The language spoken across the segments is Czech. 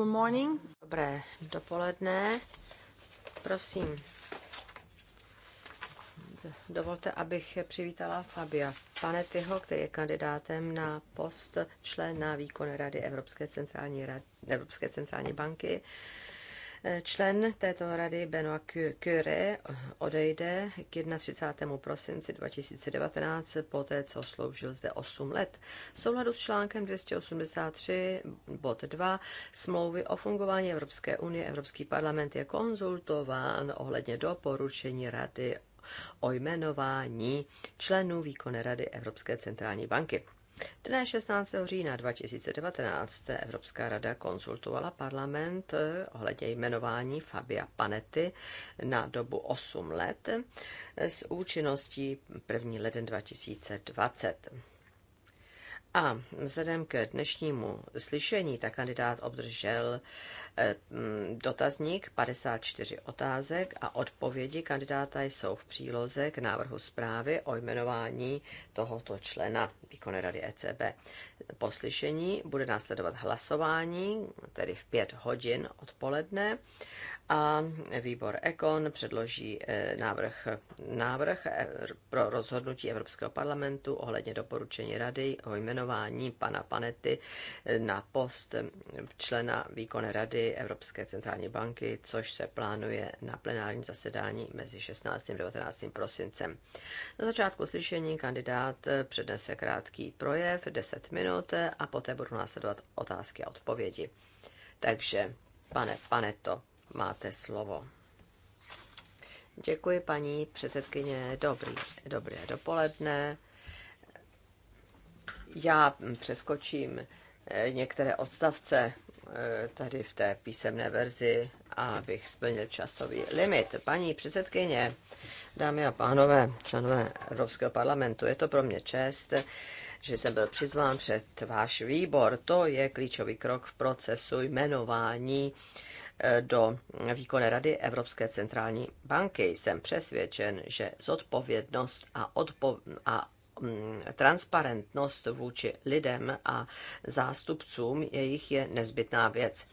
Good morning. Dobré dopoledne. Prosím, dovolte, abych přivítala Fabia Panetyho, který je kandidátem na post člena výkonné rady Evropské centrální, rady, Evropské centrální banky. Člen této rady Benoit Curé odejde k 31. prosinci 2019, poté co sloužil zde 8 let. V souladu s článkem 283 bod 2 smlouvy o fungování Evropské unie Evropský parlament je konzultován ohledně doporučení rady o jmenování členů výkonné rady Evropské centrální banky. Dne 16. října 2019 Evropská rada konzultovala parlament eh, ohledně jmenování Fabia Panety na dobu 8 let eh, s účinností 1. leden 2020. A vzhledem k dnešnímu slyšení, tak kandidát obdržel eh, mm, dotazník 54 otázek a odpovědi kandidáta jsou v příloze k návrhu zprávy o jmenování tohoto člena výkonné rady ECB. Po slyšení bude následovat hlasování, tedy v 5 hodin odpoledne a výbor Ekon předloží e, návrh, návrh e, pro rozhodnutí Evropského parlamentu ohledně doporučení rady o jmenování pana Panety e, na post člena výkonné rady Evropské centrální banky, což se plánuje na plenární zasedání mezi 16. a 19. prosincem. Na začátku slyšení kandidát přednese krátký projev 10 minut a poté budou následovat otázky a odpovědi. Takže, pane Paneto, máte slovo. Děkuji, paní předsedkyně. Dobrý, dobré dopoledne. Já přeskočím eh, některé odstavce eh, tady v té písemné verzi, abych splnil časový limit. Paní předsedkyně, dámy a pánové, členové Evropského parlamentu, je to pro mě čest, že jsem byl přizván před váš výbor. To je klíčový krok v procesu jmenování Eh, do výkonné rady Evropské centrální banky. Jsem přesvědčen, že zodpovědnost a, odpo- a mm, transparentnost vůči lidem a zástupcům jejich je nezbytná věc.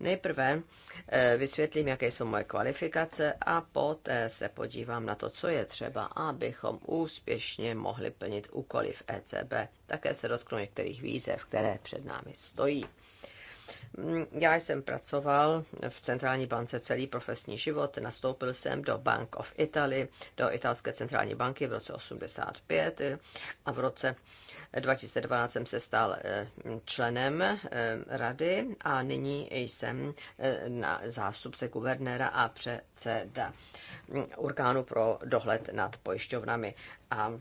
Nejprve eh, vysvětlím, jaké jsou moje kvalifikace a poté se podívám na to, co je třeba, abychom úspěšně mohli plnit úkoly v ECB. Také se dotknu některých výzev, které před námi stojí. Já jsem pracoval v centrální bance celý profesní život, nastoupil jsem do Bank of Italy, do italské centrální banky v roce 85 a v roce 2012 jsem se stal eh, členem eh, rady a nyní jsem eh, na zástupce guvernéra a předseda mm, orgánu pro dohled nad pojišťovnami. A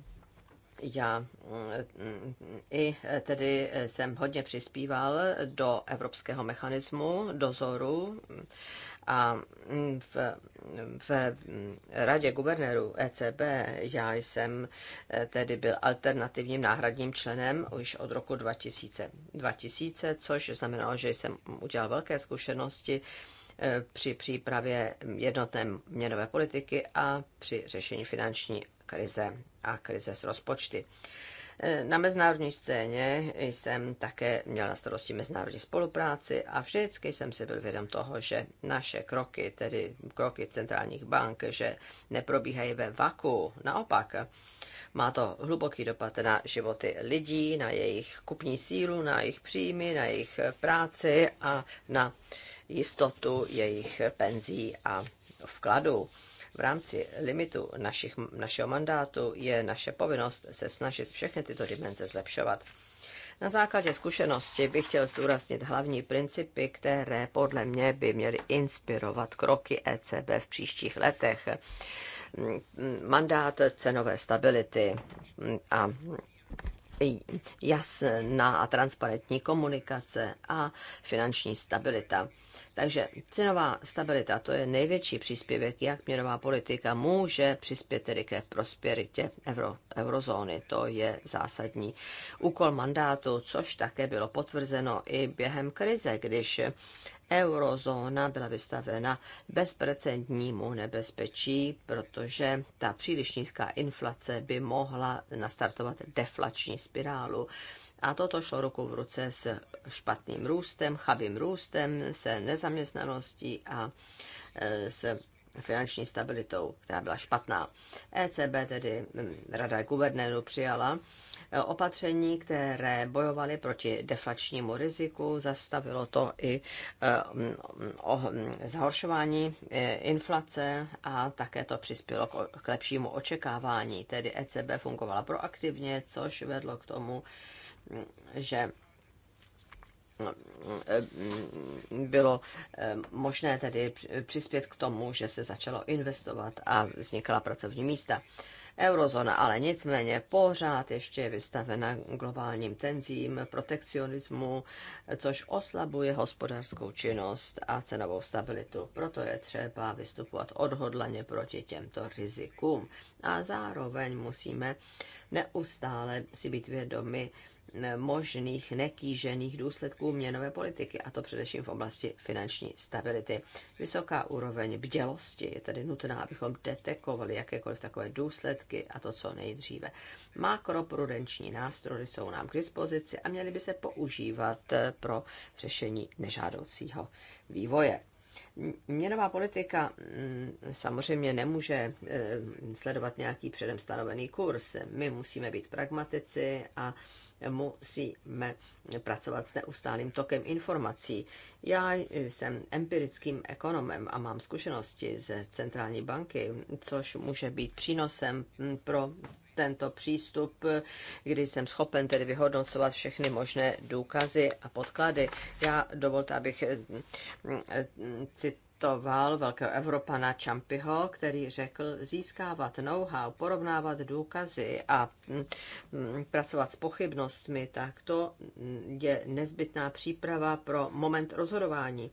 já mm, i tedy jsem hodně přispíval do evropského mechanismu dozoru a v, v radě guvernérů ECB já jsem tedy byl alternativním náhradním členem už od roku 2000, 2000 což znamenalo, že jsem udělal velké zkušenosti Eh, při přípravě jednotné měnové politiky a při řešení finanční krize a krize s rozpočty. Eh, na mezinárodní scéně jsem také měl na starosti mezinárodní spolupráci a vždycky jsem si byl vědom toho, že naše kroky, tedy kroky centrálních bank, že neprobíhají ve vaku. Naopak, má to hluboký dopad na životy lidí, na jejich kupní sílu, na jejich příjmy, na jejich práci a na jistotu jejich penzí a vkladů. V rámci limitu našich, našeho mandátu je naše povinnost se snažit všechny tyto dimenze zlepšovat. Na základě zkušenosti bych chtěl zdůraznit hlavní principy, které podle mě by měly inspirovat kroky ECB v příštích letech. Mandát cenové stability a jasná a transparentní komunikace a finanční stabilita. Takže cenová stabilita to je největší příspěvek, jak měnová politika může přispět tedy ke prosperitě euro, eurozóny. To je zásadní úkol mandátu, což také bylo potvrzeno i během krize, když eurozóna byla vystavena bezprecedentnímu nebezpečí, protože ta příliš nízká inflace by mohla nastartovat deflační spirálu. A toto šlo ruku v ruce s špatným růstem, chabým růstem, se nezaměstnaností a e, s finanční stabilitou, která byla špatná. ECB, tedy Rada guvernéru, přijala e, opatření, které bojovaly proti deflačnímu riziku, zastavilo to i e, zhoršování inflace a také to přispělo k lepšímu očekávání. Tedy ECB fungovala proaktivně, což vedlo k tomu, že mm, bylo mm, možné tedy přispět k tomu, že se začalo investovat a vznikala pracovní místa. Eurozóna ale nicméně pořád ještě je vystavena globálním tenzím, protekcionismu, což oslabuje hospodářskou činnost a cenovou stabilitu. Proto je třeba vystupovat odhodlaně proti těmto rizikům. A zároveň musíme neustále si být vědomi možných nekýžených důsledků měnové politiky, a to především v oblasti finanční stability. Vysoká úroveň bdělosti je tedy nutná, abychom detekovali jakékoliv takové důsledky a to co nejdříve. Makroprudenční nástroje jsou nám k dispozici a měly by se používat pro řešení nežádoucího vývoje. Měnová politika mm, samozřejmě nemůže eh, sledovat nějaký předem stanovený kurz. My musíme být pragmatici a musíme pracovat s neustálým tokem informací. Já jsem empirickým ekonomem a mám zkušenosti z centrální banky, což může být přínosem mm, pro tento přístup, kdy jsem schopen tedy vyhodnocovat všechny možné důkazy a podklady. Já dovolte, abych mm, citoval velkého Evropana Čampiho, který řekl, získávat know-how, porovnávat důkazy a mm, pracovat s pochybnostmi, tak to je nezbytná příprava pro moment rozhodování.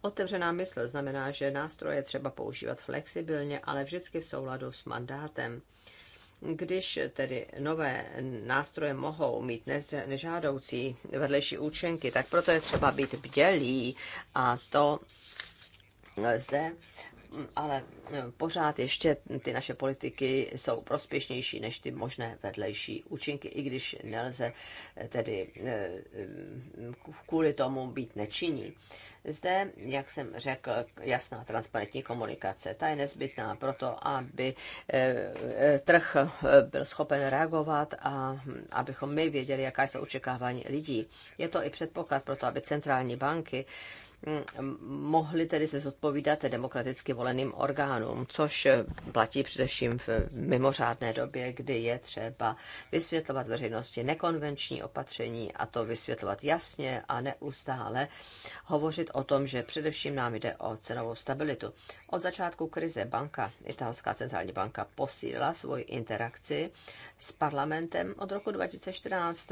Otevřená mysl znamená, že nástroje třeba používat flexibilně, ale vždycky v souladu s mandátem když tedy nové nástroje mohou mít nežádoucí vedlejší účinky, tak proto je třeba být bdělý a to zde ale eh, pořád ještě ty naše politiky jsou prospěšnější než ty možné vedlejší účinky, i když nelze eh, tedy eh, kvůli tomu být nečinní. Zde, jak jsem řekl, jasná transparentní komunikace, ta je nezbytná pro to, aby trh byl schopen reagovat a hm, abychom my věděli, jaká jsou očekávání lidí. Je to i předpoklad pro to, aby centrální banky mohli tedy se zodpovídat demokraticky voleným orgánům, což platí především v mimořádné době, kdy je třeba vysvětlovat veřejnosti nekonvenční opatření a to vysvětlovat jasně a neustále hovořit o tom, že především nám jde o cenovou stabilitu. Od začátku krize banka, italská centrální banka, posílila svoji interakci s parlamentem od roku 2014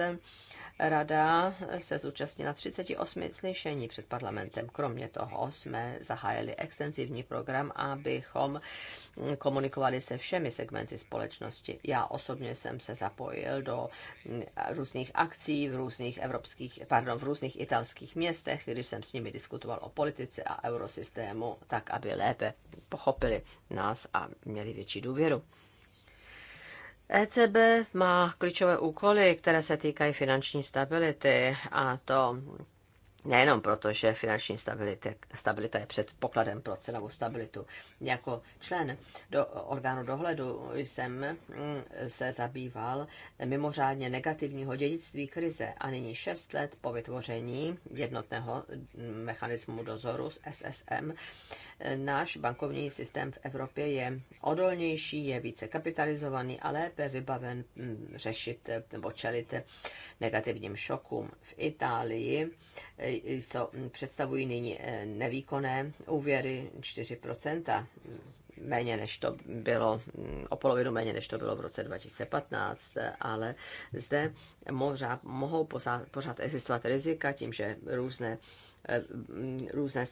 Rada se zúčastnila 38 slyšení před parlamentem. Kromě toho jsme zahájili extenzivní program, abychom komunikovali se všemi segmenty společnosti. Já osobně jsem se zapojil do různých akcí v různých evropských, pardon, v různých italských městech, když jsem s nimi diskutoval o politice a eurosystému, tak aby lépe pochopili nás a měli větší důvěru. ECB má klíčové úkoly, které se týkají finanční stability a to Nejenom proto, že finanční stabilita, stabilita je předpokladem pro cenovou stabilitu. Jako člen do orgánu dohledu jsem mm, se zabýval mimořádně negativního dědictví krize a nyní 6 let po vytvoření jednotného mm, mechanismu dozoru s SSM. Náš bankovní systém v Evropě je odolnější, je více kapitalizovaný a lépe vybaven mm, řešit nebo čelit negativním šokům. V Itálii Eh, jsou, představují nyní eh, nevýkonné úvěry 4%, méně než to bylo, mm, o polovinu méně než to bylo v roce 2015, ale zde možná, mohou pořád, pořád existovat rizika tím, že různé eh, mm, různé,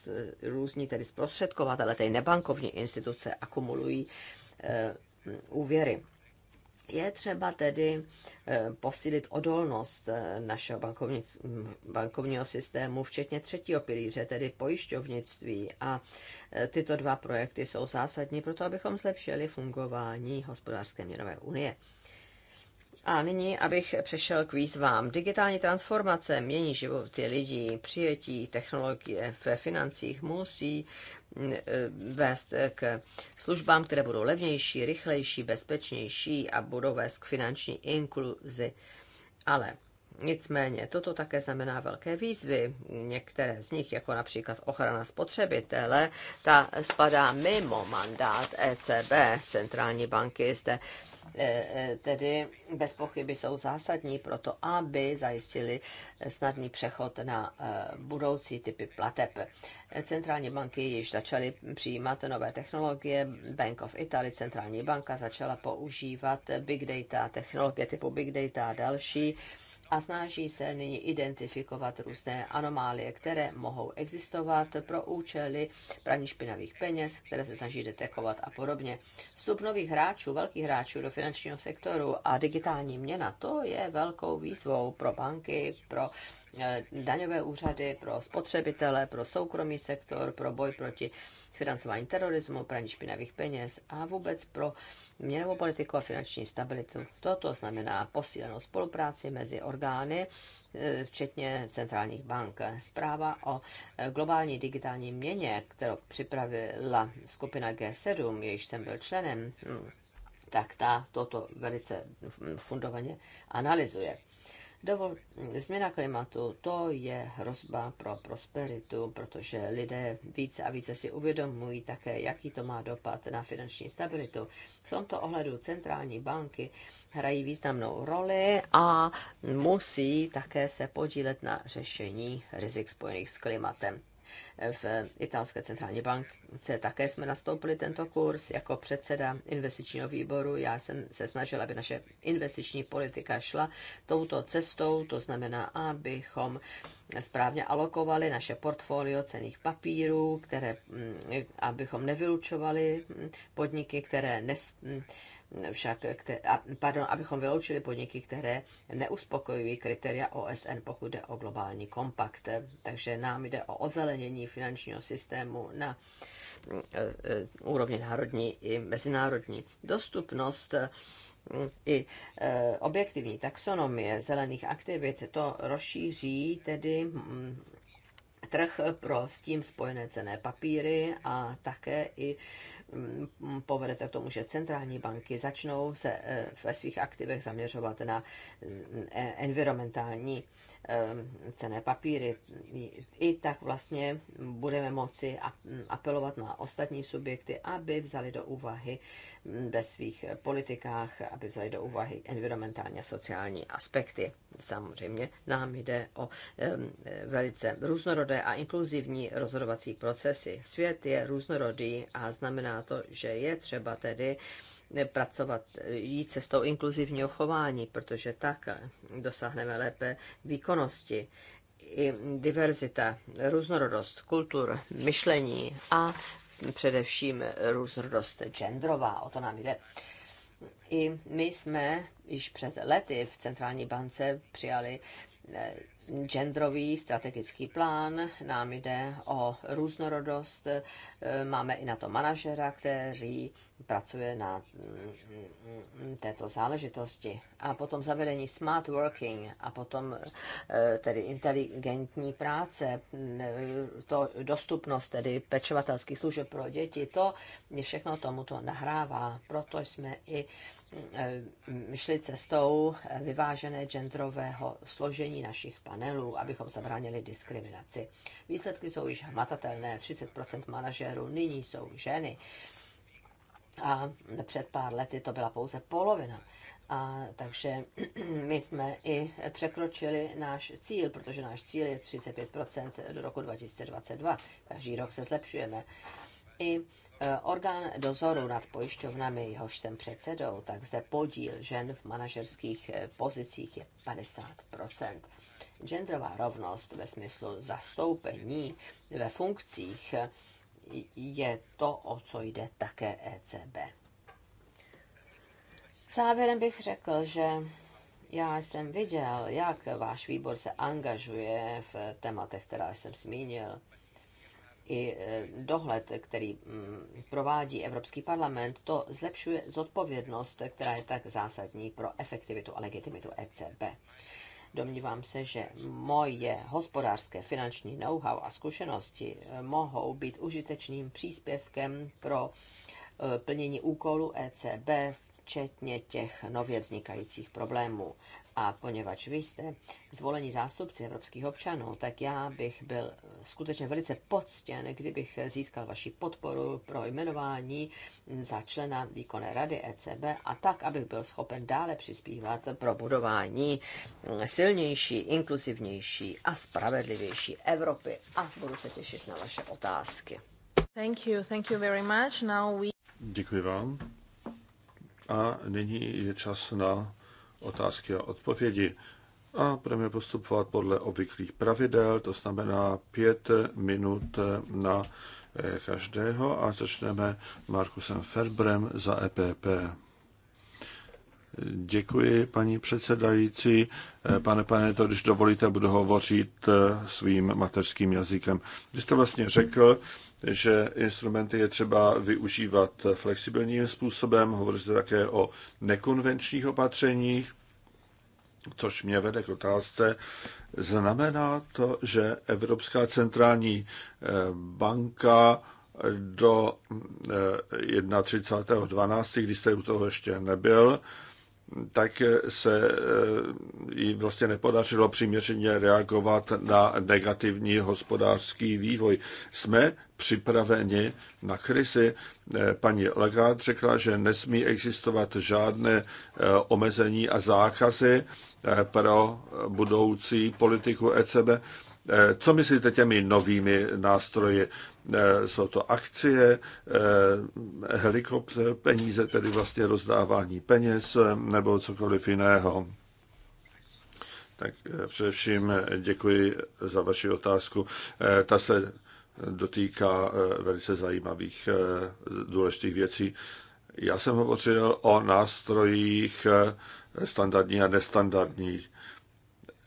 různí tedy zprostředkovatele, tedy nebankovní instituce akumulují mm, úvěry. Je třeba tedy eh, posílit odolnost eh, našeho bankovní, bankovního systému, včetně třetího pilíře, tedy pojišťovnictví. A eh, tyto dva projekty jsou zásadní pro to, abychom zlepšili fungování hospodářské měnové unie. A nyní, abych přešel k výzvám. Digitální transformace mění životy lidí, přijetí technologie ve financích musí Eh, vést k službám, které budou levnější, rychlejší, bezpečnější a budou vést k finanční inkluzi. Ale Nicméně toto také znamená velké výzvy. Některé z nich, jako například ochrana spotřebitele, ta spadá mimo mandát ECB, centrální banky. Zde Eh, eh, tedy bez pochyby jsou zásadní pro to, aby zajistili snadný přechod na eh, budoucí typy plateb. Centrální banky již začaly přijímat nové technologie. Bank of Italy, centrální banka, začala používat big data, technologie typu big data a další a snaží se nyní identifikovat různé anomálie, které mohou existovat pro účely praní špinavých peněz, které se snaží detekovat a podobně. Vstup nových hráčů, velkých hráčů do finančního sektoru a digitální měna, to je velkou výzvou pro banky, pro Eh, daňové úřady, pro spotřebitele, pro soukromý sektor, pro boj proti financování terorismu, praní špinavých peněz a vůbec pro měnovou politiku a finanční stabilitu. Toto znamená posílenou spolupráci mezi orgány, eh, včetně centrálních bank. Zpráva o eh, globální digitální měně, kterou připravila skupina G7, jejíž jsem byl členem, hm, tak ta toto velice hm, fundovaně analyzuje. Dovol, změna klimatu, to je hrozba pro prosperitu, protože lidé více a více si uvědomují také, jaký to má dopad na finanční stabilitu. V tomto ohledu centrální banky hrají významnou roli a musí také se podílet na řešení rizik spojených s klimatem v Italské centrální bankce. Také jsme nastoupili tento kurz jako předseda investičního výboru. Já jsem se snažila, aby naše investiční politika šla touto cestou, to znamená, abychom správně alokovali naše portfolio cených papírů, které, mm, abychom nevylučovali mm, podniky, které nes, mm, však, které, pardon, abychom vyloučili podniky, které neuspokojují kritéria OSN, pokud jde o globální kompakt. Takže nám jde o ozelenění fungování finančního systému na eh, eh, úrovni národní i mezinárodní. Dostupnost mm, i eh, objektivní taxonomie zelených aktivit to rozšíří tedy mm, trh pro s tím spojené cené papíry a také i povedete to k tomu, že centrální banky začnou se eh, ve svých aktivech zaměřovat na mm, e, environmentální eh, cené papíry. I tak vlastně budeme moci mm, apelovat na ostatní subjekty, aby vzali do úvahy ve svých politikách, aby vzali do úvahy environmentální a sociální aspekty. Samozřejmě nám jde o velice různorodé a inkluzivní rozhodovací procesy. Svět je různorodý a znamená to, že je třeba tedy pracovat, jít cestou inkluzivního chování, protože tak dosáhneme lépe výkonnosti. I diverzita, různorodost kultur, myšlení a především různorodost genderová, o to nám jde. I my jsme již před lety v Centrální bance přijali genderový strategický plán, nám jde o různorodost, máme i na to manažera, který pracuje na mm, mm, této záležitosti. A potom zavedení smart working a potom eh, tedy inteligentní práce, mm, to dostupnost tedy pečovatelských služeb pro děti, to všechno tomuto nahrává. Proto jsme i Eh, šli cestou eh, vyvážené genderového složení našich panelů, abychom zabránili diskriminaci. Výsledky jsou již hmatatelné, 30% manažerů nyní jsou ženy. A před pár lety to byla pouze polovina. A, takže my jsme i překročili náš cíl, protože náš cíl je 35% do roku 2022. Každý rok se zlepšujeme. I Eh, orgán dozoru nad pojišťovnami, jehož jsem předsedou, tak zde podíl žen v manažerských eh, pozicích je 50 Genderová rovnost ve smyslu zastoupení ve funkcích eh, je to, o co jde také ECB. Závěrem bych řekl, že já jsem viděl, jak váš výbor se angažuje v tématech, která jsem zmínil i e, dohled, který mm, provádí Evropský parlament, to zlepšuje zodpovědnost, která je tak zásadní pro efektivitu a legitimitu ECB. Domnívám se, že moje hospodářské finanční know-how a zkušenosti e, mohou být užitečným příspěvkem pro e, plnění úkolu ECB, včetně těch nově vznikajících problémů. A poněvadž vy jste zvolení zástupci evropských občanů, tak já bych byl skutečně velice poctěn, kdybych získal vaši podporu pro jmenování za člena výkonné rady ECB a tak, abych byl schopen dále přispívat pro budování silnější, inkluzivnější a spravedlivější Evropy. A budu se těšit na vaše otázky. Thank you, thank you very much. Now we... Děkuji vám. A nyní je čas na otázky a odpovědi. A budeme postupovat podle obvyklých pravidel, to znamená pět minut na eh, každého a začneme Markusem Ferbrem za EPP. Děkuji, paní předsedající. Eh, pane pane, to když dovolíte, budu hovořit eh, svým mateřským jazykem. Vy jste vlastně řekl, že instrumenty je třeba využívat flexibilním způsobem. Hovoří se také o nekonvenčních opatřeních, což mě vede k otázce. Znamená to, že Evropská centrální eh, banka do eh, 31.12., když jste u toho ještě nebyl, tak se eh, jí vlastně nepodařilo přiměřeně reagovat na negativní hospodářský vývoj. Jsme připraveni na krizi. Eh, paní Lagarde řekla, že nesmí existovat žádné eh, omezení a zákazy pro budoucí politiku ECB. Co myslíte těmi novými nástroji? Eh, jsou to akcie, eh, helikopter, peníze, tedy vlastně rozdávání peněz eh, nebo cokoliv jiného. Tak především děkuji za vaši otázku. Ta se dotýká velice zajímavých, důležitých věcí. Já jsem hovořil o nástrojích standardních a nestandardních.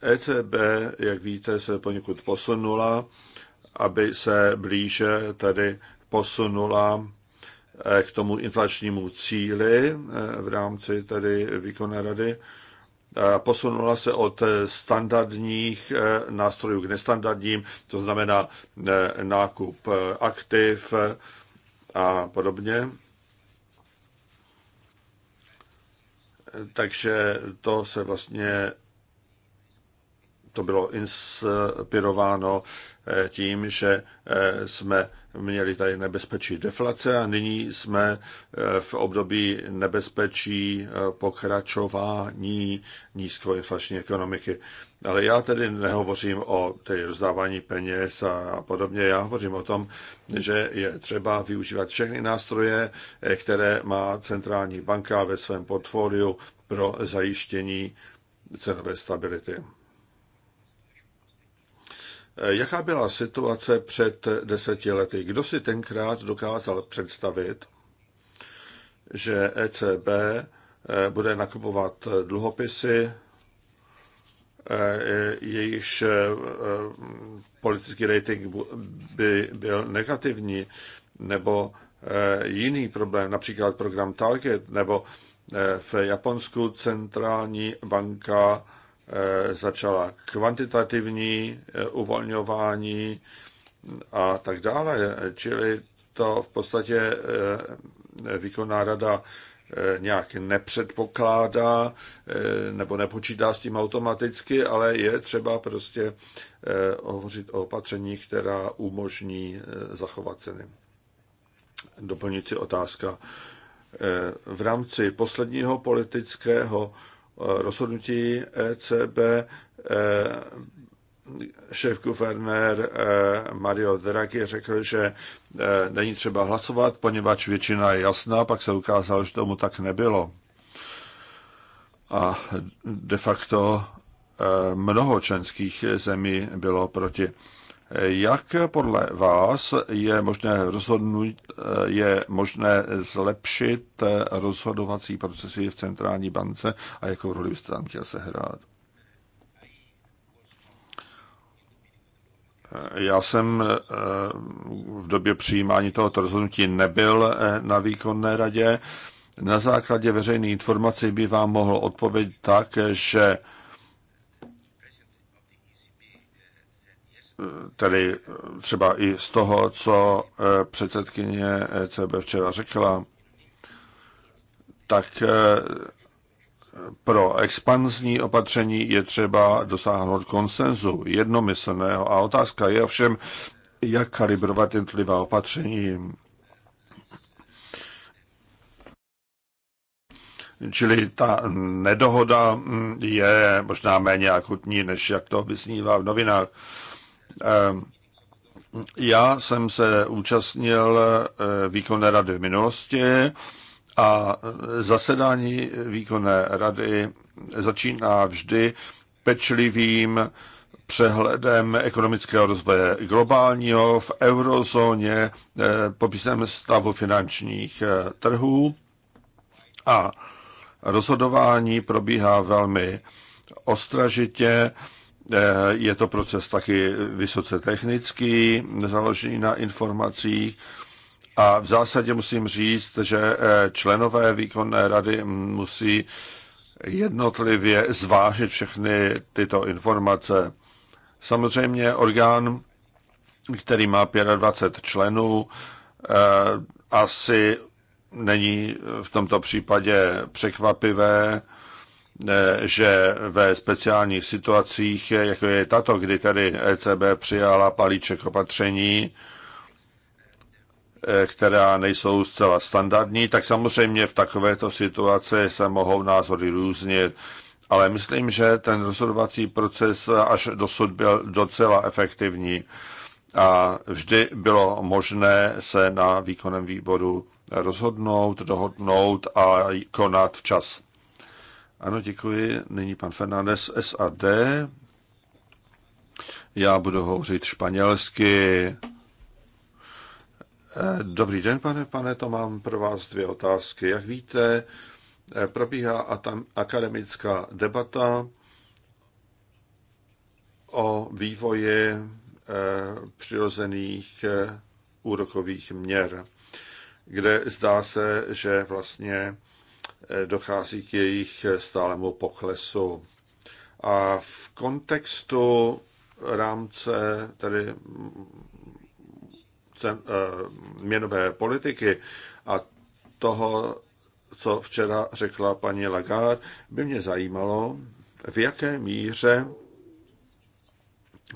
ECB, jak víte, se poněkud posunula aby se blíže tedy posunula eh, k tomu inflačnímu cíli eh, v rámci tedy výkonné rady. Posunula se od standardních eh, nástrojů k nestandardním, to znamená nákup aktiv a podobně. Takže to se vlastně to bylo inspirováno eh, tím, že eh, jsme měli tady nebezpečí deflace a nyní jsme eh, v období nebezpečí pokračování nízkoinflační ekonomiky. Ale já tedy nehovořím o tedy rozdávání peněz a podobně, já hovořím o tom, že je třeba využívat všechny nástroje, které má centrální banka ve svém portfoliu pro zajištění cenové stability. Eh, jaká byla situace před deseti lety? Kdo si tenkrát dokázal představit, že ECB eh, bude nakupovat dluhopisy, eh, jejichž politický rating by byl negativní, nebo jiný problém, například program Target, nebo v Japonsku centrální banka Eh, začala kvantitativní eh, uvolňování a tak dále. Čili to v podstatě eh, výkonná rada nějak nepředpokládá nebo nepočítá s tím automaticky, ale je třeba prostě hovořit o opatření, která umožní zachovat ceny. Doplňující otázka. V rámci posledního politického rozhodnutí ECB eh, šéf guvernér eh, Mario Draghi řekl, že eh, není třeba hlasovat, poněvadž většina je jasná, pak se ukázalo, že tomu tak nebylo. A de facto mnoho členských zemí bylo proti. Jak podle vás je možné, rozhodnout, je možné zlepšit rozhodovací procesy v centrální bance a jakou roli byste tam chtěl sehrát? Já jsem eh, v době přijímání tohoto rozhodnutí nebyl eh, na výkonné radě. Na základě veřejných informací by vám mohl odpovědět tak, že tedy eh, třeba i z toho, co eh, předsedkyně ECB včera řekla, tak eh, pro expanzní opatření je třeba dosáhnout konsenzu jednomyslného a otázka je ovšem, jak kalibrovat jednotlivá opatření. Čili ta nedohoda mm, je možná méně akutní, než jak to vyznívá v novinách. Ehm, já jsem se účastnil eh, výkonné rady v minulosti a eh, zasedání výkonné rady začíná vždy pečlivým přehledem ekonomického rozvoje globálního v eurozóně, eh, popisem stavu finančních trhů a rozhodování probíhá velmi ostražitě Eh, je to proces taky vysoce technický, založený na informacích. A v zásadě musím říct, že eh, členové výkonné rady musí jednotlivě zvážit všechny tyto informace. Samozřejmě orgán, který má 25 členů, eh, asi není v tomto případě překvapivé, Eh, že ve speciálních situacích, eh, jako je tato, kdy tady ECB přijala palíček opatření, eh, která nejsou zcela standardní, tak samozřejmě v takovéto situaci se mohou názory různit. Ale myslím, že ten rozhodovací proces až dosud byl docela efektivní a vždy bylo možné se na výkonem výboru rozhodnout, dohodnout a konat včas. Ano, děkuji. Nyní pan Fernández SAD. Já budu hovořit španělsky. Eh, dobrý den, pane, pane, to mám pro vás dvě otázky. Jak víte, eh, probíhá tam akademická debata o vývoji eh, přirozených úrokových měr, kde zdá se, že vlastně dochází k jejich stálemu poklesu. A v kontextu rámce tedy cen, eh, měnové politiky a toho, co včera řekla paní Lagarde, by mě zajímalo, v jaké míře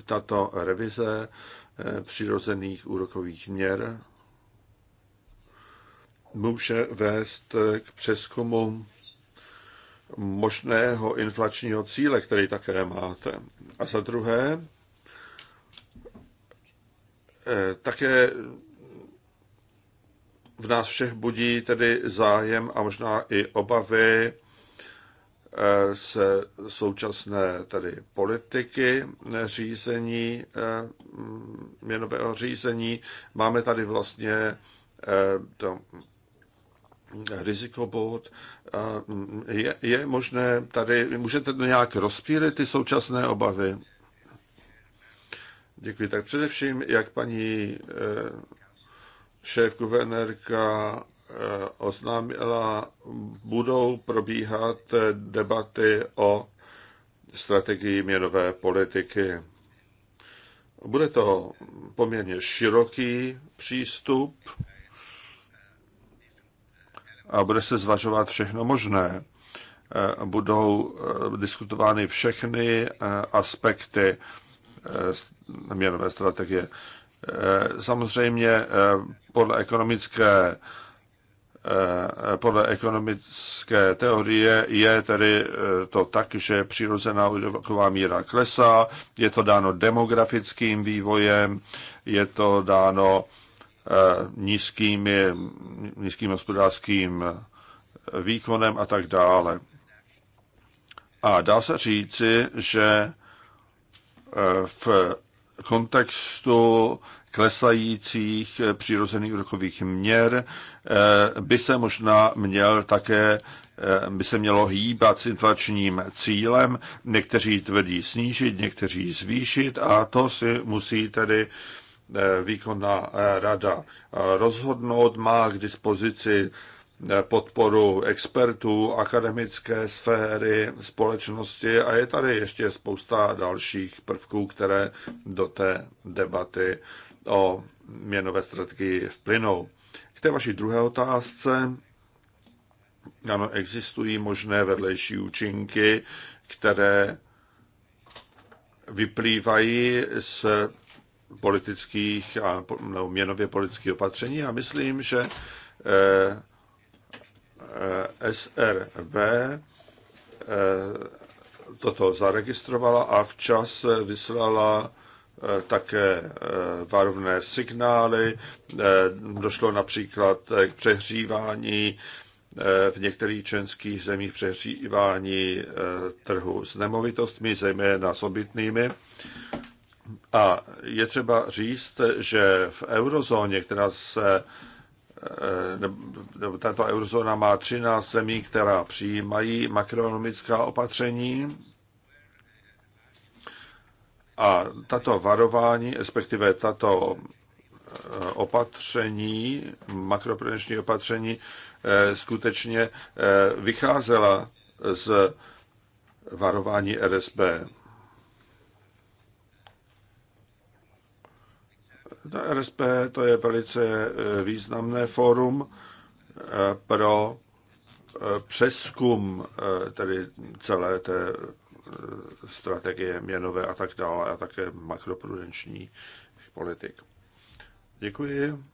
tato revize eh, přirozených úrokových měr může vést k přeskumu možného inflačního cíle, který také máte. A za druhé, eh, také v nás všech budí tedy zájem a možná i obavy se eh, současné tedy politiky řízení, eh, mm, měnového řízení. Máme tady vlastně to rizikobod. Mm, je, je možné tady, můžete to nějak rozpílit ty současné obavy? Děkuji. Tak především, jak paní e, šéf guvernérka e, oznámila, budou probíhat debaty o strategii měnové politiky. Bude to poměrně široký přístup, a bude se zvažovat všechno možné. E, budou e, diskutovány všechny e, aspekty měnové strategie. Samozřejmě podle ekonomické podle ekonomické teorie je tedy to tak, že přirozená úroková míra klesá, je to dáno demografickým vývojem, je to dáno Eh, nízkým, nízkým hospodářským výkonem a tak dále. A dá se říci, že eh, v kontextu klesajících přirozených úrokových měr eh, by se možná měl také by se mělo hýbat s inflačním cílem. Někteří tvrdí snížit, někteří zvýšit a to si musí tedy Eh, výkonná eh, rada eh, rozhodnout, má k dispozici podporu expertů, akademické sféry, společnosti a je tady ještě spousta dalších prvků, které do té debaty o měnové strategii vplynou. K té vaší druhé otázce, ano, existují možné vedlejší účinky, které vyplývají z politických a no, měnově politických opatření a myslím, že eh, eh, SRB eh, toto zaregistrovala a včas vyslala také varovné signály. Došlo například k přehřívání v některých členských zemích přehřívání trhu s nemovitostmi, zejména s obytnými. A je třeba říct, že v eurozóně, která se eh, nebo tato eurozóna má 13 zemí, která přijímají makroekonomická opatření a tato varování, respektive tato eh, opatření, makroprudenční opatření, eh, skutečně vycházela z varování RSB. ta RSP to je velice e, významné fórum e, pro e, přeskum tedy celé té strategie měnové a tak dále a také makroprudenční politik. Děkuji.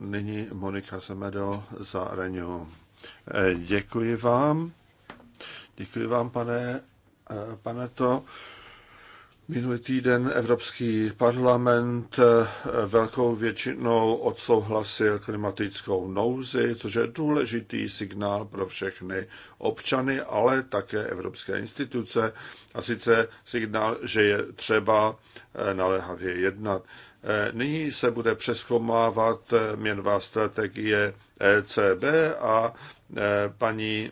Nyní Monika Semedo za Renew. Děkuji vám. Děkuji vám, pane, pane to. Minulý týden Evropský parlament eh, velkou většinou odsouhlasil klimatickou nouzi, což je důležitý signál pro všechny občany, ale také evropské instituce. A sice signál, že je třeba eh, naléhavě jednat. Eh, nyní se bude přeskomávat měnová strategie ECB a paní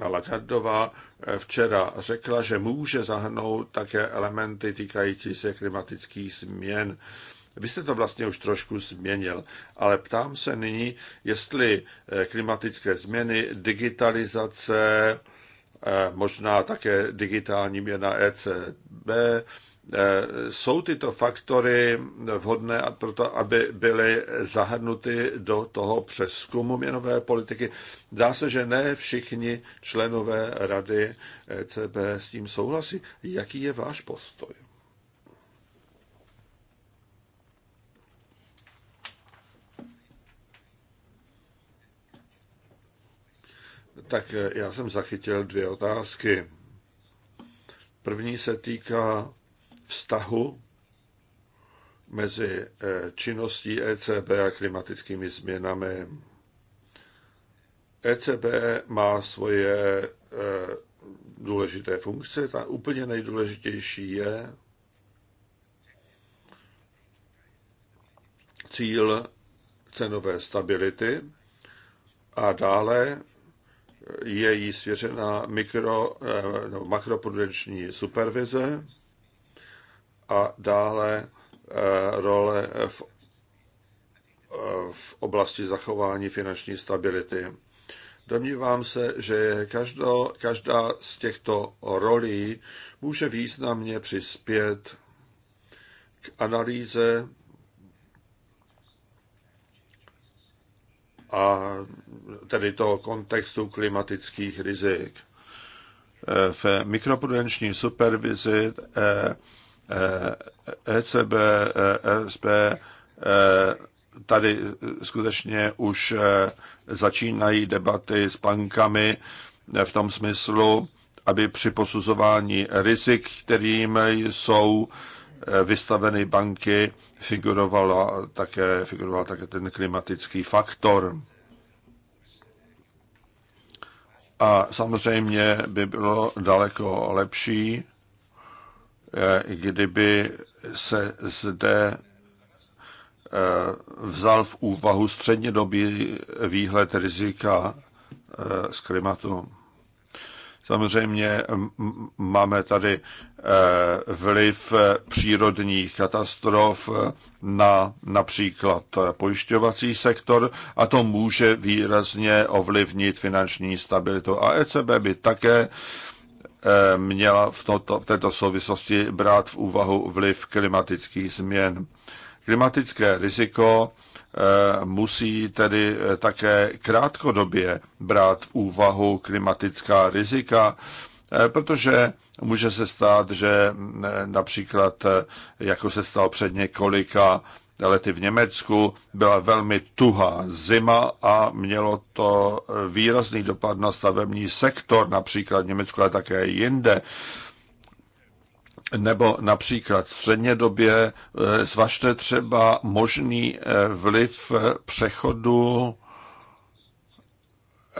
Lagardová eh, včera řekla, že může zahrnout také elementy týkající se klimatických změn. Vy jste to vlastně už trošku změnil, ale ptám se nyní, jestli eh, klimatické změny, digitalizace, eh, možná také digitální měna ECB, Eh, jsou tyto faktory vhodné pro to, aby byly zahrnuty do toho přeskumu měnové politiky? Dá se, že ne všichni členové rady ECB s tím souhlasí. Jaký je váš postoj? Tak eh, já jsem zachytil dvě otázky. První se týká vztahu mezi eh, činností ECB a klimatickými změnami. ECB má svoje eh, důležité funkce. Ta úplně nejdůležitější je cíl cenové stability a dále je jí svěřena mikro, eh, no, makroprudenční supervize a dále eh, role v, eh, v oblasti zachování finanční stability. Domnívám se, že každá, každá z těchto rolí může významně přispět k analýze a tedy toho kontextu klimatických rizik. Eh, v mikroprudenční supervizi ECB, eh, e ESB, eh, eh, tady skutečně už začínají debaty s bankami v tom smyslu, aby při posuzování rizik, kterým jsou vystaveny banky, figurovala také, figuroval také ten klimatický faktor. A samozřejmě by bylo daleko lepší, Eh, kdyby se zde eh, vzal v úvahu střednědobý výhled rizika eh, z klimatu. Samozřejmě máme tady vliv přírodních katastrof na například pojišťovací sektor a to může výrazně ovlivnit finanční stabilitu. A ECB by také Eh, měla v, toto, v této souvislosti brát v úvahu vliv klimatických změn. Klimatické riziko eh, musí tedy eh, také krátkodobě brát v úvahu klimatická rizika, protože může se stát, že mm, například, jako se stalo před několika lety v Německu byla velmi tuhá zima a mělo to výrazný dopad na stavební sektor, například v Německu, ale také jinde. Nebo například v střednědobě eh, zvažte třeba možný eh, vliv eh, přechodu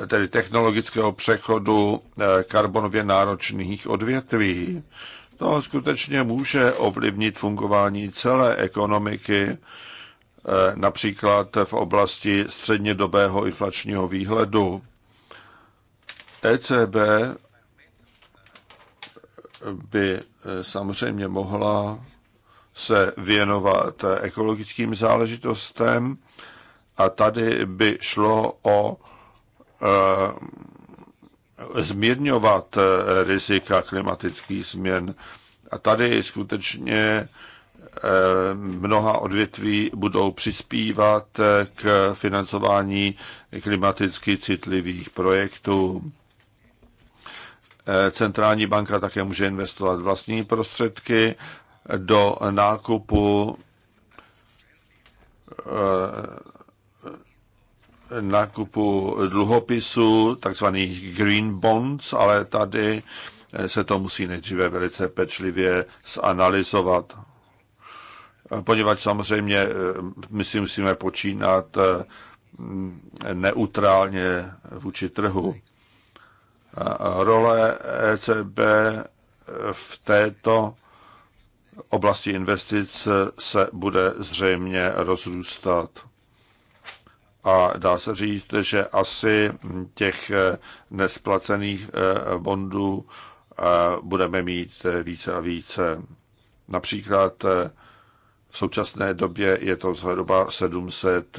tedy technologického přechodu karbonově náročných odvětví. To skutečně může ovlivnit fungování celé ekonomiky, eh, například v oblasti střednědobého inflačního výhledu. ECB by eh, samozřejmě mohla se věnovat ekologickým záležitostem a tady by šlo o eh, zmírňovat eh, rizika klimatických změn. A tady skutečně eh, mnoha odvětví budou přispívat eh, k financování klimaticky citlivých projektů. Centrální banka také může investovat vlastní prostředky do nákupu nákupu dluhopisů, takzvaných green bonds, ale tady eh, se to musí nejdříve velice pečlivě zanalizovat. Eh, poněvadž samozřejmě eh, my si musíme počínat mm, neutrálně vůči trhu. Role ECB v této oblasti investic se bude zřejmě rozrůstat a dá se říct, že asi těch eh, nesplacených eh, bondů eh, budeme mít více a více. Například v současné době je to zhruba 700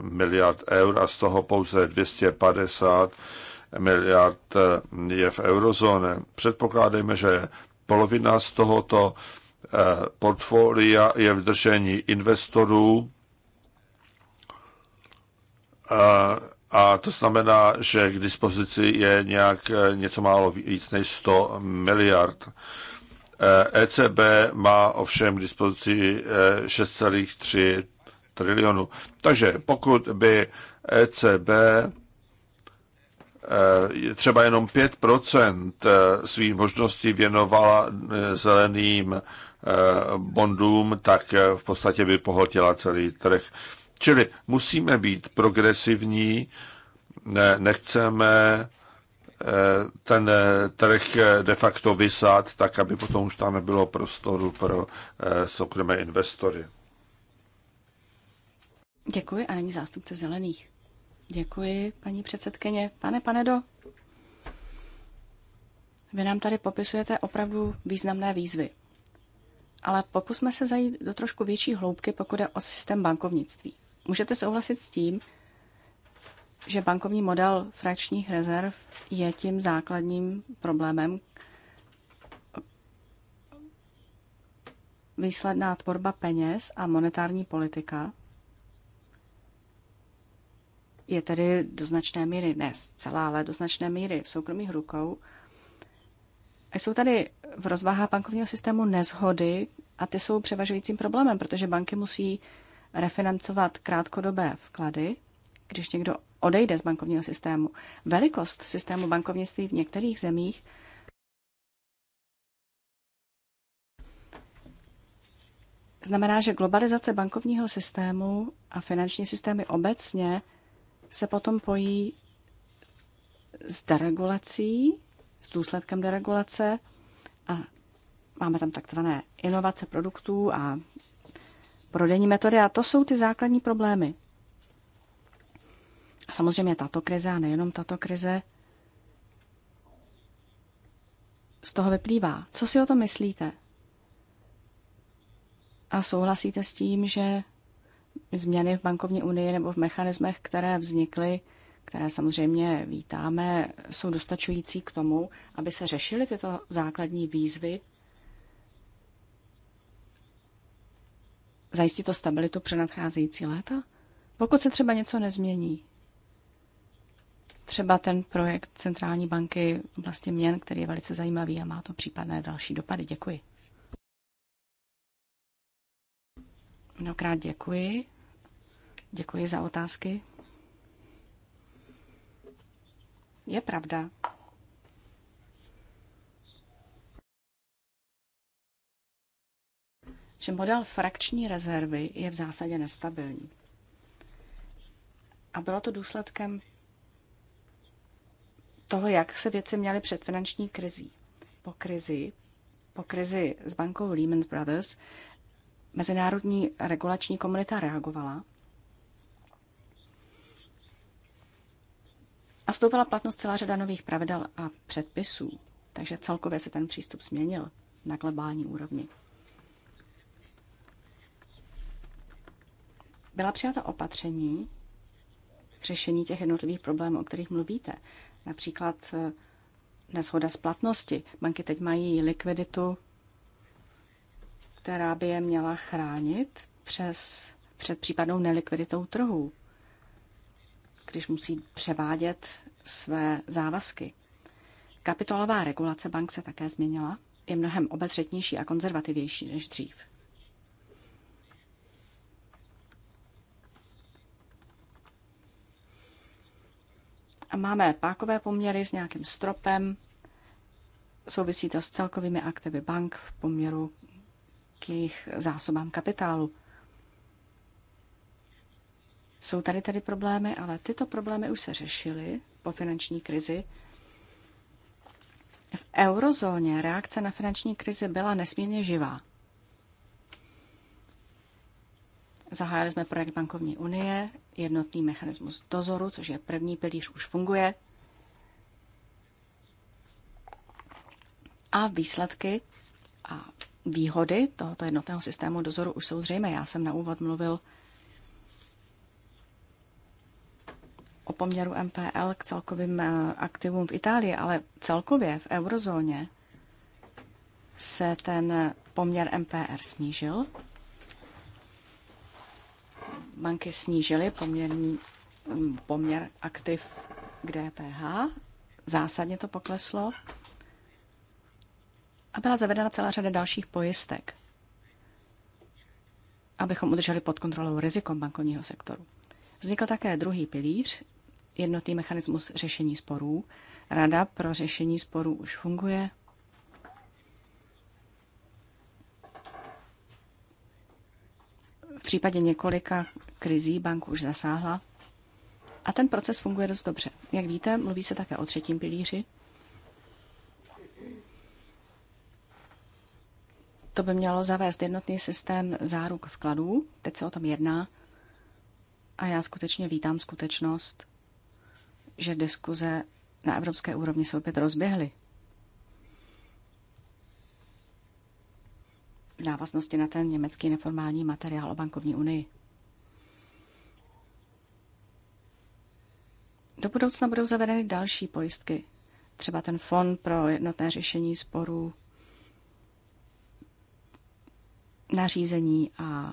miliard eur a z toho pouze 250 miliard je v eurozóně. Předpokládejme, že polovina z tohoto portfolia je v držení investorů, a to znamená, že k dispozici je nějak eh, něco málo víc než 100 miliard. ECB eh, e má ovšem k dispozici 6,3 eh, trilionu. Takže pokud by ECB třeba jenom 5% svých možností věnovala zeleným bondům, tak v podstatě by pohltila celý trh. Čili musíme být progresivní, ne, nechceme eh, ten eh, trh eh, de facto vysát, tak aby potom už tam nebylo prostoru pro soukromé investory. Děkuji a není zástupce zelených. Děkuji, paní předsedkyně. Pane Panedo, vy nám tady popisujete opravdu významné výzvy. Ale pokusme se zajít do trošku větší hloubky, pokud je o systém bankovnictví. Můžete souhlasit s tím, že bankovní model fračních rezerv je tím základním problémem. Výsledná tvorba peněz a monetární politika je tedy do značné míry, ne celá, ale do značné míry v soukromých rukou. A jsou tady v rozvaha bankovního systému nezhody a ty jsou převažujícím problémem, protože banky musí refinancovat krátkodobé vklady, když někdo odejde z bankovního systému. Velikost systému bankovnictví v některých zemích znamená, že globalizace bankovního systému a finanční systémy obecně se potom pojí s deregulací, s důsledkem deregulace a máme tam takzvané inovace produktů a prodejní metody a to jsou ty základní problémy. A samozřejmě tato krize a nejenom tato krize z toho vyplývá. Co si o tom myslíte? A souhlasíte s tím, že změny v bankovní unii nebo v mechanismech, které vznikly, které samozřejmě vítáme, jsou dostačující k tomu, aby se řešily tyto základní výzvy Zajistí to stabilitu před nadcházející léta? Pokud se třeba něco nezmění, třeba ten projekt centrální banky v oblasti měn, který je velice zajímavý a má to případné další dopady. Děkuji. Mnohokrát děkuji. Děkuji za otázky. Je pravda, že model frakční rezervy je v zásadě nestabilní. A bylo to důsledkem toho, jak se věci měly před finanční krizí. Po krizi, po krizi s bankou Lehman Brothers mezinárodní regulační komunita reagovala a vstoupila platnost celá řada nových pravidel a předpisů, takže celkově se ten přístup změnil na globální úrovni. byla přijata opatření k řešení těch jednotlivých problémů, o kterých mluvíte. Například eh, neshoda splatnosti. Banky teď mají likviditu, která by je měla chránit přes, před případnou nelikviditou trhu, když musí převádět své závazky. Kapitolová regulace bank se také změnila, je mnohem obezřetnější a konzervativnější než dřív. Máme pákové poměry s nějakým stropem, souvisí to s celkovými aktivy bank v poměru k jejich zásobám kapitálu. Jsou tady tady problémy, ale tyto problémy už se řešily po finanční krizi. V eurozóně reakce na finanční krizi byla nesmírně živá. Zahájili jsme projekt bankovní unie, Jednotný mechanismus dozoru, což je první pilíř, už funguje. A výsledky a výhody tohoto jednotného systému dozoru už jsou zřejmé. Já jsem na úvod mluvil o poměru MPL k celkovým eh, aktivům v Itálii, ale celkově v eurozóně se ten poměr MPR snížil banky snížily poměrný mm, poměr aktiv k DPH, zásadně to pokleslo a byla zavedena celá řada dalších pojistek, abychom udrželi pod kontrolou rizikom bankovního sektoru. Vznikl také druhý pilíř, jednotný mechanismus řešení sporů. Rada pro řešení sporů už funguje. V případě několika krizí bank už zasáhla. A ten proces funguje dost dobře. Jak víte, mluví se také o třetím pilíři. To by mělo zavést jednotný systém záruk vkladů. Teď se o tom jedná. A já skutečně vítám skutečnost, že diskuze na evropské úrovni se opět rozběhly. V návaznosti na ten německý neformální materiál o bankovní unii. Do budoucna budou zavedeny další pojistky, třeba ten fond pro jednotné řešení sporů, nařízení a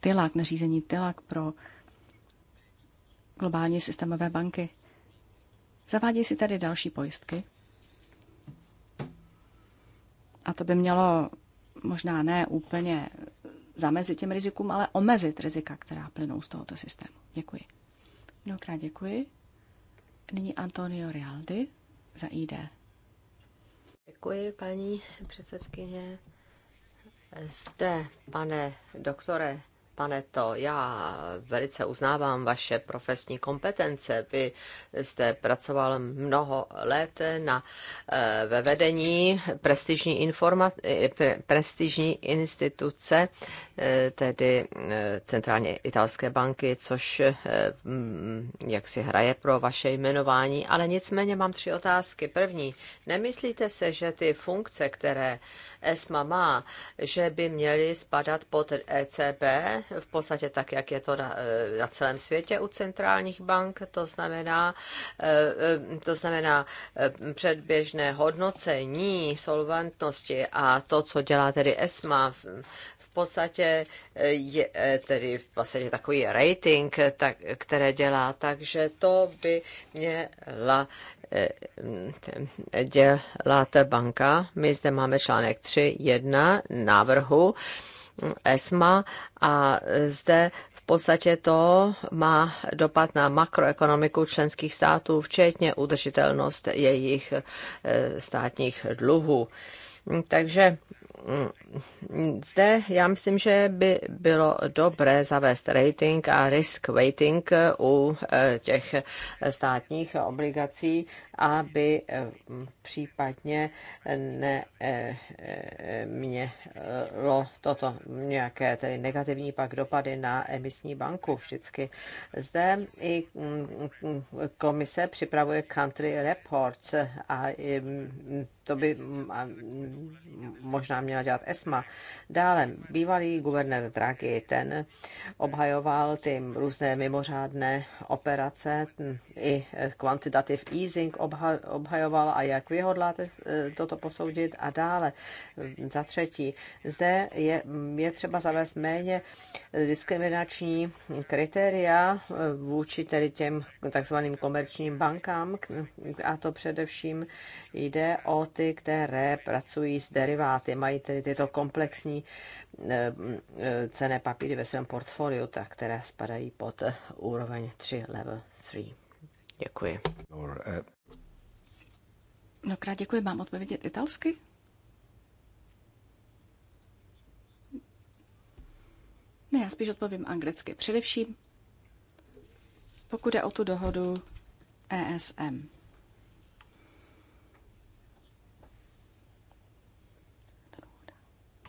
tylak, nařízení tylak pro globální systémové banky. Zavádí si tady další pojistky. A to by mělo možná ne úplně zamezit těm rizikům, ale omezit rizika, která plynou z tohoto systému. Děkuji. Mnohokrát děkuji. Nyní Antonio Rialdi za ID. Děkuji, paní předsedkyně. Zde, pane doktore Pane to, já velice uznávám vaše profesní kompetence. Vy jste pracoval mnoho let na, eh, ve vedení prestižní, informa, eh, pre, prestižní instituce, eh, tedy Centrálně italské banky, což mm, jak si hraje pro vaše jmenování. Ale nicméně mám tři otázky. První, nemyslíte se, že ty funkce, které ESMA má, že by měly spadat pod ECB, v podstatě tak, jak je to na, e, na celém světě u centrálních bank, to znamená, e, e, to znamená předběžné hodnocení solventnosti a to, co dělá tedy ESMA v podstatě je tedy v podstatě takový rating, tak, které dělá, takže to by měla dělat banka. My zde máme článek 3.1 návrhu ESMA a zde v podstatě to má dopad na makroekonomiku členských států, včetně udržitelnost jejich eh, státních dluhů. Takže Mm, zde já myslím, že by bylo dobré zavést rating a risk weighting u eh, těch státních obligací aby eh, případně ne, eh, mělo toto nějaké tedy negativní pak dopady na emisní banku vždycky. Zde i mm, mm, komise připravuje country reports a to by mm, možná měla dělat ESMA. Dále, bývalý guvernér Draghi, ten obhajoval ty různé mimořádné operace i quantitative easing obha, obhajoval a jak vy hodláte eh, toto posoudit a dále. Eh, za třetí, zde je, mm, je třeba zavést méně eh, diskriminační kritéria vůči tedy těm takzvaným komerčním bankám mm, a to především jde o ty, které pracují s deriváty, mají tedy tyto komplexní mm, cené papíry ve svém portfoliu, tak které spadají pod úroveň 3, level 3. Děkuji. Mnohokrát děkuji. Mám odpovědět italsky? Ne, já spíš odpovím anglicky. Především, pokud je o tu dohodu ESM.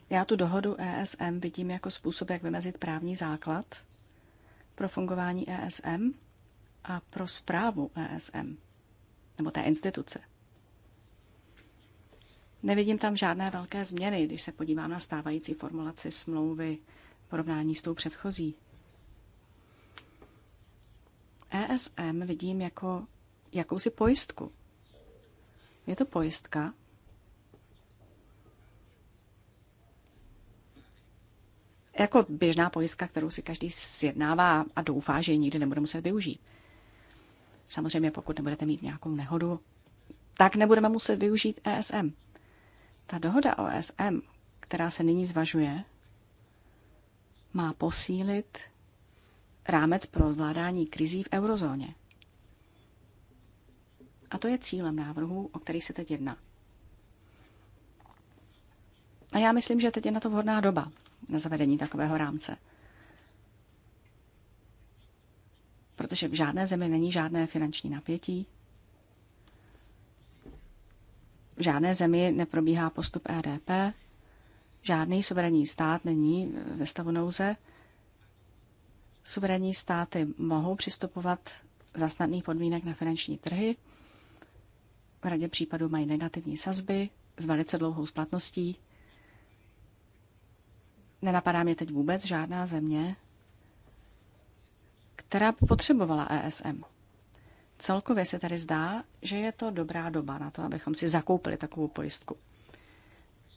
Já tu dohodu ESM vidím jako způsob, jak vymezit právní základ pro fungování ESM a pro zprávu ESM, nebo té instituce. Nevidím tam žádné velké změny, když se podívám na stávající formulaci smlouvy v porovnání s tou předchozí. ESM vidím jako jakousi pojistku. Je to pojistka, jako běžná pojistka, kterou si každý sjednává a doufá, že ji nikdy nebude muset využít. Samozřejmě, pokud nebudete mít nějakou nehodu, tak nebudeme muset využít ESM. Ta dohoda o ESM, která se nyní zvažuje, má posílit rámec pro zvládání krizí v eurozóně. A to je cílem návrhu, o který se teď jedná. A já myslím, že teď je na to vhodná doba na zavedení takového rámce. protože v žádné zemi není žádné finanční napětí. V žádné zemi neprobíhá postup EDP, žádný suverénní stát není ve stavu nouze. Suverénní státy mohou přistupovat za snadných podmínek na finanční trhy. V radě případů mají negativní sazby s velice dlouhou splatností. Nenapadá mě teď vůbec žádná země, která by potřebovala ESM. Celkově se tady zdá, že je to dobrá doba na to, abychom si zakoupili takovou pojistku.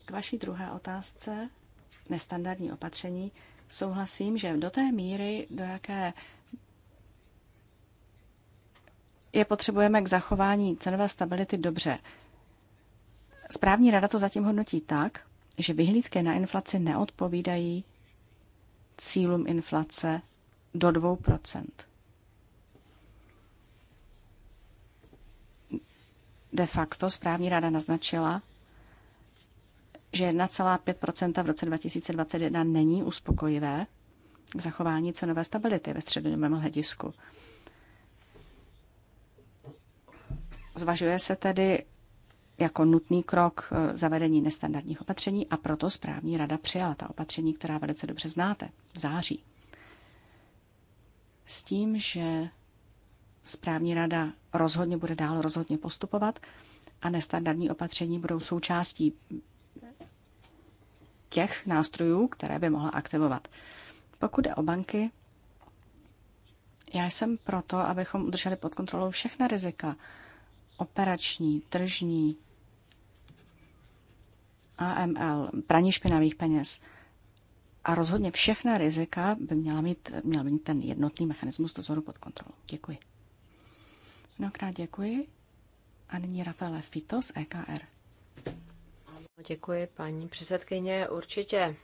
K vaší druhé otázce, nestandardní opatření, souhlasím, že do té míry, do jaké je potřebujeme k zachování cenové stability dobře. Správní rada to zatím hodnotí tak, že vyhlídky na inflaci neodpovídají cílům inflace do 2 De facto správní rada naznačila, že 1,5 v roce 2021 není uspokojivé k zachování cenové stability ve středním hledisku. Zvažuje se tedy jako nutný krok eh, zavedení nestandardních opatření a proto správní rada přijala ta opatření, která velice dobře znáte, v září s tím, že správní rada rozhodně bude dál rozhodně postupovat a nestandardní opatření budou součástí těch nástrojů, které by mohla aktivovat. Pokud jde o banky, já jsem proto, abychom udrželi pod kontrolou všechna rizika. Operační, tržní, AML, praní špinavých peněz – a rozhodně všechna rizika by měla mít, měl mít ten jednotný mechanismus dozoru pod kontrolou. Děkuji. Mnohokrát děkuji. A nyní Rafaela Fito z EKR. Děkuji, paní předsedkyně. Určitě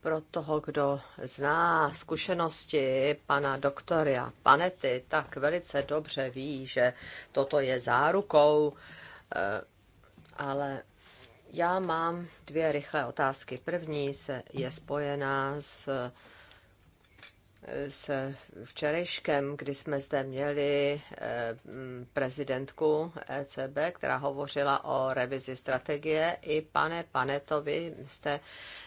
pro toho, kdo zná zkušenosti pana doktora Panety, tak velice dobře ví, že toto je zárukou, eh, ale já mám dvě rychlé otázky. První se je spojená s s včerejškem, kdy jsme zde měli eh, prezidentku ECB, která hovořila o revizi strategie. I pane Panetovi jste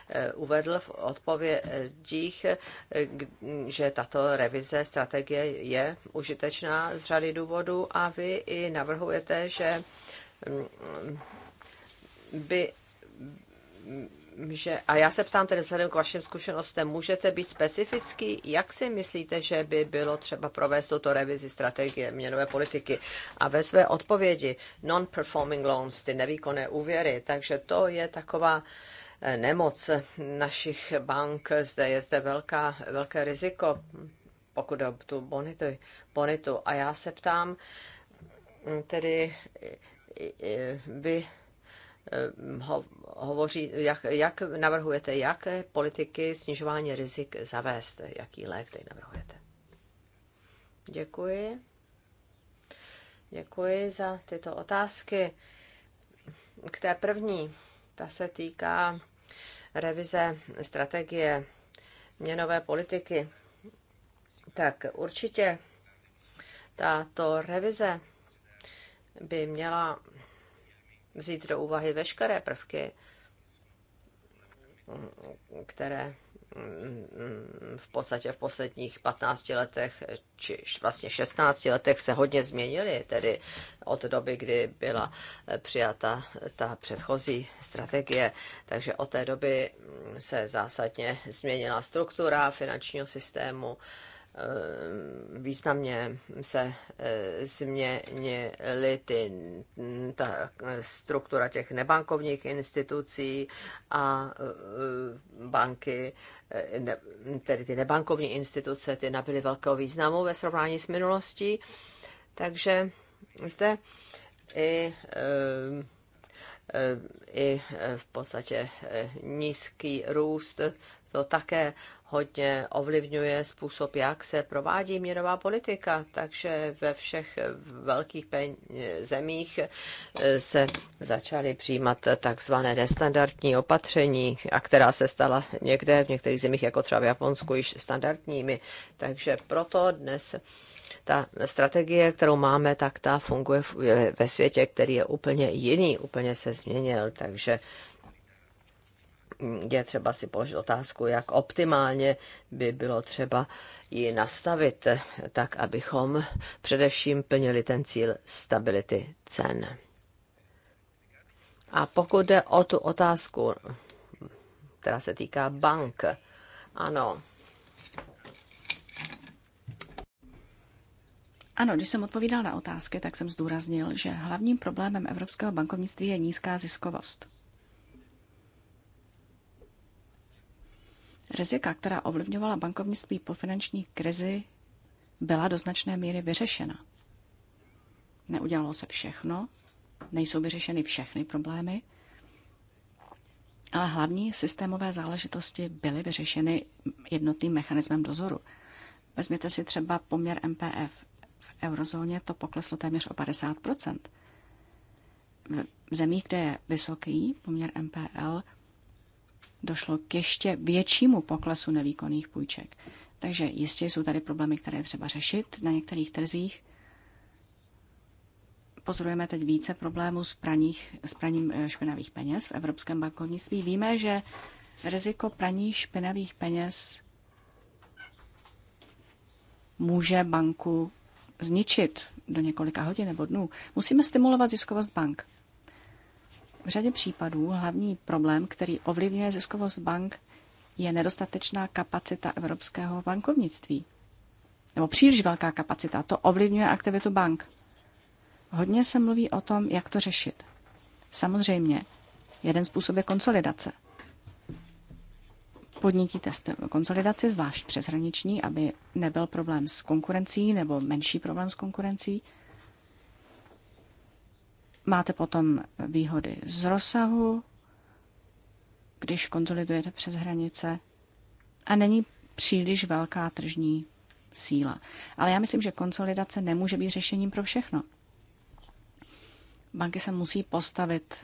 eh, uvedl v odpovědích, eh, že tato revize strategie je užitečná z řady důvodů a vy i navrhujete, že mm, by že, a já se ptám tedy vzhledem k vašim zkušenostem, můžete být specifický, jak si myslíte, že by bylo třeba provést tuto revizi strategie měnové politiky a ve své odpovědi non-performing loans, ty nevýkonné úvěry, takže to je taková eh, nemoc našich bank, zde je zde velká, velké riziko, pokud o tu bonitu, bonitu. A já se ptám, mm, tedy vy Ehm, ho, hovoří, jak, jak navrhujete, jaké politiky snižování rizik zavést, jaký lék teď navrhujete. Děkuji. Děkuji za tyto otázky. K té první, ta se týká revize strategie měnové politiky. Tak určitě tato revize by měla vzít do úvahy veškeré prvky, které v podstatě v posledních 15 letech, či vlastně 16 letech se hodně změnily, tedy od doby, kdy byla přijata ta předchozí strategie. Takže od té doby se zásadně změnila struktura finančního systému, Ehm, významně se e, změnily ty, ta struktura těch nebankovních institucí a e, banky, e, ne, tedy ty nebankovní instituce, ty nabyly velkého významu ve srovnání s minulostí. Takže zde i i v podstatě nízký růst to také hodně ovlivňuje způsob, jak se provádí měnová politika. Takže ve všech velkých zemích eh, se začaly přijímat takzvané nestandardní opatření, a která se stala někde v některých zemích, jako třeba v Japonsku, již standardními. Takže proto dnes ta strategie, kterou máme, tak ta funguje ve světě, který je úplně jiný, úplně se změnil. Takže je třeba si položit otázku, jak optimálně by bylo třeba ji nastavit, tak abychom především plnili ten cíl stability cen. A pokud jde o tu otázku, která se týká bank, ano. Ano, když jsem odpovídal na otázky, tak jsem zdůraznil, že hlavním problémem evropského bankovnictví je nízká ziskovost. rizika, která ovlivňovala bankovnictví po finanční krizi, byla do značné míry vyřešena. Neudělalo se všechno, nejsou vyřešeny všechny problémy, ale hlavní systémové záležitosti byly vyřešeny jednotným mechanismem dozoru. Vezměte si třeba poměr MPF. V eurozóně to pokleslo téměř o 50 V zemích, kde je vysoký poměr MPL, došlo k ještě většímu poklesu nevýkonných půjček. Takže jistě jsou tady problémy, které třeba řešit na některých trzích. Pozorujeme teď více problémů s, praních, s praním eh, špinavých peněz v evropském bankovnictví. Víme, že riziko praní špinavých peněz může banku zničit do několika hodin nebo dnů. Musíme stimulovat ziskovost bank. V řadě případů hlavní problém, který ovlivňuje ziskovost bank, je nedostatečná kapacita evropského bankovnictví. Nebo příliš velká kapacita. To ovlivňuje aktivitu bank. Hodně se mluví o tom, jak to řešit. Samozřejmě, jeden způsob je konsolidace. Podnítíte konsolidaci, zvlášť přeshraniční, aby nebyl problém s konkurencí nebo menší problém s konkurencí – Máte potom výhody z rozsahu, když konzolidujete přes hranice a není příliš velká tržní síla. Ale já myslím, že konsolidace nemůže být řešením pro všechno. Banky se musí postavit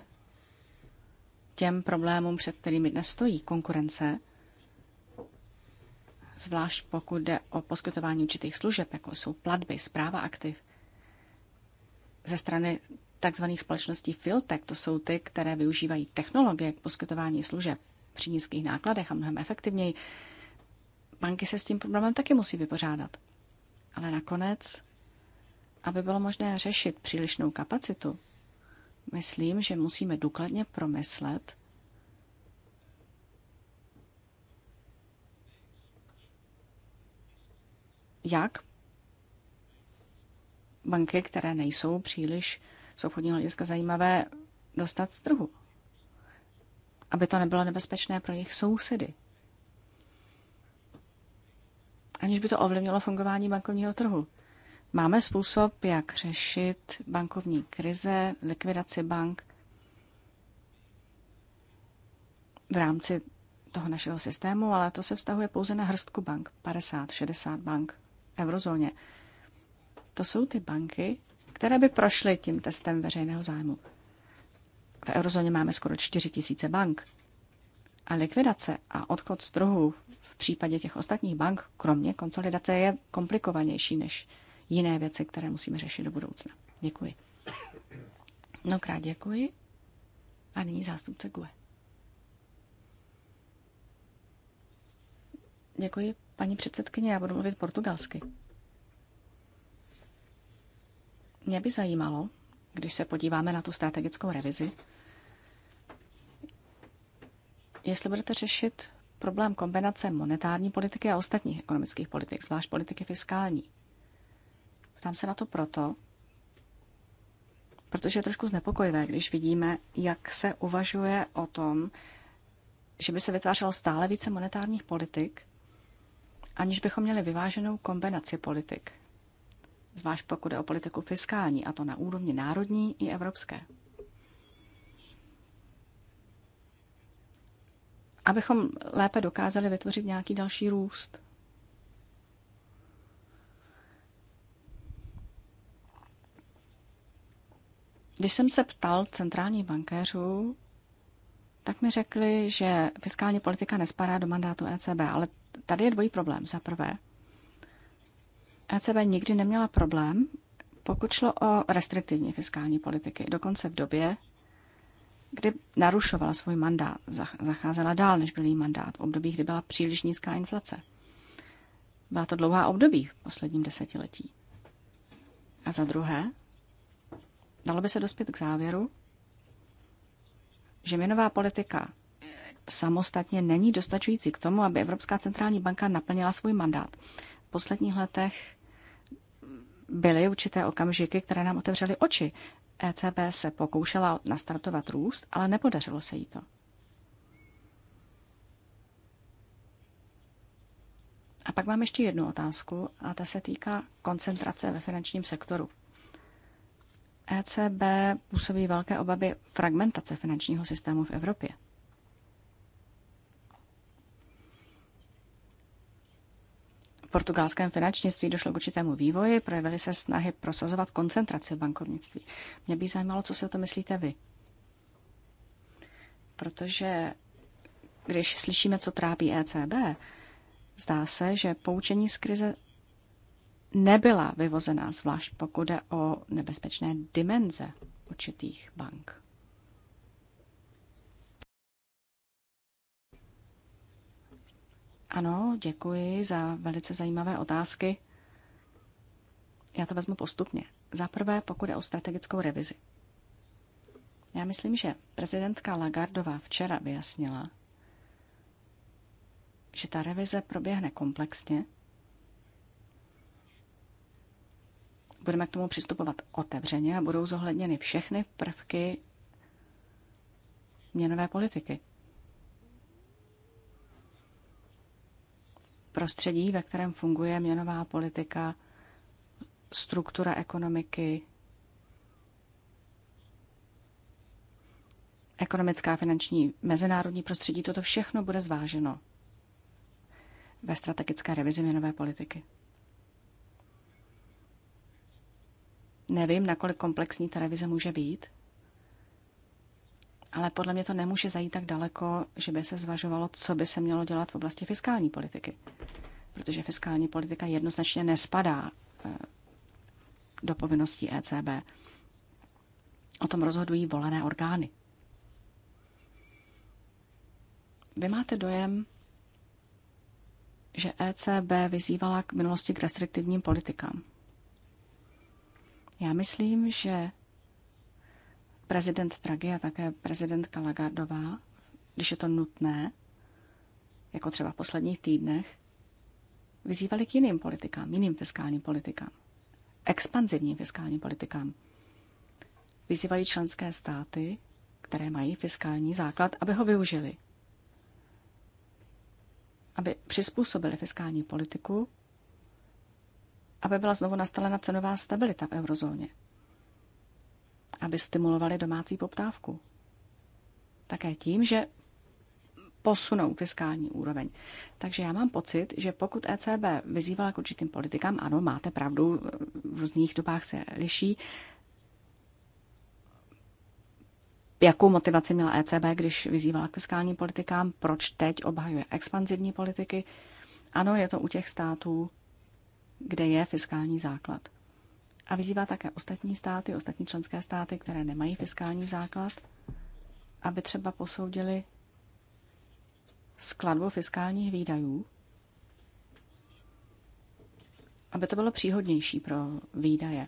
těm problémům, před kterými dnes stojí konkurence, zvlášť pokud jde o poskytování určitých služeb, jako jsou platby, zpráva aktiv, ze strany takzvaných společností filtek, to jsou ty, které využívají technologie k poskytování služeb při nízkých nákladech a mnohem efektivněji, banky se s tím problémem taky musí vypořádat. Ale nakonec, aby bylo možné řešit přílišnou kapacitu, myslím, že musíme důkladně promyslet, jak banky, které nejsou příliš z obchodního hlediska zajímavé dostat z trhu, aby to nebylo nebezpečné pro jejich sousedy. Aniž by to ovlivnilo fungování bankovního trhu. Máme způsob, jak řešit bankovní krize, likvidaci bank v rámci toho našeho systému, ale to se vztahuje pouze na hrstku bank, 50-60 bank v eurozóně. To jsou ty banky, které by prošly tím testem veřejného zájmu. V eurozóně máme skoro 4 tisíce bank. A likvidace a odchod z trhu v případě těch ostatních bank, kromě konsolidace, je komplikovanější než jiné věci, které musíme řešit do budoucna. Děkuji. Mnohokrát děkuji. A nyní zástupce GUE. Děkuji, paní předsedkyně, já budu mluvit portugalsky. Mě by zajímalo, když se podíváme na tu strategickou revizi, jestli budete řešit problém kombinace monetární politiky a ostatních ekonomických politik, zvlášť politiky fiskální. Ptám se na to proto, protože je trošku znepokojivé, když vidíme, jak se uvažuje o tom, že by se vytvářelo stále více monetárních politik, aniž bychom měli vyváženou kombinaci politik zvlášť pokud je o politiku fiskální, a to na úrovni národní i evropské. Abychom lépe dokázali vytvořit nějaký další růst. Když jsem se ptal centrální bankéřů, tak mi řekli, že fiskální politika nespadá do mandátu ECB, ale tady je dvojí problém. Za prvé, ECB nikdy neměla problém, pokud šlo o restriktivní fiskální politiky, dokonce v době, kdy narušovala svůj mandát, zacházela dál, než byl její mandát, v období, kdy byla příliš nízká inflace. Byla to dlouhá období v posledním desetiletí. A za druhé, dalo by se dospět k závěru, že měnová politika samostatně není dostačující k tomu, aby Evropská centrální banka naplnila svůj mandát. V posledních letech byly určité okamžiky, které nám otevřely oči. ECB se pokoušela nastartovat růst, ale nepodařilo se jí to. A pak mám ještě jednu otázku a ta se týká koncentrace ve finančním sektoru. ECB působí velké obavy fragmentace finančního systému v Evropě. portugalském finančnictví došlo k určitému vývoji, projevily se snahy prosazovat koncentraci v bankovnictví. Mě by zajímalo, co si o to myslíte vy. Protože když slyšíme, co trápí ECB, zdá se, že poučení z krize nebyla vyvozená, zvlášť pokud jde o nebezpečné dimenze určitých bank. Ano, děkuji za velice zajímavé otázky. Já to vezmu postupně. Za prvé, pokud je o strategickou revizi. Já myslím, že prezidentka Lagardová včera vyjasnila, že ta revize proběhne komplexně. Budeme k tomu přistupovat otevřeně a budou zohledněny všechny prvky měnové politiky. prostředí, ve kterém funguje měnová politika, struktura ekonomiky, ekonomická, finanční, mezinárodní prostředí, toto všechno bude zváženo ve strategické revizi měnové politiky. Nevím, nakolik komplexní ta revize může být, ale podle mě to nemůže zajít tak daleko, že by se zvažovalo, co by se mělo dělat v oblasti fiskální politiky. Protože fiskální politika jednoznačně nespadá eh, do povinností ECB. O tom rozhodují volené orgány. Vy máte dojem, že ECB vyzývala k minulosti k restriktivním politikám. Já myslím, že prezident Draghi a také prezidentka Lagardová, když je to nutné, jako třeba v posledních týdnech, vyzývali k jiným politikám, jiným fiskálním politikám, expanzivním fiskálním politikám. Vyzývají členské státy, které mají fiskální základ, aby ho využili. Aby přizpůsobili fiskální politiku, aby byla znovu nastalena cenová stabilita v eurozóně aby stimulovali domácí poptávku. Také tím, že posunou fiskální úroveň. Takže já mám pocit, že pokud ECB vyzývala k určitým politikám, ano, máte pravdu, v různých dobách se liší, jakou motivaci měla ECB, když vyzývala k fiskálním politikám, proč teď obhajuje expanzivní politiky. Ano, je to u těch států, kde je fiskální základ a vyzývá také ostatní státy, ostatní členské státy, které nemají fiskální základ, aby třeba posoudili skladbu fiskálních výdajů, aby to bylo příhodnější pro výdaje.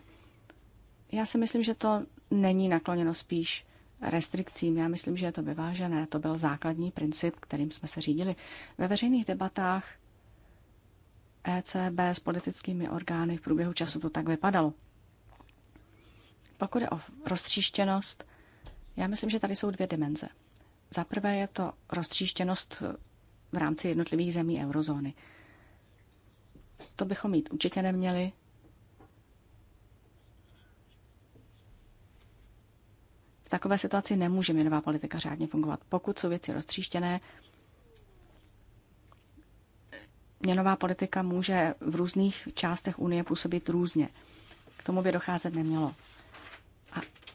Já si myslím, že to není nakloněno spíš restrikcím. Já myslím, že je to vyvážené. To byl základní princip, kterým jsme se řídili. Ve veřejných debatách ECB s politickými orgány v průběhu času to tak vypadalo. Pokud je o roztříštěnost, já myslím, že tady jsou dvě dimenze. Za prvé je to roztříštěnost v rámci jednotlivých zemí eurozóny. To bychom mít určitě neměli. V takové situaci nemůže měnová politika řádně fungovat. Pokud jsou věci roztříštěné, měnová politika může v různých částech Unie působit různě. K tomu by docházet nemělo.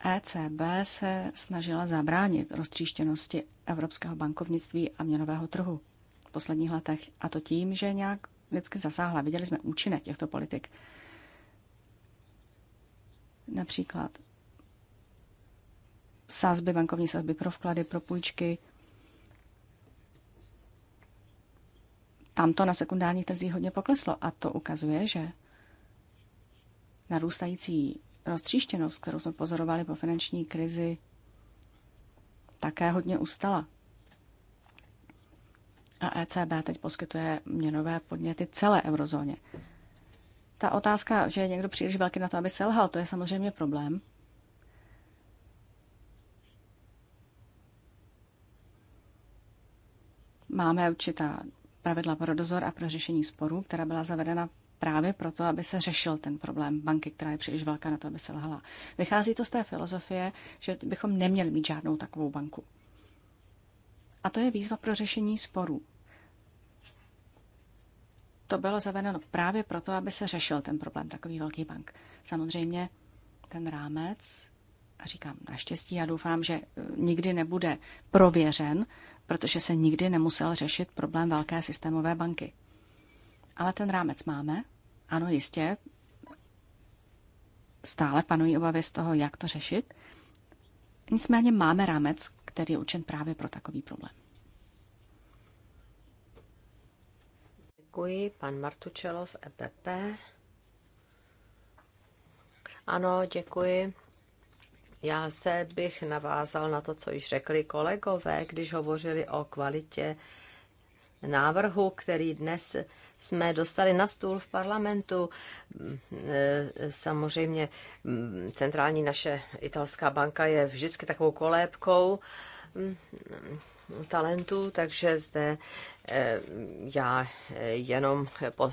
ECB se snažila zabránit roztříštěnosti evropského bankovnictví a měnového trhu v posledních letech, a to tím, že nějak vždycky zasáhla. Viděli jsme účinek těchto politik. Například sazby, bankovní sazby pro vklady, pro půjčky. Tam to na sekundárních trzích hodně pokleslo a to ukazuje, že narůstající roztříštěnost, kterou jsme pozorovali po finanční krizi, také hodně ustala. A ECB teď poskytuje měnové podněty celé eurozóně. Ta otázka, že je někdo příliš velký na to, aby selhal, to je samozřejmě problém. Máme určitá pravidla pro dozor a pro řešení sporů, která byla zavedena právě proto, aby se řešil ten problém banky, která je příliš velká na to, aby se lhala. Vychází to z té filozofie, že bychom neměli mít žádnou takovou banku. A to je výzva pro řešení sporů. To bylo zavedeno právě proto, aby se řešil ten problém takový velký bank. Samozřejmě ten rámec, a říkám naštěstí, já doufám, že e, nikdy nebude prověřen, protože se nikdy nemusel řešit problém velké systémové banky. Ale ten rámec máme. Ano, jistě. Stále panují obavy z toho, jak to řešit. Nicméně máme rámec, který je učen právě pro takový problém. Děkuji, pan Martučelo z EPP. Ano, děkuji. Já se bych navázal na to, co již řekli kolegové, když hovořili o kvalitě návrhu, který dnes jsme dostali na stůl v parlamentu. Mm, e, samozřejmě mm, centrální naše italská banka je vždycky takovou kolébkou Mm, talentů, takže zde eh, já jenom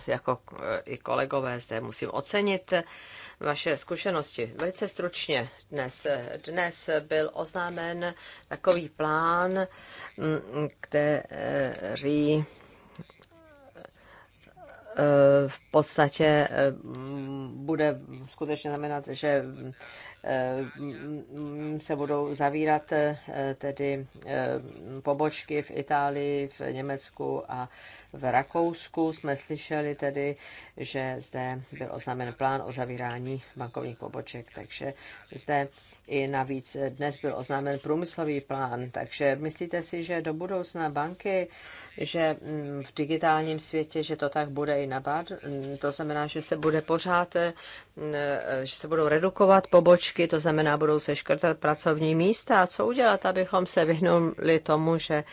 jako eh, i kolegové zde musím ocenit vaše zkušenosti. Velice stručně dnes. Dnes byl oznámen takový plán, mm, který eh, v podstatě bude skutečně znamenat, že Eh, se budou zavírat eh, tedy eh, pobočky v Itálii, v Německu a v Rakousku jsme slyšeli tedy, že zde byl oznámen plán o zavírání bankovních poboček, takže zde i navíc dnes byl oznámen průmyslový plán, takže myslíte si, že do budoucna banky, že mm, v digitálním světě, že to tak bude i na bar, mm, to znamená, že se bude pořád, mm, e, že se budou redukovat pobočky, to znamená, budou se škrtat pracovní místa. Co udělat, abychom se vyhnuli tomu, že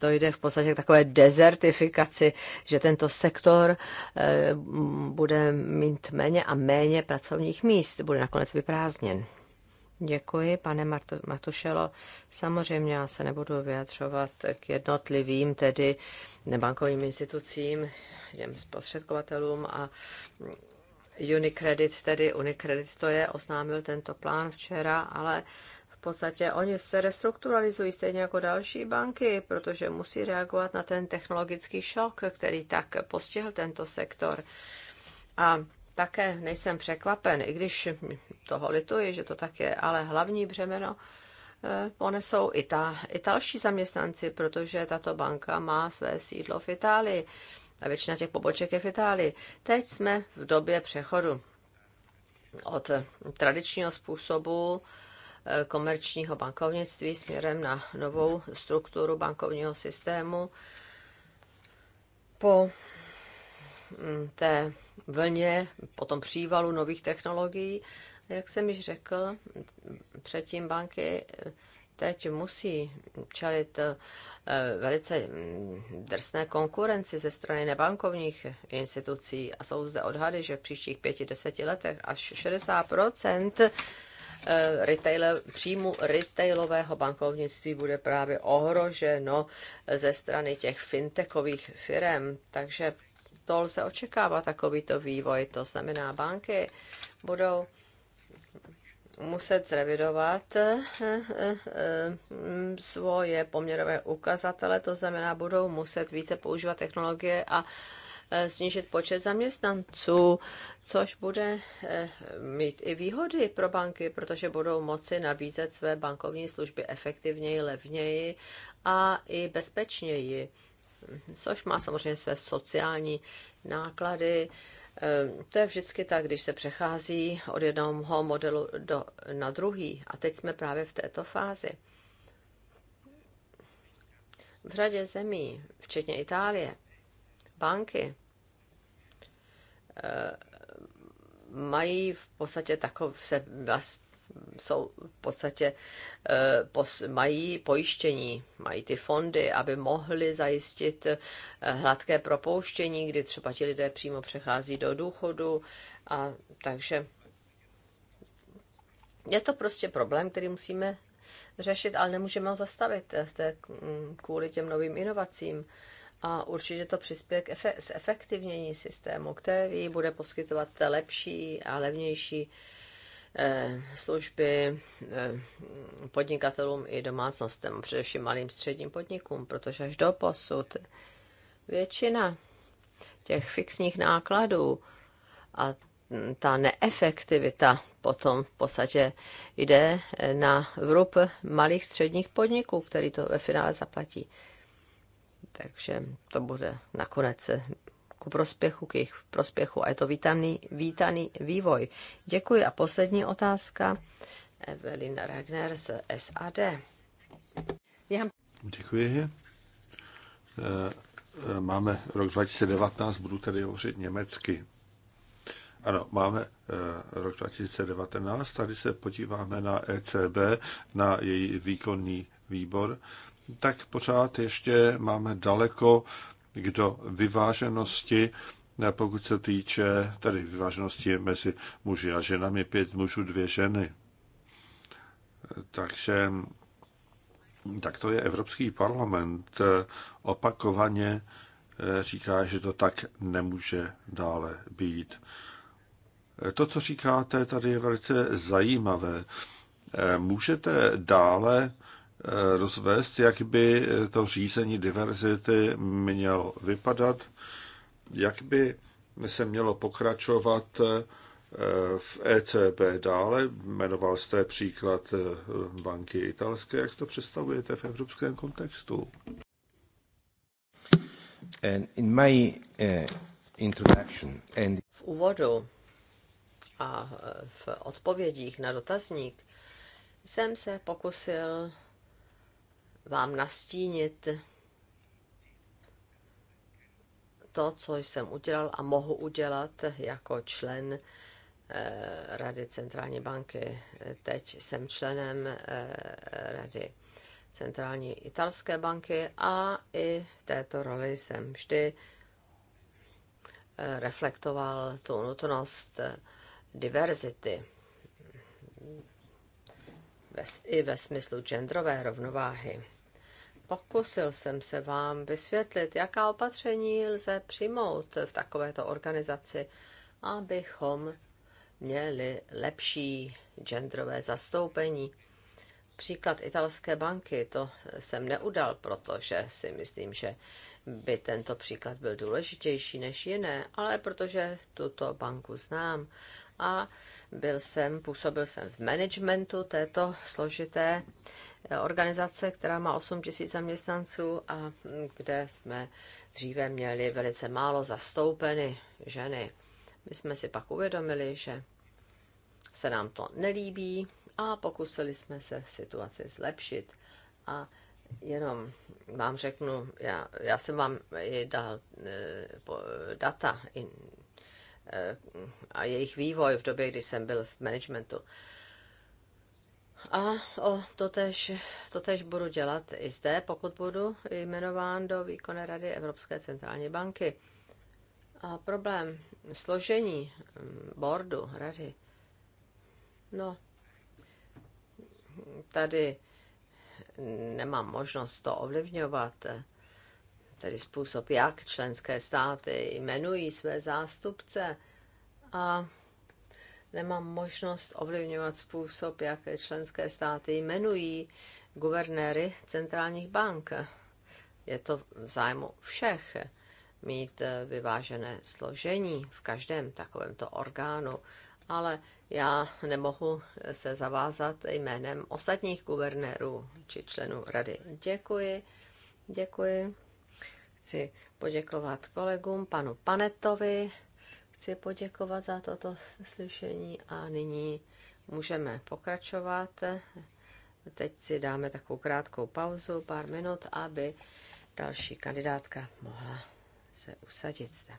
dojde mm, v podstatě k takové dezertifikaci, že tento sektor eh, bude mít méně a méně pracovních míst, bude nakonec vyprázdněn. Děkuji, pane Martu- Matušelo. Samozřejmě já se nebudu vyjadřovat k jednotlivým, tedy nebankovním institucím, těm zprostředkovatelům a Unicredit, tedy Unicredit to je, oznámil tento plán včera, ale v podstatě oni se restrukturalizují stejně jako další banky, protože musí reagovat na ten technologický šok, který tak postihl tento sektor. A také nejsem překvapen, i když toho lituji, že to tak je, ale hlavní břemeno ponesou eh, i ta, další zaměstnanci, protože tato banka má své sídlo v Itálii a většina těch poboček je v Itálii. Teď jsme v době přechodu od tradičního způsobu komerčního bankovnictví směrem na novou strukturu bankovního systému. Po mm, té vlně, po tom přívalu nových technologií, jak jsem již řekl, předtím banky teď musí čelit eh, velice mm, drsné konkurenci ze strany nebankovních institucí a jsou zde odhady, že v příštích pěti, deseti letech až 60 Eh, retailer, příjmu retailového bankovnictví bude právě ohroženo eh, ze strany těch fintechových firm. Takže to lze očekávat takovýto vývoj. To znamená, banky budou muset zrevidovat eh, mm, svoje poměrové ukazatele, to znamená, budou muset více používat technologie a Eh, snížit počet zaměstnanců, což bude eh, mít i výhody pro banky, protože budou moci nabízet své bankovní služby efektivněji, levněji a i bezpečněji, což má samozřejmě své sociální náklady. Eh, to je vždycky tak, když se přechází od jednoho modelu do, na druhý. A teď jsme právě v této fázi. V řadě zemí, včetně Itálie, banky eh, mají v podstatě takové se, jsou v podstatě eh, mají pojištění, mají ty fondy, aby mohly zajistit eh, hladké propouštění, kdy třeba ti lidé přímo přechází do důchodu a takže je to prostě problém, který musíme řešit, ale nemůžeme ho zastavit mm, kvůli těm novým inovacím a určitě to přispěje k efektivnění systému, který bude poskytovat lepší a levnější eh, služby eh, podnikatelům i domácnostem, především malým středním podnikům, protože až do posud většina těch fixních nákladů a ta neefektivita potom v podstatě jde eh, na vrub malých středních podniků, který to ve finále zaplatí takže to bude nakonec ku prospěchu, k jejich prospěchu a je to vítaný, vítaný vývoj. Děkuji a poslední otázka. Evelina Regner z SAD. Děkuji. Eh, eh, máme rok 2019, budu tedy hovořit německy. Ano, máme eh, rok 2019, tady se podíváme na ECB, na její výkonný výbor tak pořád ještě máme daleko k do vyváženosti, pokud se týče tady vyváženosti mezi muži a ženami, pět mužů, dvě ženy. Takže tak to je Evropský parlament e, opakovaně e, říká, že to tak nemůže dále být. E, to, co říkáte, tady je velice zajímavé. Můžete dále Eh, rozvést, jak by eh, to řízení diverzity mělo vypadat, jak by se mělo pokračovat eh, v ECB dále. Jmenoval jste příklad banky italské. Jak to představujete v evropském kontextu? In my, introduction and... V úvodu a v odpovědích na dotazník jsem se pokusil vám nastínit to, co jsem udělal a mohu udělat jako člen eh, Rady Centrální banky. Teď jsem členem eh, Rady Centrální italské banky a i v této roli jsem vždy eh, reflektoval tu nutnost diverzity i ve smyslu genderové rovnováhy. Pokusil jsem se vám vysvětlit, jaká opatření lze přijmout v takovéto organizaci, abychom měli lepší genderové zastoupení. Příklad italské banky, to jsem neudal, protože si myslím, že by tento příklad byl důležitější než jiné, ale protože tuto banku znám a byl jsem, působil jsem v managementu této složité organizace, která má 8 tisíc zaměstnanců a kde jsme dříve měli velice málo zastoupeny ženy. My jsme si pak uvědomili, že se nám to nelíbí a pokusili jsme se situaci zlepšit. A jenom vám řeknu, já, já jsem vám dal e, data in, e, a jejich vývoj v době, kdy jsem byl v managementu. A o totež, totež budu dělat i zde, pokud budu jmenován do výkonné rady Evropské centrální banky. A problém složení mm, bordu rady, no, tady nemám možnost to ovlivňovat, tedy způsob, jak členské státy jmenují své zástupce. A nemám možnost ovlivňovat způsob, jak členské státy jmenují guvernéry centrálních bank. Je to v zájmu všech mít eh, vyvážené složení v každém takovémto orgánu, ale já nemohu eh, se zavázat jménem ostatních guvernérů či členů rady. Děkuji, děkuji. Chci poděkovat kolegům, panu Panetovi, chci poděkovat za toto slyšení a nyní můžeme pokračovat. Teď si dáme takovou krátkou pauzu, pár minut, aby další kandidátka mohla se usadit zde.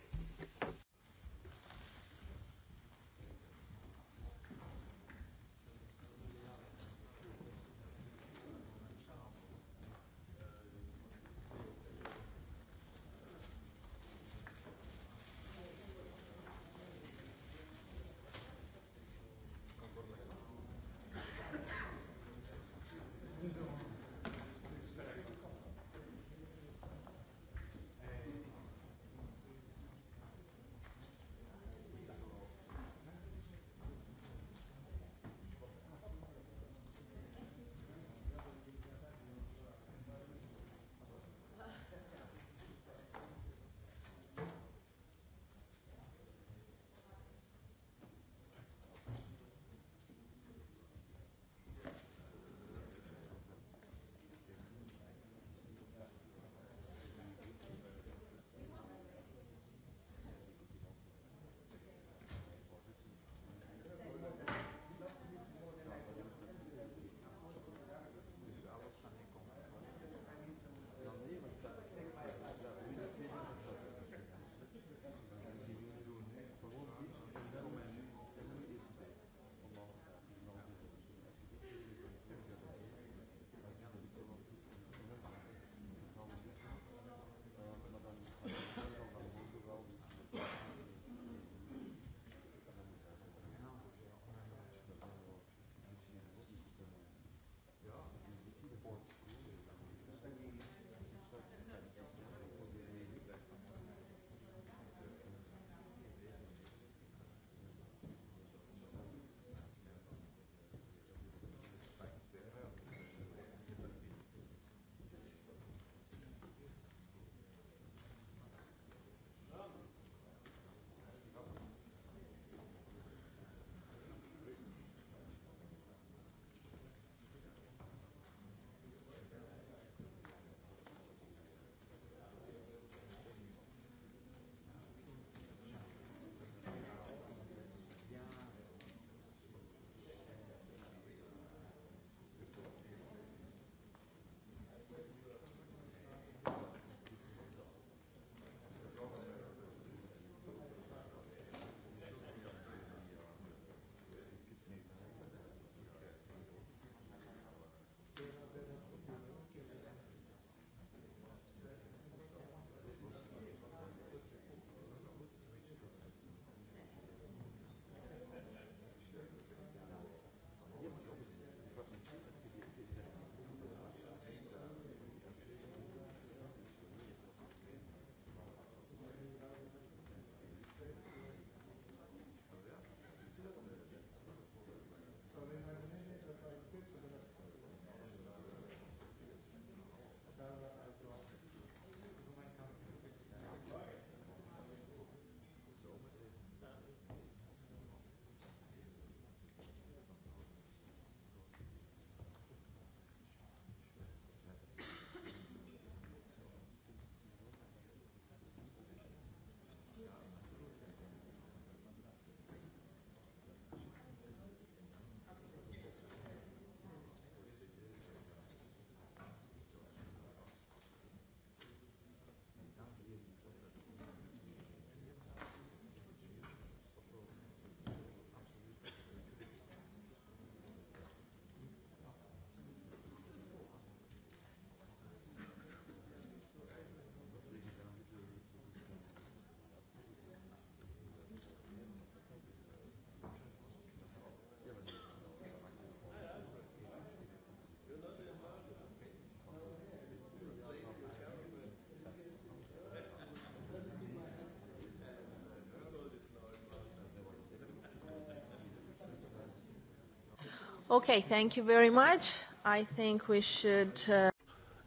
Okay, thank you very much. I think we should... Uh,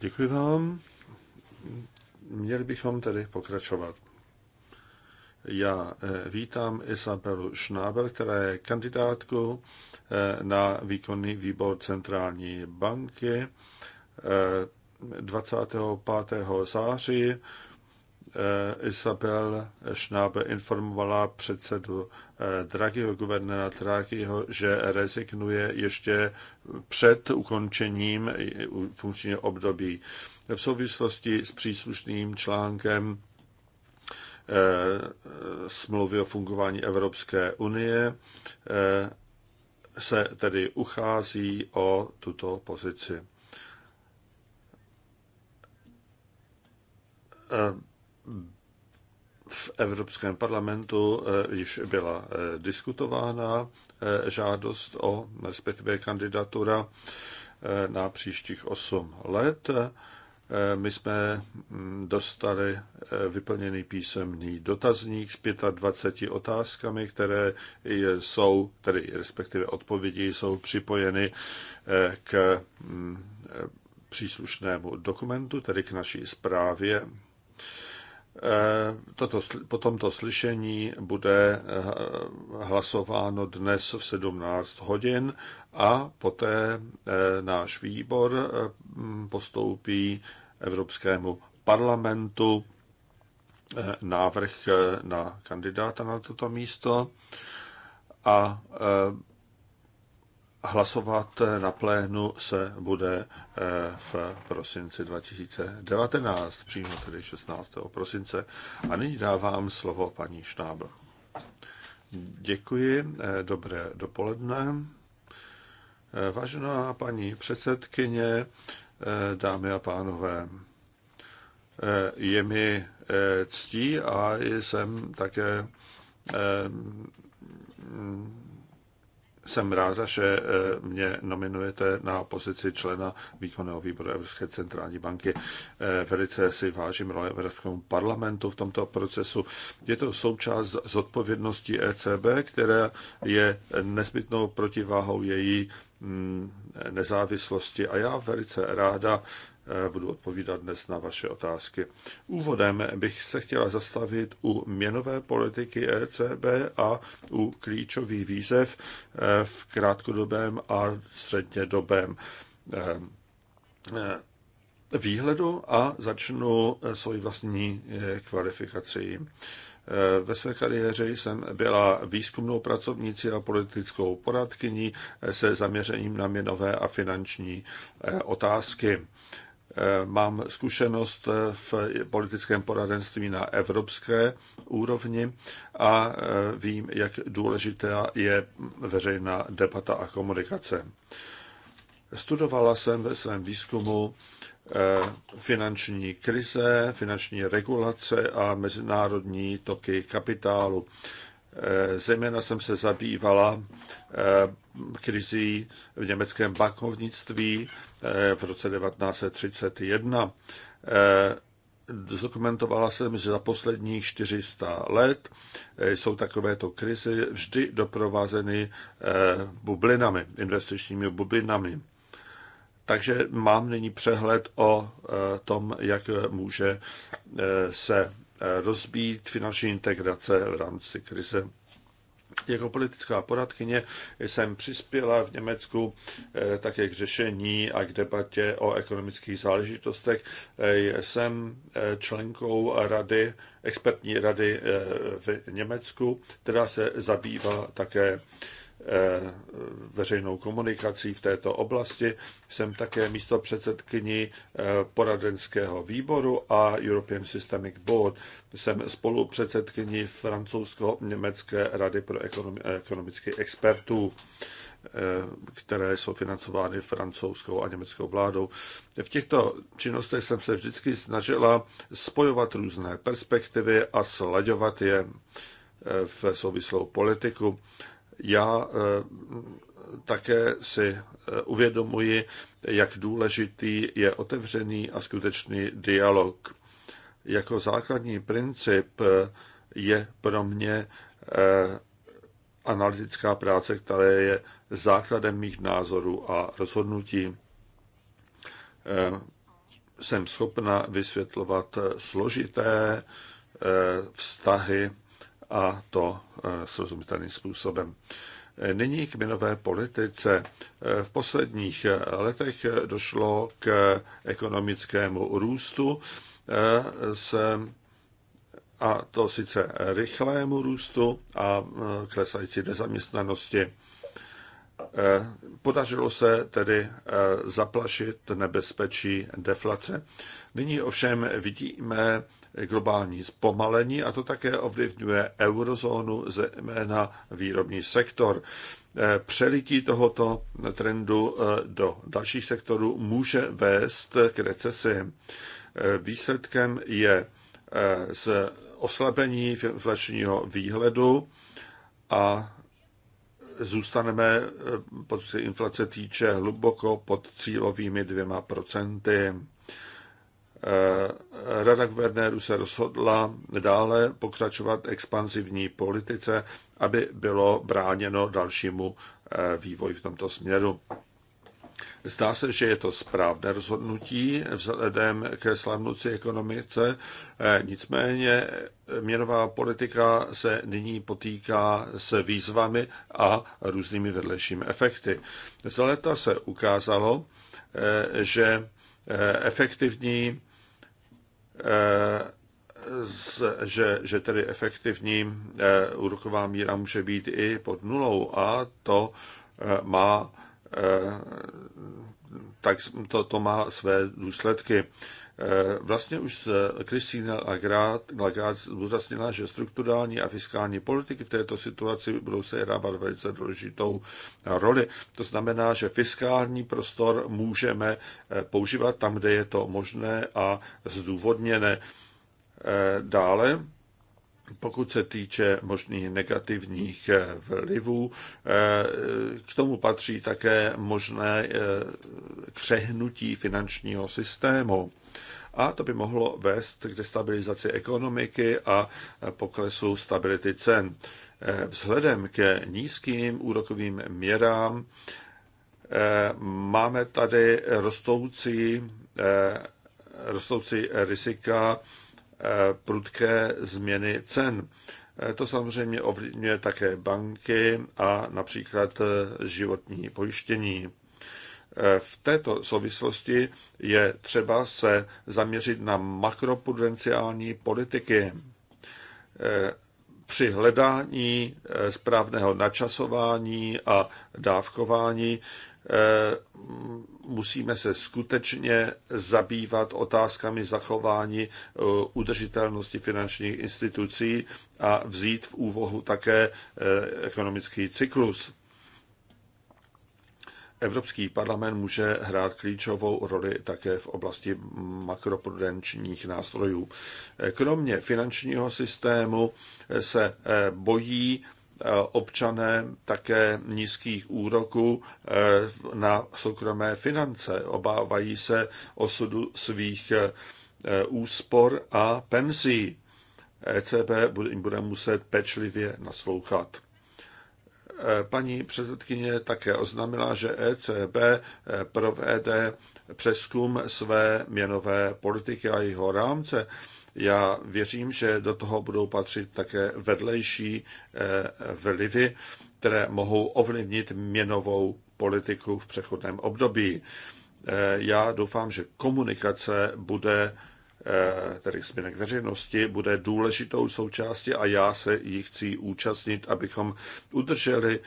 Děkuji vám. Měli bychom tedy pokračovat. Já eh, vítám Isabelu Schnabel, která je kandidátku eh, na výkonný výbor Centrální banky 25. Eh, září Eh, Isabel Schnabe informovala předsedu eh, Dragiho, guvernéra Dragiho, že rezignuje ještě před ukončením eh, funkčního období. V souvislosti s příslušným článkem smlouvy o fungování Evropské unie se tedy uchází o tuto pozici v Evropském parlamentu eh, již byla eh, diskutována eh, žádost o, respektive kandidatura na příštích 8 let. My jsme hm, dostali vyplněný písemný dotazník s 25 otázkami, které jsou, tedy respektive odpovědi jsou připojeny k hm, příslušnému dokumentu, tedy k naší zprávě. Eh, toto, po tomto slyšení bude eh, hlasováno dnes v 17 hodin a poté eh, náš výbor postoupí Evropskému parlamentu návrh na kandidáta na toto místo a Hlasovat na plénu se bude eh, v prosinci 2019, přímo tedy 16. prosince. A nyní dávám slovo paní Štábl. Děkuji, eh, dobré dopoledne. Eh, vážená paní předsedkyně, dámy a pánové, je mi ctí a jsem také jsem ráda, že eh, mě nominujete na pozici člena výkonného výboru Evropské centrální banky. Eh, velice si vážím role Evropskému parlamentu v tomto procesu. Je to součást zodpovědnosti ECB, která je nezbytnou protiváhou její mm, nezávislosti. A já velice ráda Eh, budu odpovídat dnes na vaše otázky. Úvodem bych se chtěla zastavit u měnové politiky ECB a u klíčových výzev eh, v krátkodobém a střednědobém eh, výhledu a začnu svoji vlastní kvalifikací. Ve své kariéře jsem byla výzkumnou pracovnicí a politickou poradkyní se zaměřením na měnové a finanční otázky. Mám zkušenost v politickém poradenství na evropské úrovni a vím, jak důležitá je veřejná debata a komunikace. Studovala jsem ve svém výzkumu eh, finanční krize, finanční regulace a mezinárodní toky kapitálu. Eh, zejména jsem se zabývala eh, krizí v německém bankovnictví eh, v roce 1931. Zdokumentovala jsem, že za poslední 400 let jsou takovéto krizi vždy doprovázeny bublinami, investičními bublinami. Takže mám nyní přehled o tom, jak může se Eh, rozbít finanční integrace v rámci krize. Jako politická poradkyně jsem přispěla v Německu eh, také k řešení a k debatě o ekonomických záležitostech. Eh, jsem členkou rady, expertní rady v Německu, která se zabývá také Eh, veřejnou komunikací v této oblasti. Jsem také místo předsedkyní eh, poradenského výboru a European Systemic Board. Jsem spolu předsedkyní francouzsko-německé rady pro eh, ekonomické expertů které jsou financovány francouzskou a německou vládou. V těchto činnostech jsem se vždycky snažila spojovat různé perspektivy a sledovat je v souvislou politiku. Já eh, také si eh, uvědomuji, jak důležitý je otevřený a skutečný dialog. Jako základní princip eh, je pro mě analytická práce, která je základem mých názorů a rozhodnutí. Jsem schopna vysvětlovat složité vztahy a to e, srozumitelným způsobem. E, nyní k minové politice. E, v posledních letech došlo k ekonomickému růstu se a to sice rychlému růstu a klesající nezaměstnanosti. Podařilo se tedy zaplašit nebezpečí deflace. Nyní ovšem vidíme globální zpomalení a to také ovlivňuje eurozónu, zejména výrobní sektor. Eh, přelití tohoto trendu eh, do dalších sektorů může vést k recesi. Eh, výsledkem je z oslabení inflačního výhledu a zůstaneme, pokud se inflace týče, hluboko pod cílovými dvěma procenty. Eh, Rada guvernérů se rozhodla dále pokračovat expanzivní politice, aby bylo bráněno dalšímu eh, vývoji v tomto směru. Zdá se, že je to správné rozhodnutí vzhledem ke slavnoucí ekonomice, eh, nicméně měnová politika se nyní potýká s výzvami a různými vedlejšími efekty. Z leta se ukázalo, že efektivní Eh, že, že tedy efektivní eh, úroková míra může být i pod nulou a to eh, má tak to, to má své důsledky. Eh, vlastně už Kristýna Lagarde zúraznila, že strukturální a fiskální politiky v této situaci budou sehrávat velice důležitou roli. To znamená, že fiskální prostor můžeme eh, používat tam, kde je to možné a zdůvodněné. Eh, dále pokud se týče možných negativních eh, vlivů, eh, k tomu patří také možné eh, křehnutí finančního systému. A to by mohlo vést k destabilizaci ekonomiky a poklesu stability cen. Vzhledem ke nízkým úrokovým měrám máme tady rostoucí, rostoucí rizika Eh, prudké změny cen. Eh, to samozřejmě ovlivňuje také banky a například eh, životní pojištění. V této souvislosti je třeba se zaměřit na makropudenciální politiky. Při hledání správného načasování a dávkování Eh, musíme se skutečně zabývat otázkami zachování eh, udržitelnosti finančních institucí a vzít v úvahu také eh, ekonomický cyklus. Evropský parlament může hrát klíčovou roli také v oblasti makroprudenčních nástrojů. Kromě finančního systému se bojí Eh, občané také nízkých úroků eh, na soukromé finance. Obávají se osudu svých eh, úspor a penzí. ECB bude muset pečlivě naslouchat. Paní předsedkyně také oznámila, že ECB provede přeskum své měnové politiky a jeho rámce já věřím, že do toho budou patřit také vedlejší eh, vlivy, které mohou ovlivnit měnovou politiku v přechodném období. Eh, já doufám, že komunikace bude eh, tedy směrem k veřejnosti, bude důležitou součástí a já se jí chci účastnit, abychom udrželi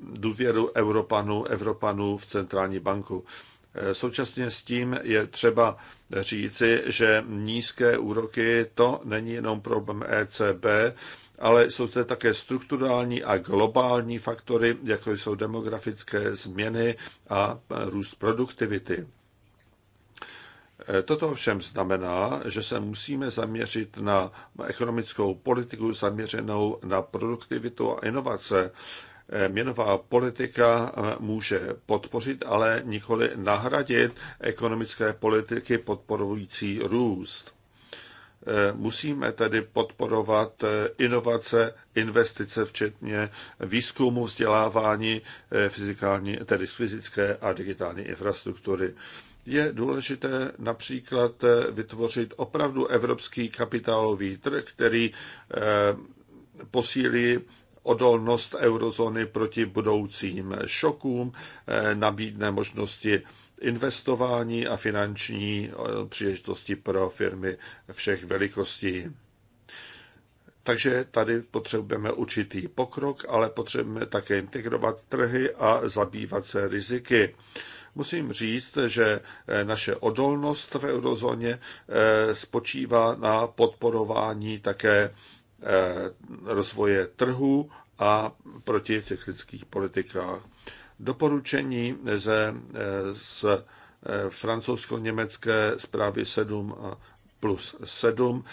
důvěru Evropanů, Evropanů v centrální banku. Současně s tím je třeba říci, že nízké úroky to není jenom problém ECB, ale jsou zde také strukturální a globální faktory, jako jsou demografické změny a růst produktivity. Toto ovšem znamená, že se musíme zaměřit na ekonomickou politiku zaměřenou na produktivitu a inovace, Eh, měnová politika eh, může podpořit, ale nikoli nahradit ekonomické politiky podporující růst. Eh, musíme tedy podporovat inovace, investice, včetně výzkumu, vzdělávání fyzikální, tedy z fyzické a digitální infrastruktury. Je důležité například vytvořit opravdu evropský kapitálový trh, který posílí odolnost eurozóny proti budoucím šokům, eh, nabídne možnosti investování a finanční eh, příležitosti pro firmy všech velikostí. Takže tady potřebujeme určitý pokrok, ale potřebujeme také integrovat trhy a zabývat se riziky. Musím říct, že eh, naše odolnost v eurozóně spočívá na podporování také Eh, rozvoje trhu a proti cyklických politikách. Doporučení ze, eh, z eh, francouzsko-německé zprávy 7 a plus 7.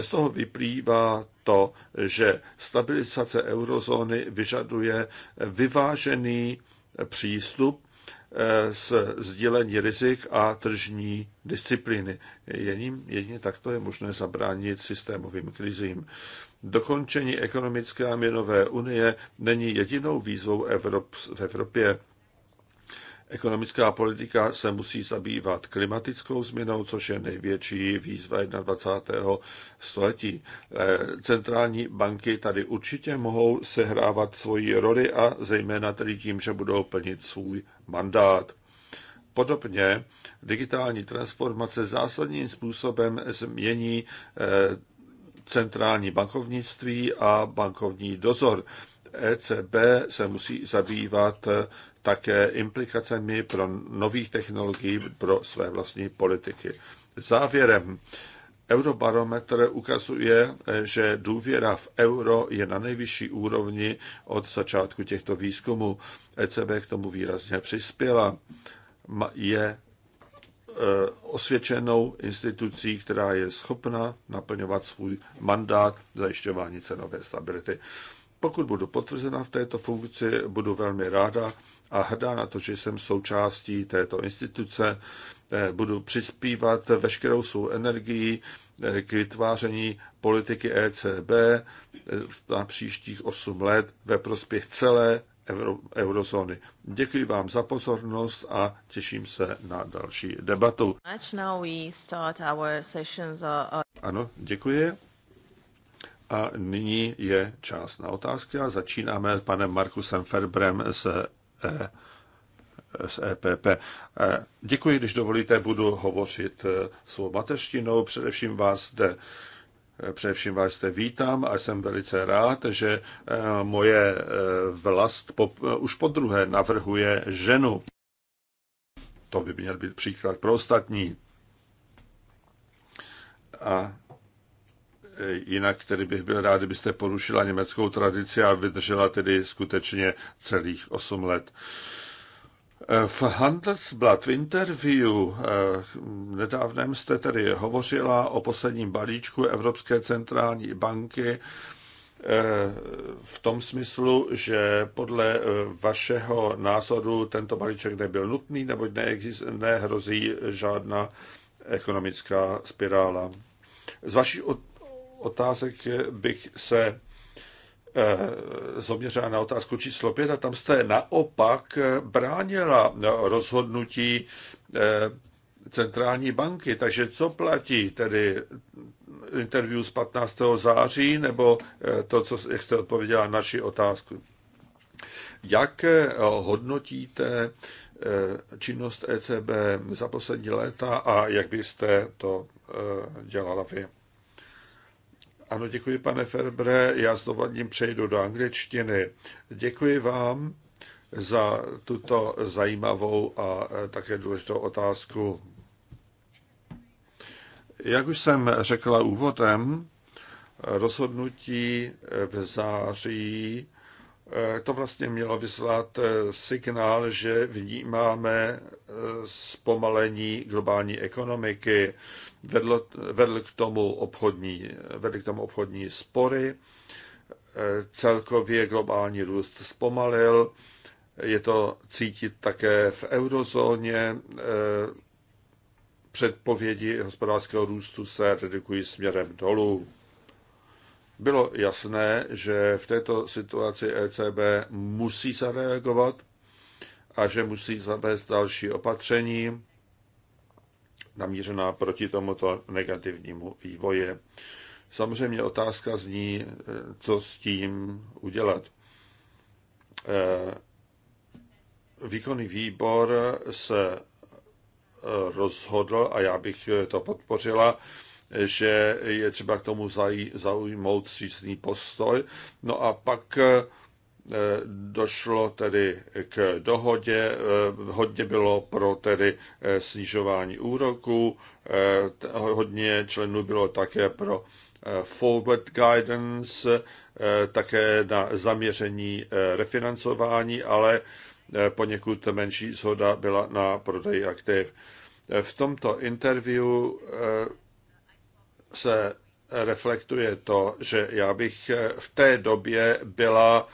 Z toho vyplývá to, že stabilizace eurozóny vyžaduje vyvážený přístup s sdílení rizik a tržní disciplíny. Jedině, jedině takto je možné zabránit systémovým krizím. Dokončení ekonomické a měnové unie není jedinou výzvou Evrop, v Evropě. Ekonomická politika se musí zabývat klimatickou změnou, což je největší výzva 21. století. Eh, centrální banky tady určitě mohou sehrávat svoji roli a zejména tedy tím, že budou plnit svůj mandát. Podobně digitální transformace zásadním způsobem změní eh, centrální bankovnictví a bankovní dozor. ECB se musí zabývat eh, také implikacemi pro nových technologií pro své vlastní politiky. Závěrem, Eurobarometr ukazuje, eh, že důvěra v euro je na nejvyšší úrovni od začátku těchto výzkumů. ECB k tomu výrazně přispěla. Je Eh, osvědčenou institucí, která je schopna naplňovat svůj mandát zajišťování cenové stability. Pokud budu potvrzena v této funkci, budu velmi ráda a hrdá na to, že jsem součástí této instituce. Eh, budu přispívat veškerou svou energii eh, k vytváření politiky ECB na příštích 8 let ve prospěch celé euro, eurozóny. Děkuji vám za pozornost a těším se na další debatu. Uh, uh, ano, děkuji. A nyní je čas na otázky a začínáme panem Markusem Ferbrem z, e, z EPP. E, děkuji, když dovolíte, budu hovořit e, svou mateřštinou. Především vás zde Především vás jste vítám a jsem velice rád, že eh, moje eh, vlast eh, už po druhé navrhuje ženu. To by měl být příklad pro ostatní. A jinak tedy bych byl rád, kdybyste porušila německou tradici a vydržela tedy skutečně celých 8 let. V Handelsblatt v interview eh, nedávném jste tedy hovořila o posledním balíčku Evropské centrální banky eh, v tom smyslu, že podle eh, vašeho názoru tento balíček nebyl nutný, neboť nehrozí žádná ekonomická spirála. Z vaší otázek bych se Eh, zaměřila na otázku číslo 5 a tam jste naopak bránila rozhodnutí eh, centrální banky. Takže co platí tedy interview z 15. září nebo eh, to, co, jak jste odpověděla na naši otázku? Jak hodnotíte činnost ECB za poslední léta a jak byste to dělala vy? Ano, děkuji, pane Ferbre. Já s dovolením přejdu do angličtiny. Děkuji vám za tuto zajímavou a eh, také důležitou otázku. Jak už jsem řekla úvodem, rozhodnutí v září Eh, to vlastně mělo vyslat eh, signál, že vnímáme eh, zpomalení globální ekonomiky. Vedlo, vedl k tomu obchodní, vedly k tomu obchodní spory, celkově globální růst zpomalil, je to cítit také v eurozóně, předpovědi hospodářského růstu se redukují směrem dolů bylo jasné, že v této situaci ECB musí zareagovat a že musí zavést další opatření namířená proti tomuto negativnímu vývoji. Samozřejmě otázka zní, co s tím udělat. E, výkonný výbor se rozhodl, a já bych to podpořila, že je třeba k tomu zaujmout střícný postoj. No a pak eh, došlo tedy k dohodě, eh, hodně bylo pro tedy eh, snižování úroku, hodně členů bylo také pro forward guidance, také na zaměření refinancování, ale poněkud menší shoda byla na prodej aktiv. V tomto interview se reflektuje to, že já bych eh, v té době byla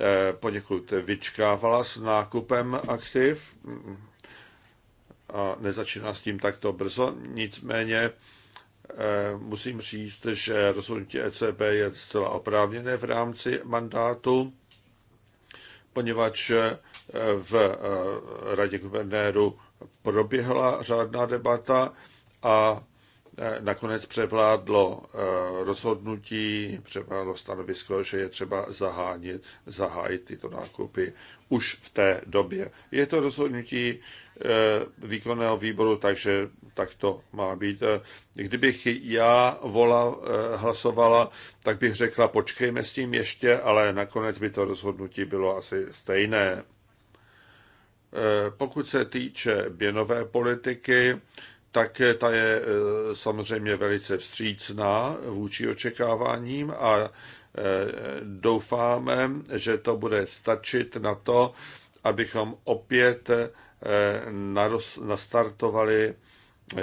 eh, poněkud vyčkávala s nákupem aktiv a nezačíná s tím takto brzo. Nicméně eh, musím říct, že rozhodnutí ECB je zcela oprávněné v rámci mandátu, poněvadž v radě guvernéru proběhla řádná debata a Eh, nakonec převládlo eh, rozhodnutí, převládlo stanovisko, že je třeba zahánit, zahájit tyto nákupy už v té době. Je to rozhodnutí eh, výkonného výboru, takže tak to má být. Kdybych já vola, hlasovala, tak bych řekla, počkejme s tím ještě, ale nakonec by to rozhodnutí bylo asi stejné. Pokud se týče běnové politiky, tak ta je e, samozřejmě velice vstřícná vůči očekáváním a e, doufáme, že to bude stačit na to, abychom opět e, nastartovali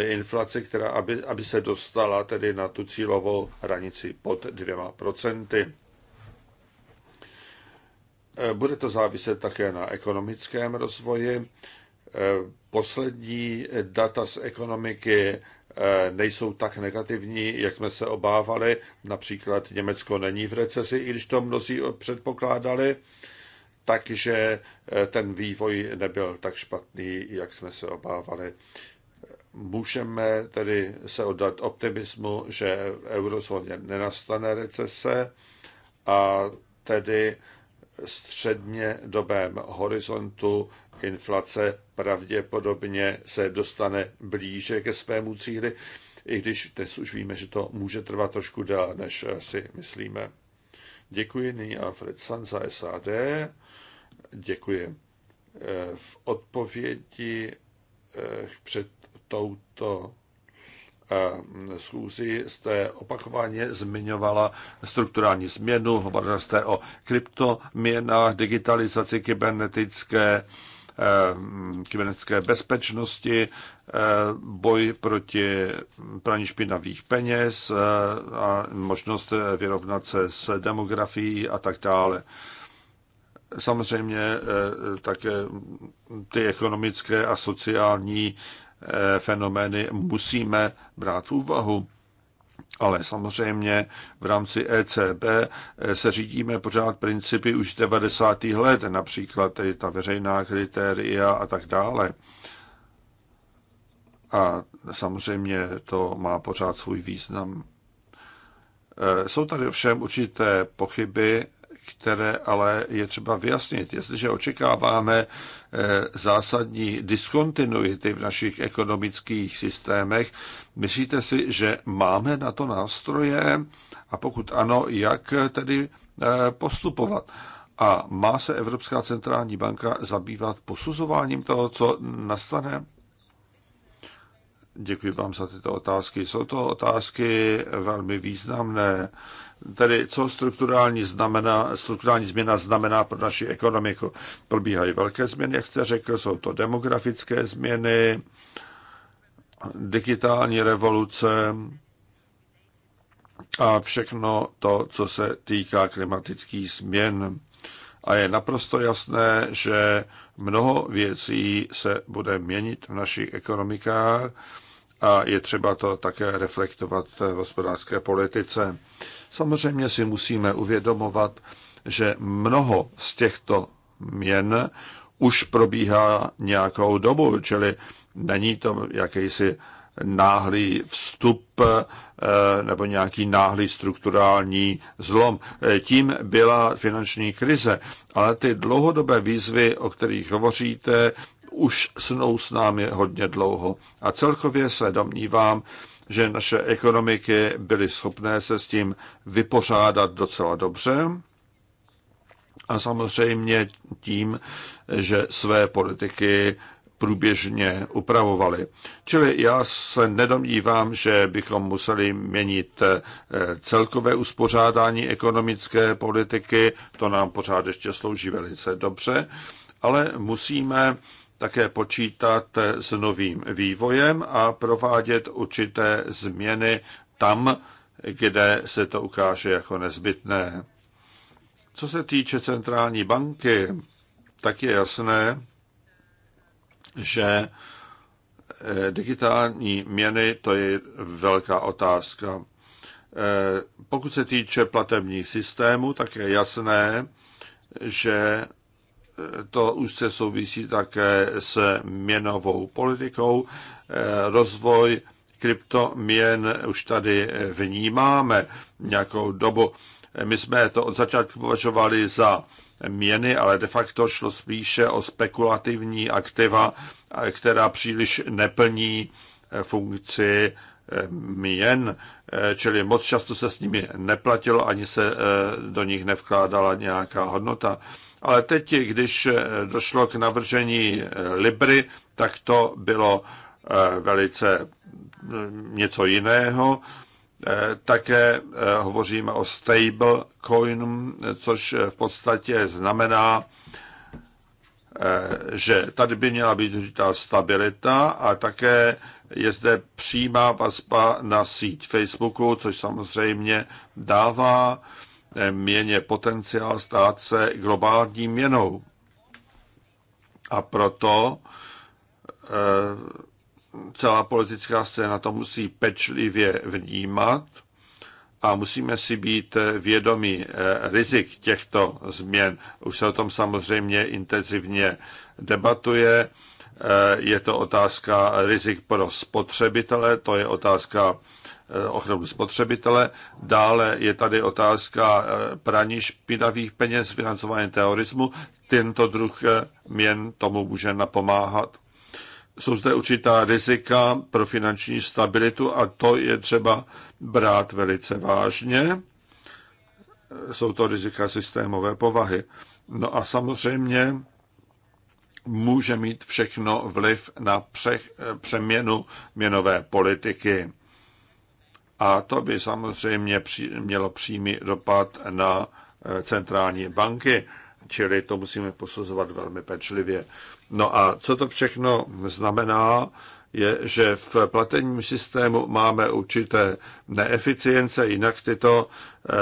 inflaci, která, aby, aby se dostala tedy na tu cílovou hranici pod dvěma procenty. Bude to záviset také na ekonomickém rozvoji. Poslední data z ekonomiky eh, nejsou tak negativní, jak jsme se obávali. Například Německo není v recesi, i když to mnozí předpokládali, takže eh, ten vývoj nebyl tak špatný, jak jsme se obávali. Můžeme tedy se oddat optimismu, že v eurozóně nenastane recese a tedy středně dobém horizontu inflace pravděpodobně se dostane blíže ke svému cíli, i když dnes už víme, že to může trvat trošku déle, než si myslíme. Děkuji nyní Alfred San za SAD. Děkuji. V odpovědi eh, před touto eh, schůzi jste opakovaně zmiňovala strukturální změnu, hovořila jste o kryptoměnách, digitalizaci kybernetické Eh, kybernetické bezpečnosti, eh, boj proti praní špinavých peněz eh, a možnost vyrovnat se s demografií a tak dále. Samozřejmě také ty ekonomické a sociální fenomény musíme brát v úvahu. Ale samozřejmě v rámci ECB eh, se řídíme pořád principy už 90. let, například tedy ta veřejná kritéria a tak dále. A samozřejmě to má pořád svůj význam. Eh, jsou tady ovšem určité pochyby které ale je třeba vyjasnit. Jestliže očekáváme eh, zásadní diskontinuity v našich ekonomických systémech, myslíte si, že máme na to nástroje a pokud ano, jak tedy eh, postupovat? A má se Evropská centrální banka zabývat posuzováním toho, co nastane? Děkuji vám za tyto otázky. Jsou to otázky velmi významné tedy co strukturální, znamená, strukturální změna znamená pro naši ekonomiku. Probíhají velké změny, jak jste řekl, jsou to demografické změny, digitální revoluce a všechno to, co se týká klimatických změn. A je naprosto jasné, že mnoho věcí se bude měnit v našich ekonomikách, a je třeba to také reflektovat v hospodářské politice. Samozřejmě si musíme uvědomovat, že mnoho z těchto měn už probíhá nějakou dobu, čili není to jakýsi náhlý vstup eh, nebo nějaký náhlý strukturální zlom. Eh, tím byla finanční krize, ale ty dlouhodobé výzvy, o kterých hovoříte, už snou s námi hodně dlouho. A celkově se domnívám, že naše ekonomiky byly schopné se s tím vypořádat docela dobře a samozřejmě tím, že své politiky průběžně upravovali. Čili já se nedomnívám, že bychom museli měnit eh, celkové uspořádání ekonomické politiky, to nám pořád ještě slouží velice dobře, ale musíme také počítat s novým vývojem a provádět určité změny tam, kde se to ukáže jako nezbytné. Co se týče centrální banky, tak je jasné, že eh, digitální měny to je velká otázka. Eh, pokud se týče platebních systémů, tak je jasné, že to už se souvisí také s měnovou politikou. Eh, rozvoj kryptoměn už tady vnímáme nějakou dobu. Eh, my jsme to od začátku považovali za měny, ale de facto šlo spíše o spekulativní aktiva, eh, která příliš neplní funkci měn, čili moc často se s nimi neplatilo, ani se do nich nevkládala nějaká hodnota. Ale teď, když eh, došlo k navržení eh, Libry, tak to bylo eh, velice něco jiného. Také hovoříme o stable coin, což v podstatě znamená, že tady by měla být určitá stabilita a také je zde přímá vazba na síť Facebooku, což samozřejmě dává Eh, měně potenciál stát se globální měnou. A proto eh, celá politická scéna to musí pečlivě vnímat a musíme si být eh, vědomi rizik těchto změn. Už se o tom samozřejmě intenzivně debatuje. Je to otázka rizik pro spotřebitele, to je otázka Eh, ochranu spotřebitele. Dále je tady otázka eh, praní špinavých peněz, financování terorismu. Tento druh eh, měn tomu může napomáhat. Jsou zde určitá rizika pro finanční stabilitu a to je třeba brát velice vážně. Jsou to rizika systémové povahy. No a samozřejmě může mít všechno vliv na pře- přeměnu měnové politiky a to by samozřejmě mělo přímý dopad na eh, centrální banky, čili to musíme posuzovat velmi pečlivě. No a co to všechno znamená, je, že v platením systému máme určité neeficience, jinak tyto eh,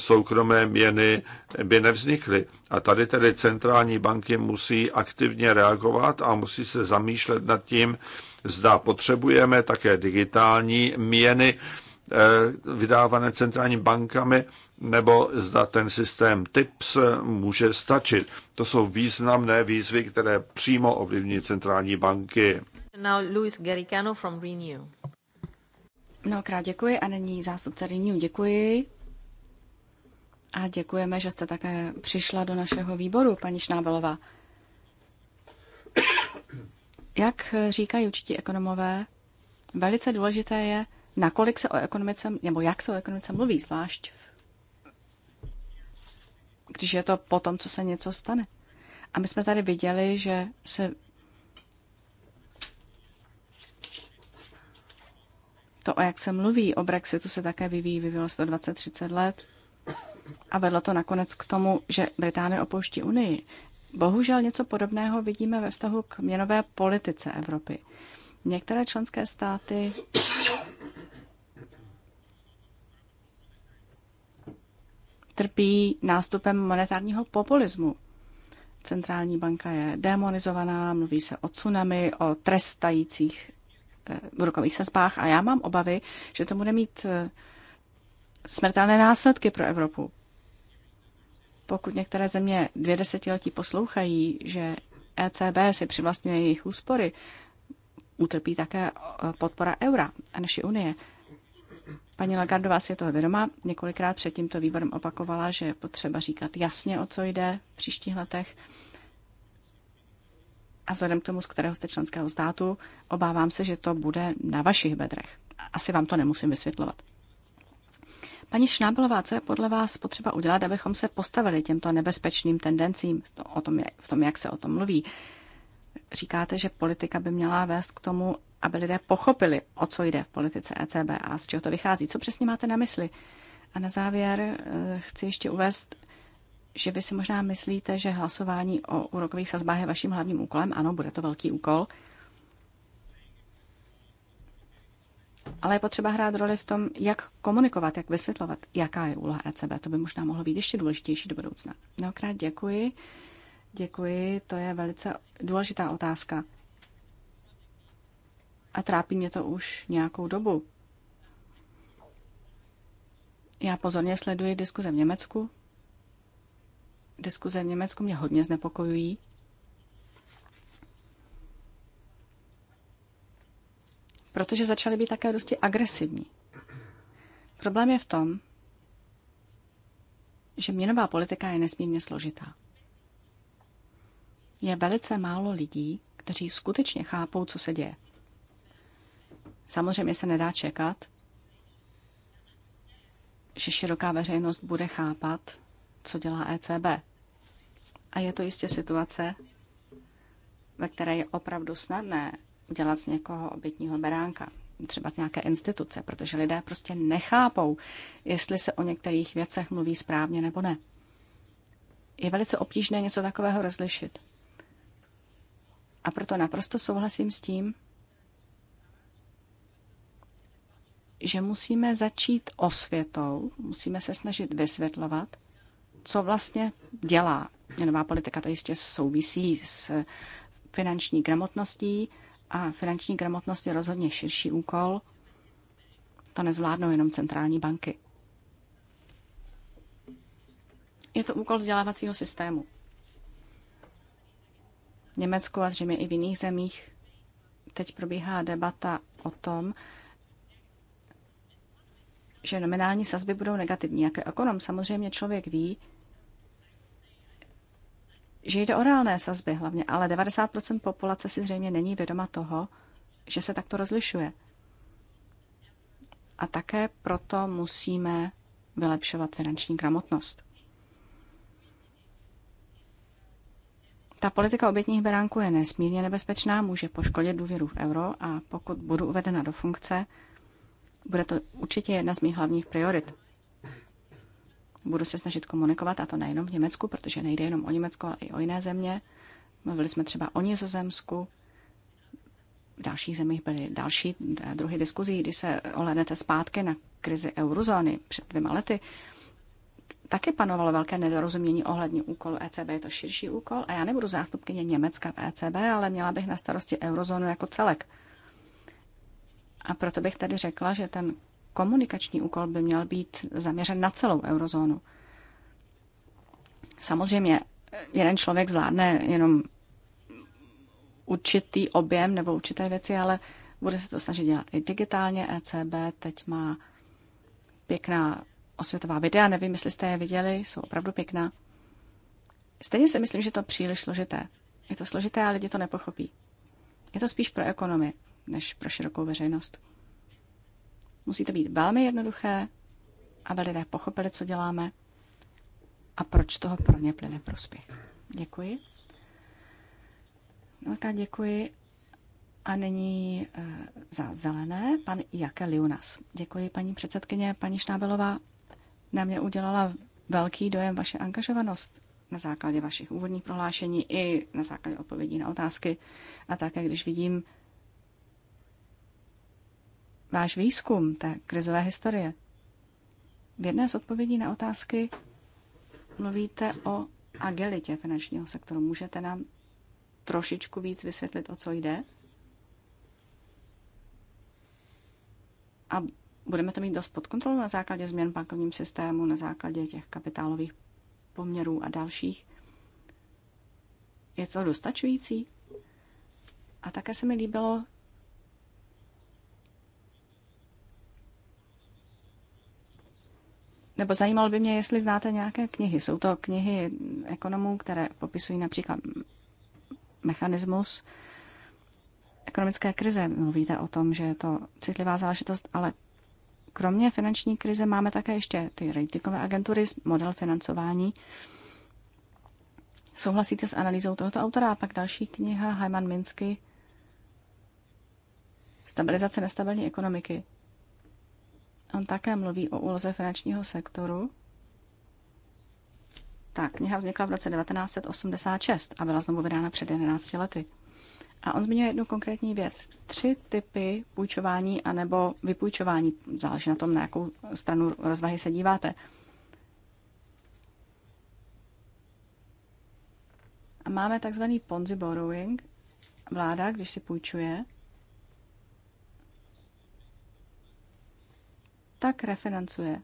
soukromé měny by nevznikly. A tady tedy centrální banky musí aktivně reagovat a musí se zamýšlet nad tím, zda potřebujeme také digitální měny, Eh, vydávané centrálními bankami, nebo zda ten systém TIPS může stačit. To jsou významné výzvy, které přímo ovlivní centrální banky. Now Luis Garicano from Renew. Mnohokrát děkuji a není zástupce Renew. Děkuji. A děkujeme, že jste také přišla do našeho výboru, paní Šnábelová. Jak říkají určití ekonomové, velice důležité je, nakolik se o ekonomice, nebo jak se o ekonomice mluví, zvlášť když je to po tom, co se něco stane. A my jsme tady viděli, že se to, o jak se mluví o Brexitu, se také vyvíjí, vyvíjelo se to 20-30 let a vedlo to nakonec k tomu, že Británie opouští Unii. Bohužel něco podobného vidíme ve vztahu k měnové politice Evropy. Některé členské státy trpí nástupem monetárního populismu. Centrální banka je demonizovaná, mluví se o tsunami, o trestajících eh, v rukových sazbách a já mám obavy, že to bude mít eh, smrtelné následky pro Evropu. Pokud některé země dvě desetiletí poslouchají, že ECB si přivlastňuje jejich úspory, utrpí také eh, podpora eura a naší unie. Paní Lagardová si je toho vědoma. Několikrát před tímto výborem opakovala, že je potřeba říkat jasně, o co jde v příštích letech. A vzhledem k tomu, z kterého jste členského státu, obávám se, že to bude na vašich bedrech. Asi vám to nemusím vysvětlovat. Paní Šnábelová, co je podle vás potřeba udělat, abychom se postavili těmto nebezpečným tendencím o tom, v tom, jak se o tom mluví? Říkáte, že politika by měla vést k tomu, aby lidé pochopili, o co jde v politice ECB a z čeho to vychází. Co přesně máte na mysli? A na závěr eh, chci ještě uvést, že vy si možná myslíte, že hlasování o úrokových sazbách je vaším hlavním úkolem. Ano, bude to velký úkol. Ale je potřeba hrát roli v tom, jak komunikovat, jak vysvětlovat, jaká je úloha ECB. To by možná mohlo být ještě důležitější do budoucna. Mnohokrát děkuji. Děkuji, to je velice důležitá otázka a trápí mě to už nějakou dobu. Já pozorně sleduji diskuze v Německu. Diskuze v Německu mě hodně znepokojují. Protože začaly být také dosti agresivní. Problém je v tom, že měnová politika je nesmírně složitá. Je velice málo lidí, kteří skutečně chápou, co se děje. Samozřejmě se nedá čekat, že široká veřejnost bude chápat, co dělá ECB. A je to jistě situace, ve které je opravdu snadné udělat z někoho obětního beránka, třeba z nějaké instituce, protože lidé prostě nechápou, jestli se o některých věcech mluví správně nebo ne. Je velice obtížné něco takového rozlišit. A proto naprosto souhlasím s tím, že musíme začít osvětou, musíme se snažit vysvětlovat, co vlastně dělá měnová politika. To jistě souvisí s finanční gramotností a finanční gramotnost je rozhodně širší úkol. To nezvládnou jenom centrální banky. Je to úkol vzdělávacího systému. V Německu a zřejmě i v jiných zemích teď probíhá debata o tom, že nominální sazby budou negativní. Jako ekonom samozřejmě člověk ví, že jde o reálné sazby hlavně, ale 90% populace si zřejmě není vědoma toho, že se takto rozlišuje. A také proto musíme vylepšovat finanční gramotnost. Ta politika obětních beránků je nesmírně nebezpečná, může poškodit důvěru v euro a pokud budu uvedena do funkce, bude to určitě jedna z mých hlavních priorit. Budu se snažit komunikovat, a to nejenom v Německu, protože nejde jenom o Německo, ale i o jiné země. Mluvili jsme třeba o Nizozemsku. V dalších zemích byly další eh, druhy diskuzí, když se ohlednete zpátky na krizi eurozóny před dvěma lety. Taky panovalo velké nedorozumění ohledně úkolu ECB, je to širší úkol a já nebudu zástupkyně Německa v ECB, ale měla bych na starosti eurozónu jako celek. A proto bych tady řekla, že ten komunikační úkol by měl být zaměřen na celou eurozónu. Samozřejmě jeden člověk zvládne jenom určitý objem nebo určité věci, ale bude se to snažit dělat i digitálně. ECB teď má pěkná osvětová videa, nevím, jestli jste je viděli, jsou opravdu pěkná. Stejně si myslím, že to je příliš složité. Je to složité a lidi to nepochopí. Je to spíš pro ekonomii než pro širokou veřejnost. Musí to být velmi jednoduché, aby lidé pochopili, co děláme a proč toho pro ně plyne prospěch. Děkuji. Velká no děkuji. A nyní eh, za zelené pan Jake Liunas. Děkuji, paní předsedkyně, paní Šnábelová. Na mě udělala velký dojem vaše angažovanost na základě vašich úvodních prohlášení i na základě odpovědí na otázky. A také, když vidím, váš výzkum té krizové historie. V jedné z odpovědí na otázky mluvíte o agilitě finančního sektoru. Můžete nám trošičku víc vysvětlit, o co jde? A budeme to mít dost pod kontrolou na základě změn bankovním systému, na základě těch kapitálových poměrů a dalších. Je to dostačující? A také se mi líbilo, Nebo zajímalo by mě, jestli znáte nějaké knihy. Jsou to knihy ekonomů, které popisují například mechanismus ekonomické krize. Mluvíte o tom, že je to citlivá záležitost, ale kromě finanční krize máme také ještě ty ratingové agentury, model financování. Souhlasíte s analýzou tohoto autora? A pak další kniha Hyman Minsky Stabilizace nestabilní ekonomiky tam také mluví o úloze finančního sektoru. Ta kniha vznikla v roce 1986 a byla znovu vydána před 11 lety. A on zmiňuje jednu konkrétní věc. Tři typy půjčování anebo vypůjčování, záleží na tom, na jakou stranu rozvahy se díváte. A máme takzvaný Ponzi borrowing. Vláda, když si půjčuje, tak refinancuje.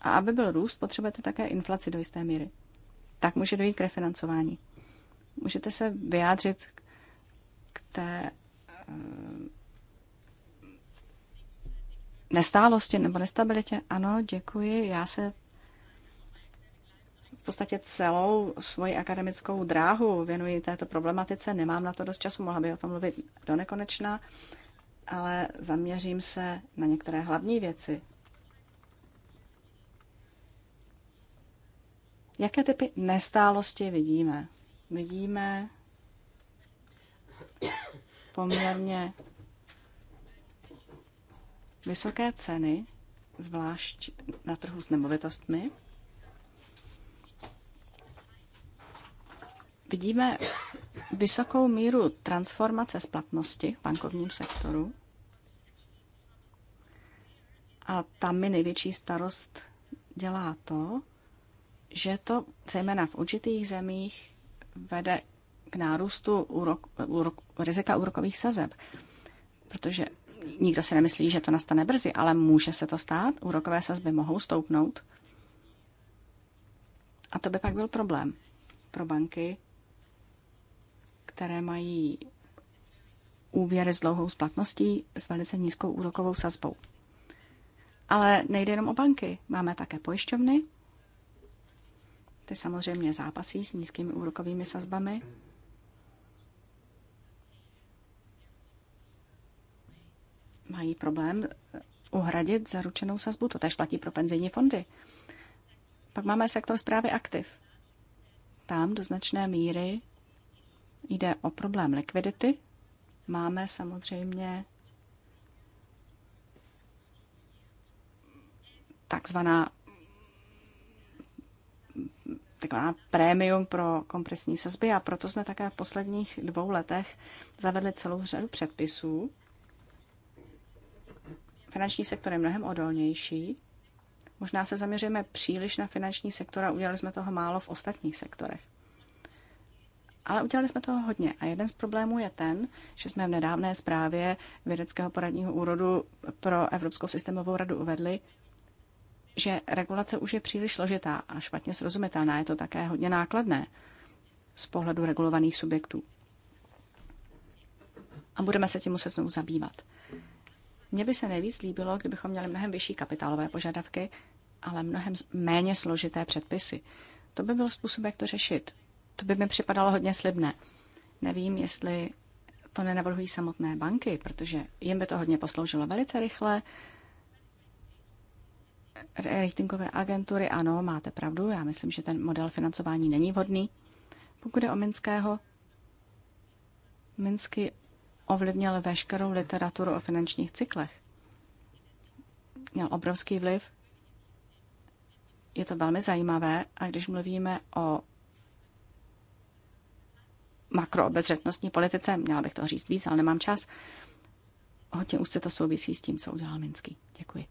A aby byl růst, potřebujete také inflaci do jisté míry. Tak může dojít k refinancování. Můžete se vyjádřit k té eh, nestálosti nebo nestabilitě. Ano, děkuji. Já se v podstatě celou svoji akademickou dráhu věnuji této problematice. Nemám na to dost času, mohla by o tom mluvit do nekonečna ale zaměřím se na některé hlavní věci. Jaké typy nestálosti vidíme? Vidíme poměrně vysoké ceny, zvlášť na trhu s nemovitostmi. Vidíme vysokou míru transformace splatnosti v bankovním sektoru. A tam mi největší starost dělá to, že to zejména v určitých zemích vede k nárůstu úrok, úrok, rizika úrokových sazeb. Protože nikdo si nemyslí, že to nastane brzy, ale může se to stát. Úrokové sazby mohou stoupnout. A to by pak byl problém pro banky, které mají úvěry s dlouhou splatností s velice nízkou úrokovou sazbou. Ale nejde jenom o banky. Máme také pojišťovny. Ty samozřejmě zápasí s nízkými úrokovými sazbami. Mají problém eh, uhradit zaručenou sazbu. To tež platí pro penzijní fondy. Pak máme sektor zprávy aktiv. Tam do značné míry Jde o problém likvidity. Máme samozřejmě takzvaná taková prémium pro kompresní sazby a proto jsme také v posledních dvou letech zavedli celou řadu předpisů. Finanční sektor je mnohem odolnější. Možná se zaměříme příliš na finanční sektor a udělali jsme toho málo v ostatních sektorech. Ale udělali jsme toho hodně a jeden z problémů je ten, že jsme v nedávné zprávě vědeckého poradního úrodu pro Evropskou systémovou radu uvedli, že regulace už je příliš složitá a špatně srozumitelná. Je to také hodně nákladné z pohledu regulovaných subjektů. A budeme se tím muset znovu zabývat. Mně by se nejvíc líbilo, kdybychom měli mnohem vyšší kapitálové požadavky, ale mnohem méně složité předpisy. To by byl způsob, jak to řešit. To by mi připadalo hodně slibné. Nevím, jestli to nenavrhují samotné banky, protože jim by to hodně posloužilo velice rychle. Ratingové agentury, ano, máte pravdu, já myslím, že ten model financování není vhodný. Pokud je o Minského, Minsky ovlivnil veškerou literaturu o finančních cyklech. Měl obrovský vliv. Je to velmi zajímavé a když mluvíme o makroobezřetnostní politice, měla bych to říct víc, ale nemám čas. Hodně už se to souvisí s tím, co udělal Minsky. Děkuji.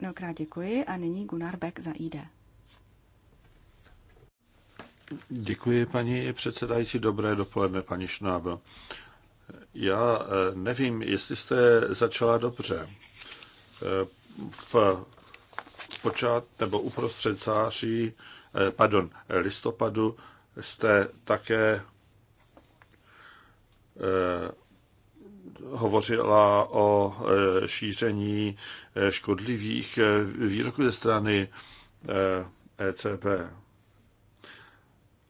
Mnohokrát děkuji a nyní Gunnar Beck za ID. Děkuji, paní předsedající. Dobré dopoledne, paní Šnábel. Já eh, nevím, jestli jste začala dobře. Eh, v počát nebo uprostřed září Eh, pardon, eh, listopadu jste také eh, hovořila o šíření škodlivých výroků ze strany ECB. E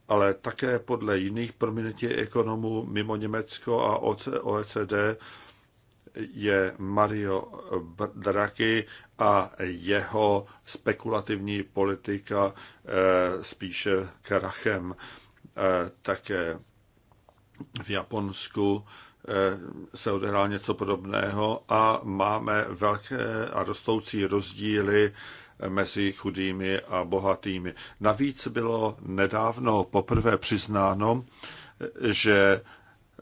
Ale také podle jiných prominentních ekonomů mimo Německo a OECD je Mario Draghi a jeho spekulativní politika eh, spíše krachem. Eh, také v Japonsku eh, se odehrál něco podobného a máme velké a rostoucí rozdíly mezi chudými a bohatými. Navíc bylo nedávno poprvé přiznáno, že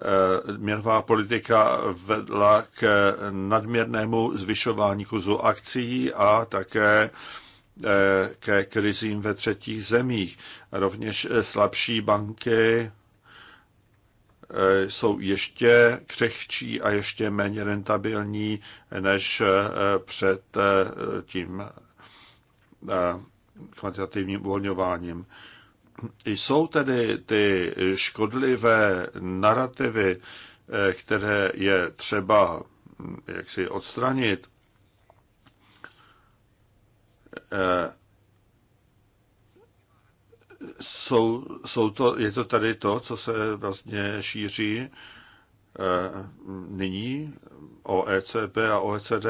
Eh, měnová politika vedla k nadměrnému zvyšování kurzu akcí a také eh, ke krizím ve třetích zemích. Rovněž eh, slabší banky jsou ještě křehčí a ještě méně rentabilní než před tím kvantitativním uvolňováním jsou tedy ty škodlivé narrativy, eh, které je třeba hm, jak si odstranit, eh, jsou, jsou to, je to tady to, co se vlastně šíří eh, nyní o ECB a OECD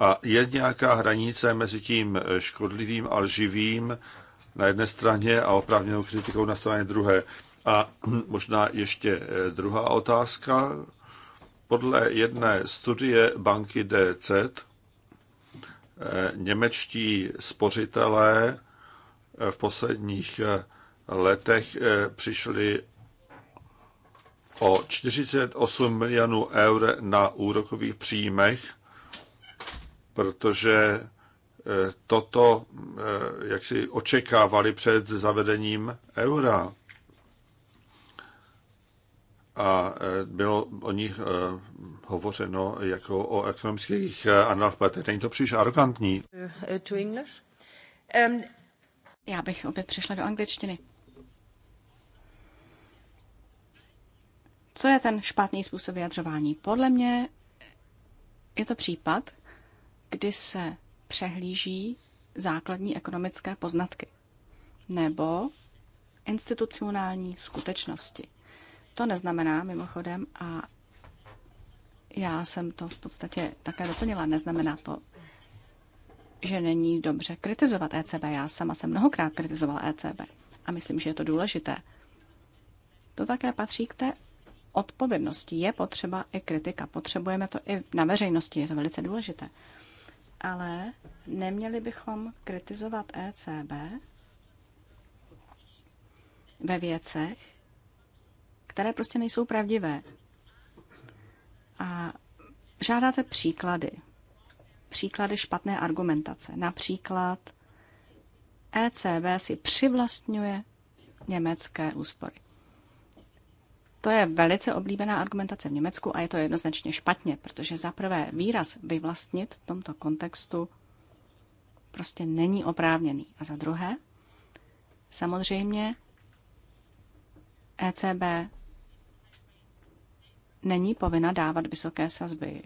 a je nějaká hranice mezi tím škodlivým a lživým na jedné straně a oprávněnou kritikou na straně druhé. A možná ještě eh, druhá otázka. Podle jedné studie banky DZ eh, němečtí spořitelé eh, v posledních letech přišli o 48 milionů eur na úrokových příjmech, protože toto, eh, jak si očekávali před zavedením eura. A eh, bylo o nich eh, hovořeno jako o ekonomických analfabetech. Není to příliš arrogantní. To English? Um... Já bych opět přišla do angličtiny. Co je ten špatný způsob vyjadřování? Podle mě je to případ, kdy se přehlíží základní ekonomické poznatky nebo institucionální skutečnosti. To neznamená, mimochodem, a já jsem to v podstatě také doplnila, neznamená to, že není dobře kritizovat ECB. Já sama jsem mnohokrát kritizovala ECB a myslím, že je to důležité. To také patří k té odpovědnosti. Je potřeba i kritika. Potřebujeme to i na veřejnosti. Je to velice důležité ale neměli bychom kritizovat ECB ve věcech, které prostě nejsou pravdivé. A žádáte příklady. Příklady špatné argumentace. Například ECB si přivlastňuje německé úspory. To je velice oblíbená argumentace v Německu a je to jednoznačně špatně, protože za prvé výraz vyvlastnit v tomto kontextu prostě není oprávněný. A za druhé, samozřejmě ECB není povinna dávat vysoké sazby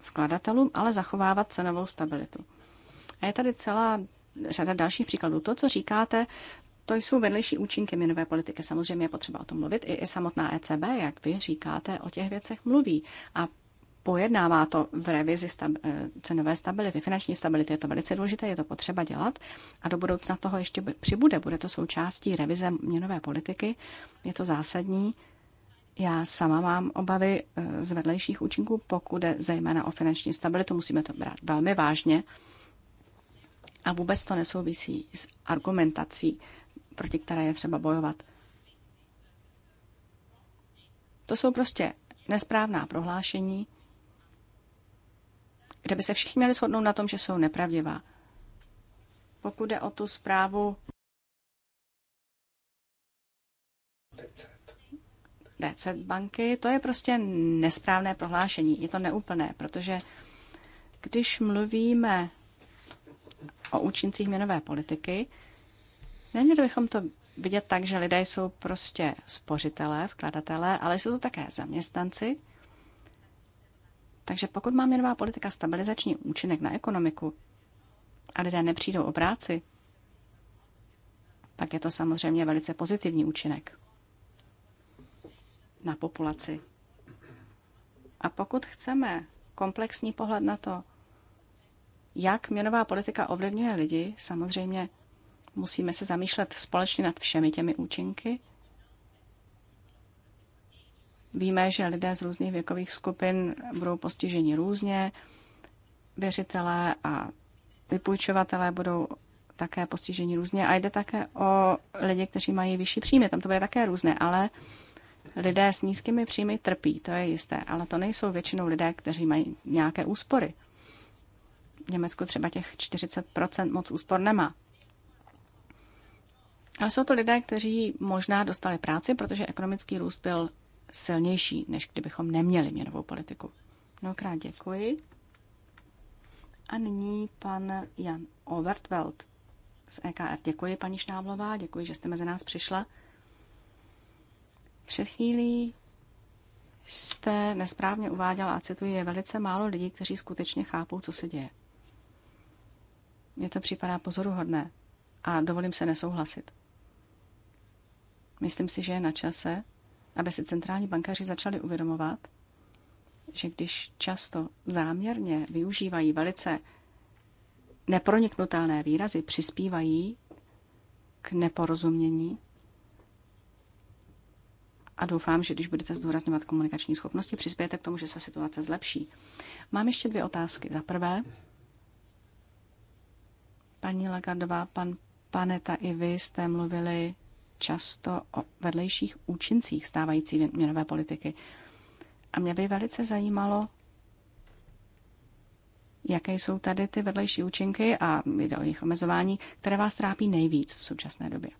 vkladatelům, ale zachovávat cenovou stabilitu. A je tady celá řada dalších příkladů. To, co říkáte, to jsou vedlejší účinky měnové politiky. Samozřejmě je potřeba o tom mluvit. I, i samotná ECB, jak vy říkáte, o těch věcech mluví. A pojednává to v revizi stab, eh, cenové stability, finanční stability. Je to velice důležité, je to potřeba dělat a do budoucna toho ještě přibude. Bude to součástí revize měnové politiky, je to zásadní. Já sama mám obavy eh, z vedlejších účinků, pokud je zejména o finanční stabilitu, musíme to brát velmi vážně. A vůbec to nesouvisí s argumentací proti které je třeba bojovat. To jsou prostě nesprávná prohlášení, kde by se všichni měli shodnout na tom, že jsou nepravdivá. Pokud jde o tu zprávu DC banky, to je prostě nesprávné prohlášení. Je to neúplné, protože když mluvíme o účincích měnové politiky, Neměli bychom to vidět tak, že lidé jsou prostě spořitelé, vkladatelé, ale jsou to také zaměstnanci. Takže pokud má měnová politika stabilizační účinek na ekonomiku a lidé nepřijdou o práci, pak je to samozřejmě velice pozitivní účinek na populaci. A pokud chceme komplexní pohled na to, jak měnová politika ovlivňuje lidi, samozřejmě Musíme se zamýšlet společně nad všemi těmi účinky. Víme, že lidé z různých věkových skupin budou postiženi různě. Věřitelé a vypůjčovatelé budou také postiženi různě. A jde také o lidi, kteří mají vyšší příjmy. Tam to bude také různé, ale lidé s nízkými příjmy trpí, to je jisté. Ale to nejsou většinou lidé, kteří mají nějaké úspory. V Německu třeba těch 40% moc úspor nemá. Ale jsou to lidé, kteří možná dostali práci, protože ekonomický růst byl silnější, než kdybychom neměli měnovou politiku. Mnohokrát děkuji. A nyní pan Jan Overtveld z EKR. Děkuji, paní Šnáblová, děkuji, že jste mezi nás přišla. Před chvílí jste nesprávně uváděla, a cituji, je velice málo lidí, kteří skutečně chápou, co se děje. Mně to připadá pozoruhodné a dovolím se nesouhlasit. Myslím si, že je na čase, aby si centrální bankaři začali uvědomovat, že když často záměrně využívají velice neproniknutelné výrazy, přispívají k neporozumění. A doufám, že když budete zdůrazňovat komunikační schopnosti, přispějete k tomu, že se situace zlepší. Mám ještě dvě otázky. Za prvé, paní Lagardová, pan Paneta i vy jste mluvili často o vedlejších účincích stávající měnové politiky. A mě by velice zajímalo, jaké jsou tady ty vedlejší účinky a jde o jejich omezování, které vás trápí nejvíc v současné době.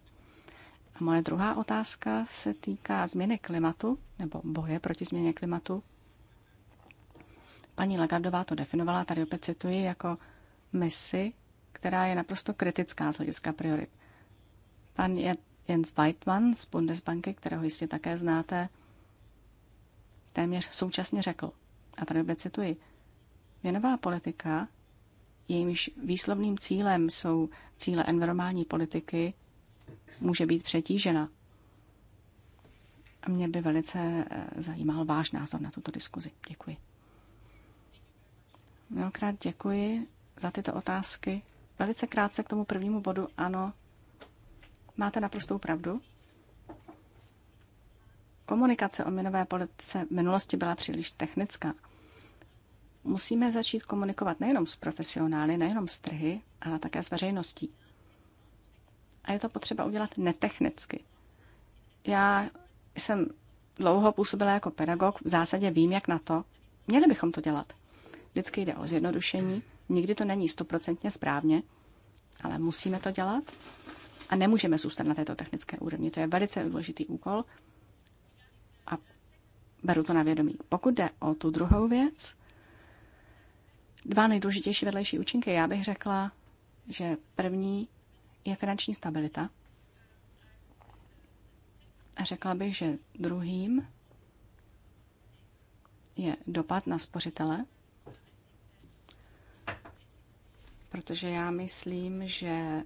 A moje druhá otázka se týká změny klimatu nebo boje proti změně klimatu. Paní Lagardová to definovala, tady opět cituji, jako misi, která je naprosto kritická z hlediska priorit. Pan Jens Weidmann z Bundesbanky, kterého jistě také znáte, téměř současně řekl, a tady opět cituji, měnová politika, jejímž výslovným cílem jsou cíle environmentální politiky, může být přetížena. A mě by velice eh, zajímal váš názor na tuto diskuzi. Děkuji. Mnohokrát děkuji za tyto otázky. Velice krátce k tomu prvnímu bodu. Ano, Máte naprostou pravdu. Komunikace o minové politice v minulosti byla příliš technická. Musíme začít komunikovat nejenom s profesionály, nejenom s trhy, ale také s veřejností. A je to potřeba udělat netechnicky. Já jsem dlouho působila jako pedagog, v zásadě vím, jak na to. Měli bychom to dělat. Vždycky jde o zjednodušení, nikdy to není stoprocentně správně, ale musíme to dělat a nemůžeme zůstat na této technické úrovni. To je velice důležitý úkol a beru to na vědomí. Pokud jde o tu druhou věc, dva nejdůležitější vedlejší účinky, já bych řekla, že první je finanční stabilita. A řekla bych, že druhým je dopad na spořitele, protože já myslím, že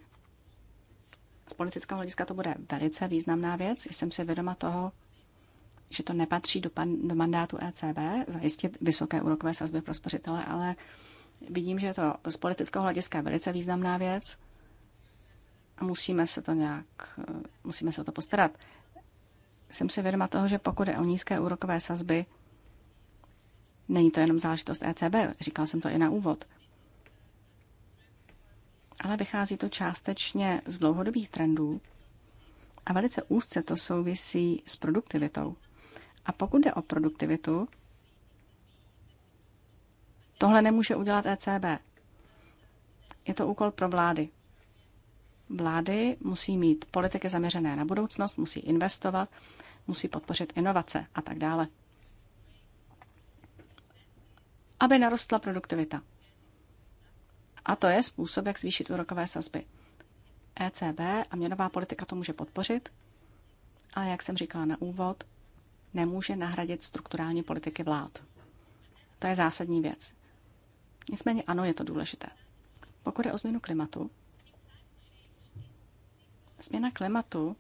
z politického hlediska to bude velice významná věc. Jsem si vědoma toho, že to nepatří do, pan, do mandátu ECB, zajistit vysoké úrokové sazby pro spořitele, ale vidím, že je to z politického hlediska velice významná věc a musíme se to nějak, musíme se o to postarat. Jsem si vědoma toho, že pokud je o nízké úrokové sazby, není to jenom záležitost ECB, říkal jsem to i na úvod – ale vychází to částečně z dlouhodobých trendů a velice úzce to souvisí s produktivitou. A pokud jde o produktivitu, tohle nemůže udělat ECB. Je to úkol pro vlády. Vlády musí mít politiky zaměřené na budoucnost, musí investovat, musí podpořit inovace a tak dále. Aby narostla produktivita. A to je způsob, jak zvýšit úrokové sazby. ECB a měnová politika to může podpořit, a jak jsem říkala na úvod, nemůže nahradit strukturální politiky vlád. To je zásadní věc. Nicméně ano, je to důležité. Pokud je o změnu klimatu, změna klimatu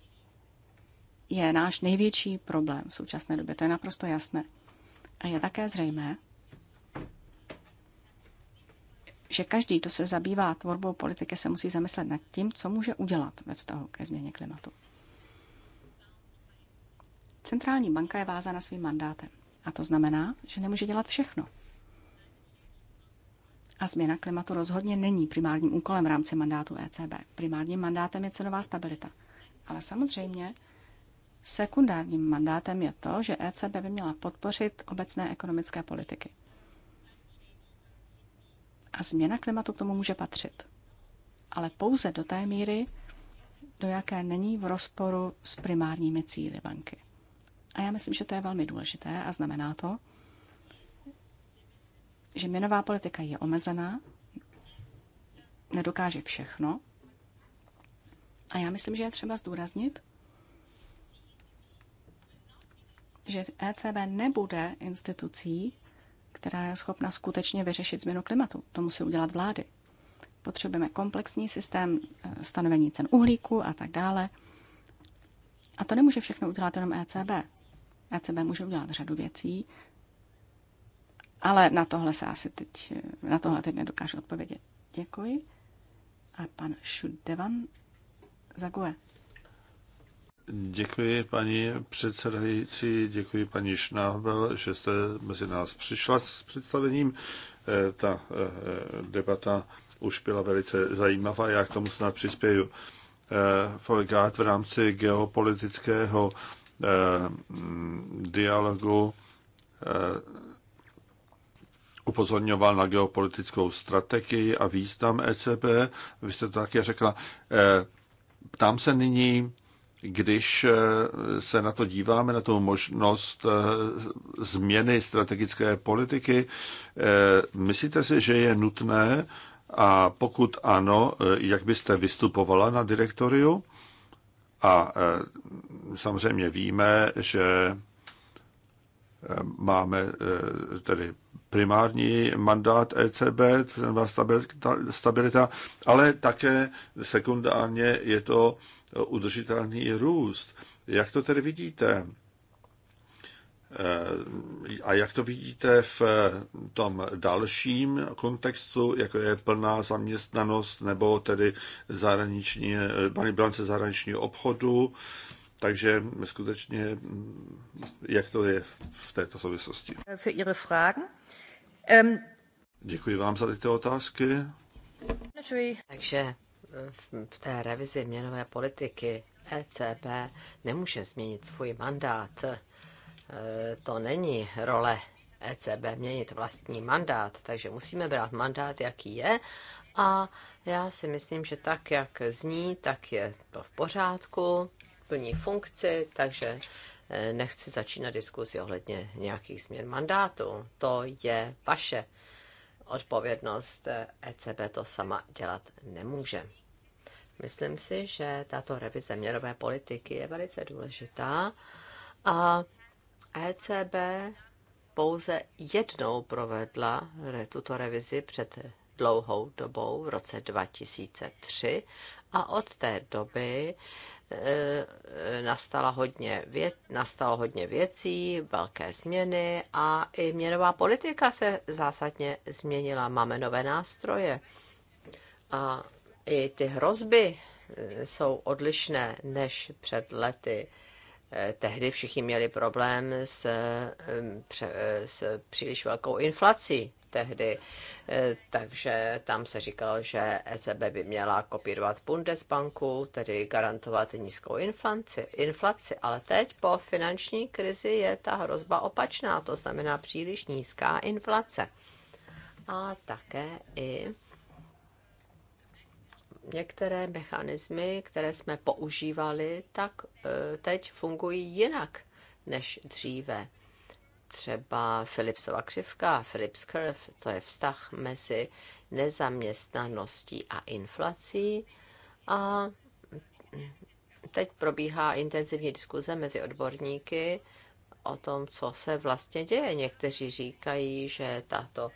je náš největší problém v současné době, to je naprosto jasné. A je také zřejmé, že každý, kdo se zabývá tvorbou politiky, se musí zamyslet nad tím, co může udělat ve vztahu ke změně klimatu. Centrální banka je vázána svým mandátem. A to znamená, že nemůže dělat všechno. A změna klimatu rozhodně není primárním úkolem v rámci mandátu ECB. Primárním mandátem je cenová stabilita. Ale samozřejmě sekundárním mandátem je to, že ECB by měla podpořit obecné ekonomické politiky. A změna klimatu k tomu může patřit. Ale pouze do té míry, do jaké není v rozporu s primárními cíly banky. A já myslím, že to je velmi důležité a znamená to, že měnová politika je omezená, nedokáže všechno. A já myslím, že je třeba zdůraznit, že ECB nebude institucí, která je schopna skutečně vyřešit změnu klimatu. To musí udělat vlády. Potřebujeme komplexní systém eh, stanovení cen uhlíku a tak dále. A to nemůže všechno udělat jenom ECB. ECB může udělat řadu věcí, ale na tohle se asi teď, eh, na tohle teď nedokážu odpovědět. Děkuji. A pan Šudevan Zague. Děkuji paní předsedající, děkuji paní Šnábel, že jste mezi nás přišla s představením. Eh, ta eh, debata už byla velice zajímavá, já k tomu snad přispěju. Eh, Folgát v rámci geopolitického dialogu upozorňoval na geopolitickou strategii a význam ECB. Vy jste to také řekla. Ptám se nyní, když eh, se na to díváme, na tu možnost eh, změny strategické politiky, eh, myslíte si, že je nutné a pokud ano, jak byste vystupovala na direktoriu? A samozřejmě víme, že máme tedy primární mandát ECB, stabilita, stabilita, ale také sekundárně je to udržitelný růst. Jak to tedy vidíte? Eh, a jak to vidíte v tom dalším kontextu, jako je plná zaměstnanost nebo tedy zahraniční, eh, bilance zahraničního obchodu, takže skutečně, mm, jak to je v této souvislosti? Für Ihre Fragen. Um, Děkuji vám za tyto otázky. Takže eh, v té revizi měnové politiky ECB nemůže změnit svůj mandát. Eh, to není role ECB měnit vlastní mandát, takže musíme brát mandát, jaký je. A já si myslím, že tak, jak zní, tak je to v pořádku, plní funkci, takže nechci začínat diskuzi ohledně nějakých změn mandátu. To je vaše odpovědnost. ECB to sama dělat nemůže. Myslím si, že tato revize měnové politiky je velice důležitá a ECB pouze jednou provedla tuto revizi před dlouhou dobou v roce 2003 a od té doby Eh, nastala hodně věc, nastalo hodně věcí, velké změny a i měnová politika se zásadně změnila. Máme nové nástroje a i ty hrozby eh, jsou odlišné než před lety. Eh, tehdy všichni měli problém s, s příliš velkou inflací tehdy, eh, takže tam se říkalo, že ECB by měla kopírovat Bundesbanku, tedy garantovat nízkou inflaci, inflaci. Ale teď po finanční krizi je ta hrozba opačná, to znamená příliš nízká inflace. A také i některé mechanismy, které jsme používali, tak eh, teď fungují jinak než dříve třeba Philipsova křivka, Philips curve, to je vztah mezi nezaměstnaností a inflací. A teď probíhá intenzivní diskuze mezi odborníky o tom, co se vlastně děje. Někteří říkají, že tato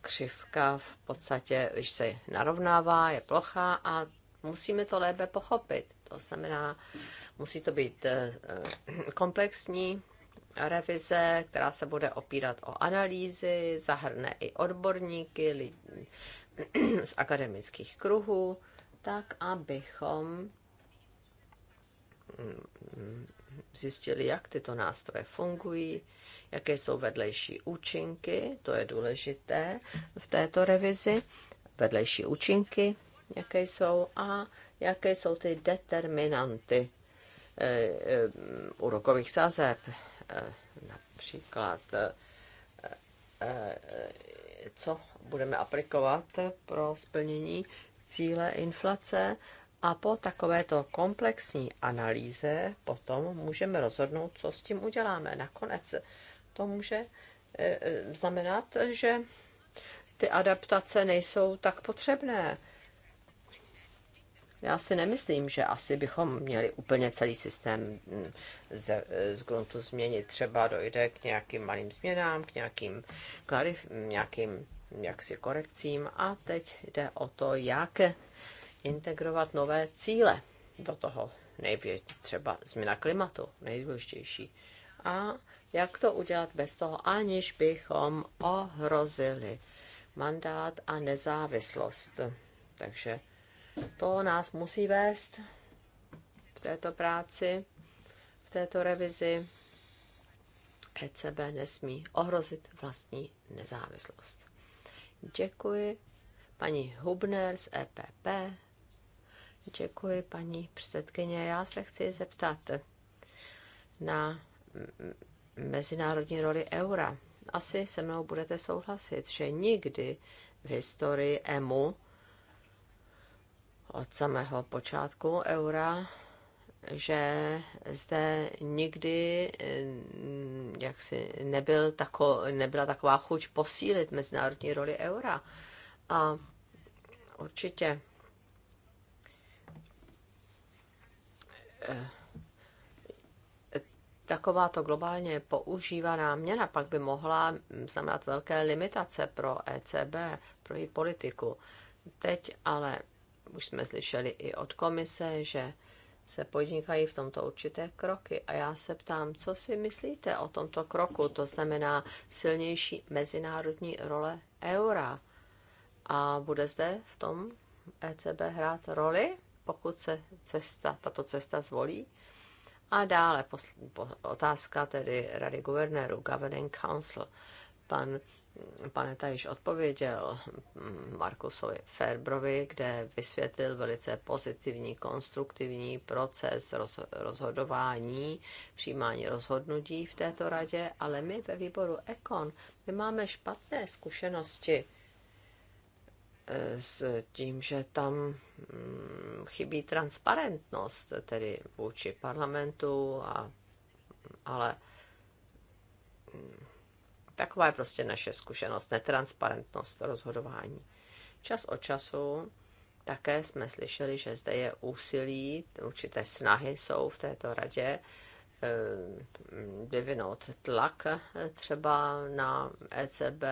křivka v podstatě, když se narovnává, je plochá a musíme to lépe pochopit. To znamená, musí to být eh, komplexní revize, která se bude opírat o analýzy, zahrne i odborníky lidi, z akademických kruhů, tak abychom mm, zjistili, jak tyto nástroje fungují, jaké jsou vedlejší účinky, to je důležité v této revizi, vedlejší účinky, jaké jsou a jaké jsou ty determinanty eh, eh, úrokových sazeb, Eh, například eh, eh, co budeme aplikovat pro splnění cíle inflace a po takovéto komplexní analýze potom můžeme rozhodnout, co s tím uděláme. Nakonec to může znamenat, že ty adaptace nejsou tak potřebné já si nemyslím, že asi bychom měli úplně celý systém mm, z, z gruntu změnit. Třeba dojde k nějakým malým změnám, k nějakým, klarif, nějakým jaksi korekcím a teď jde o to, jak integrovat nové cíle do toho. Největší třeba změna klimatu, nejdůležitější. A jak to udělat bez toho, aniž bychom ohrozili mandát a nezávislost. Takže to nás musí vést v této práci, v této revizi. ECB nesmí ohrozit vlastní nezávislost. Děkuji paní Hubner z EPP. Děkuji paní předsedkyně. Já se chci zeptat na mezinárodní roli eura. Asi se mnou budete souhlasit, že nikdy v historii EMU od samého počátku eura, že zde nikdy eh, jaksi nebyl tako, nebyla taková chuť posílit mezinárodní roli eura. A určitě eh, takováto globálně používaná měna pak by mohla hm, znamenat velké limitace pro ECB, pro její politiku. Teď ale už jsme slyšeli i od komise, že se podnikají v tomto určité kroky. A já se ptám, co si myslíte o tomto kroku? To znamená silnější mezinárodní role eura. A bude zde v tom ECB hrát roli, pokud se cesta, tato cesta zvolí? A dále posl- po- otázka tedy Rady guvernéru, Governing Council. Pan Paneta již odpověděl Markusovi Ferbrovi, kde vysvětlil velice pozitivní, konstruktivní proces rozhodování, přijímání rozhodnutí v této radě, ale my ve výboru Ekon, my máme špatné zkušenosti eh, s tím, že tam mm, chybí transparentnost, tedy vůči parlamentu, a, ale mm, Taková je prostě naše zkušenost, netransparentnost rozhodování. Čas od času také jsme slyšeli, že zde je úsilí, určité snahy jsou v této radě eh, vyvinout tlak eh, třeba na ECB,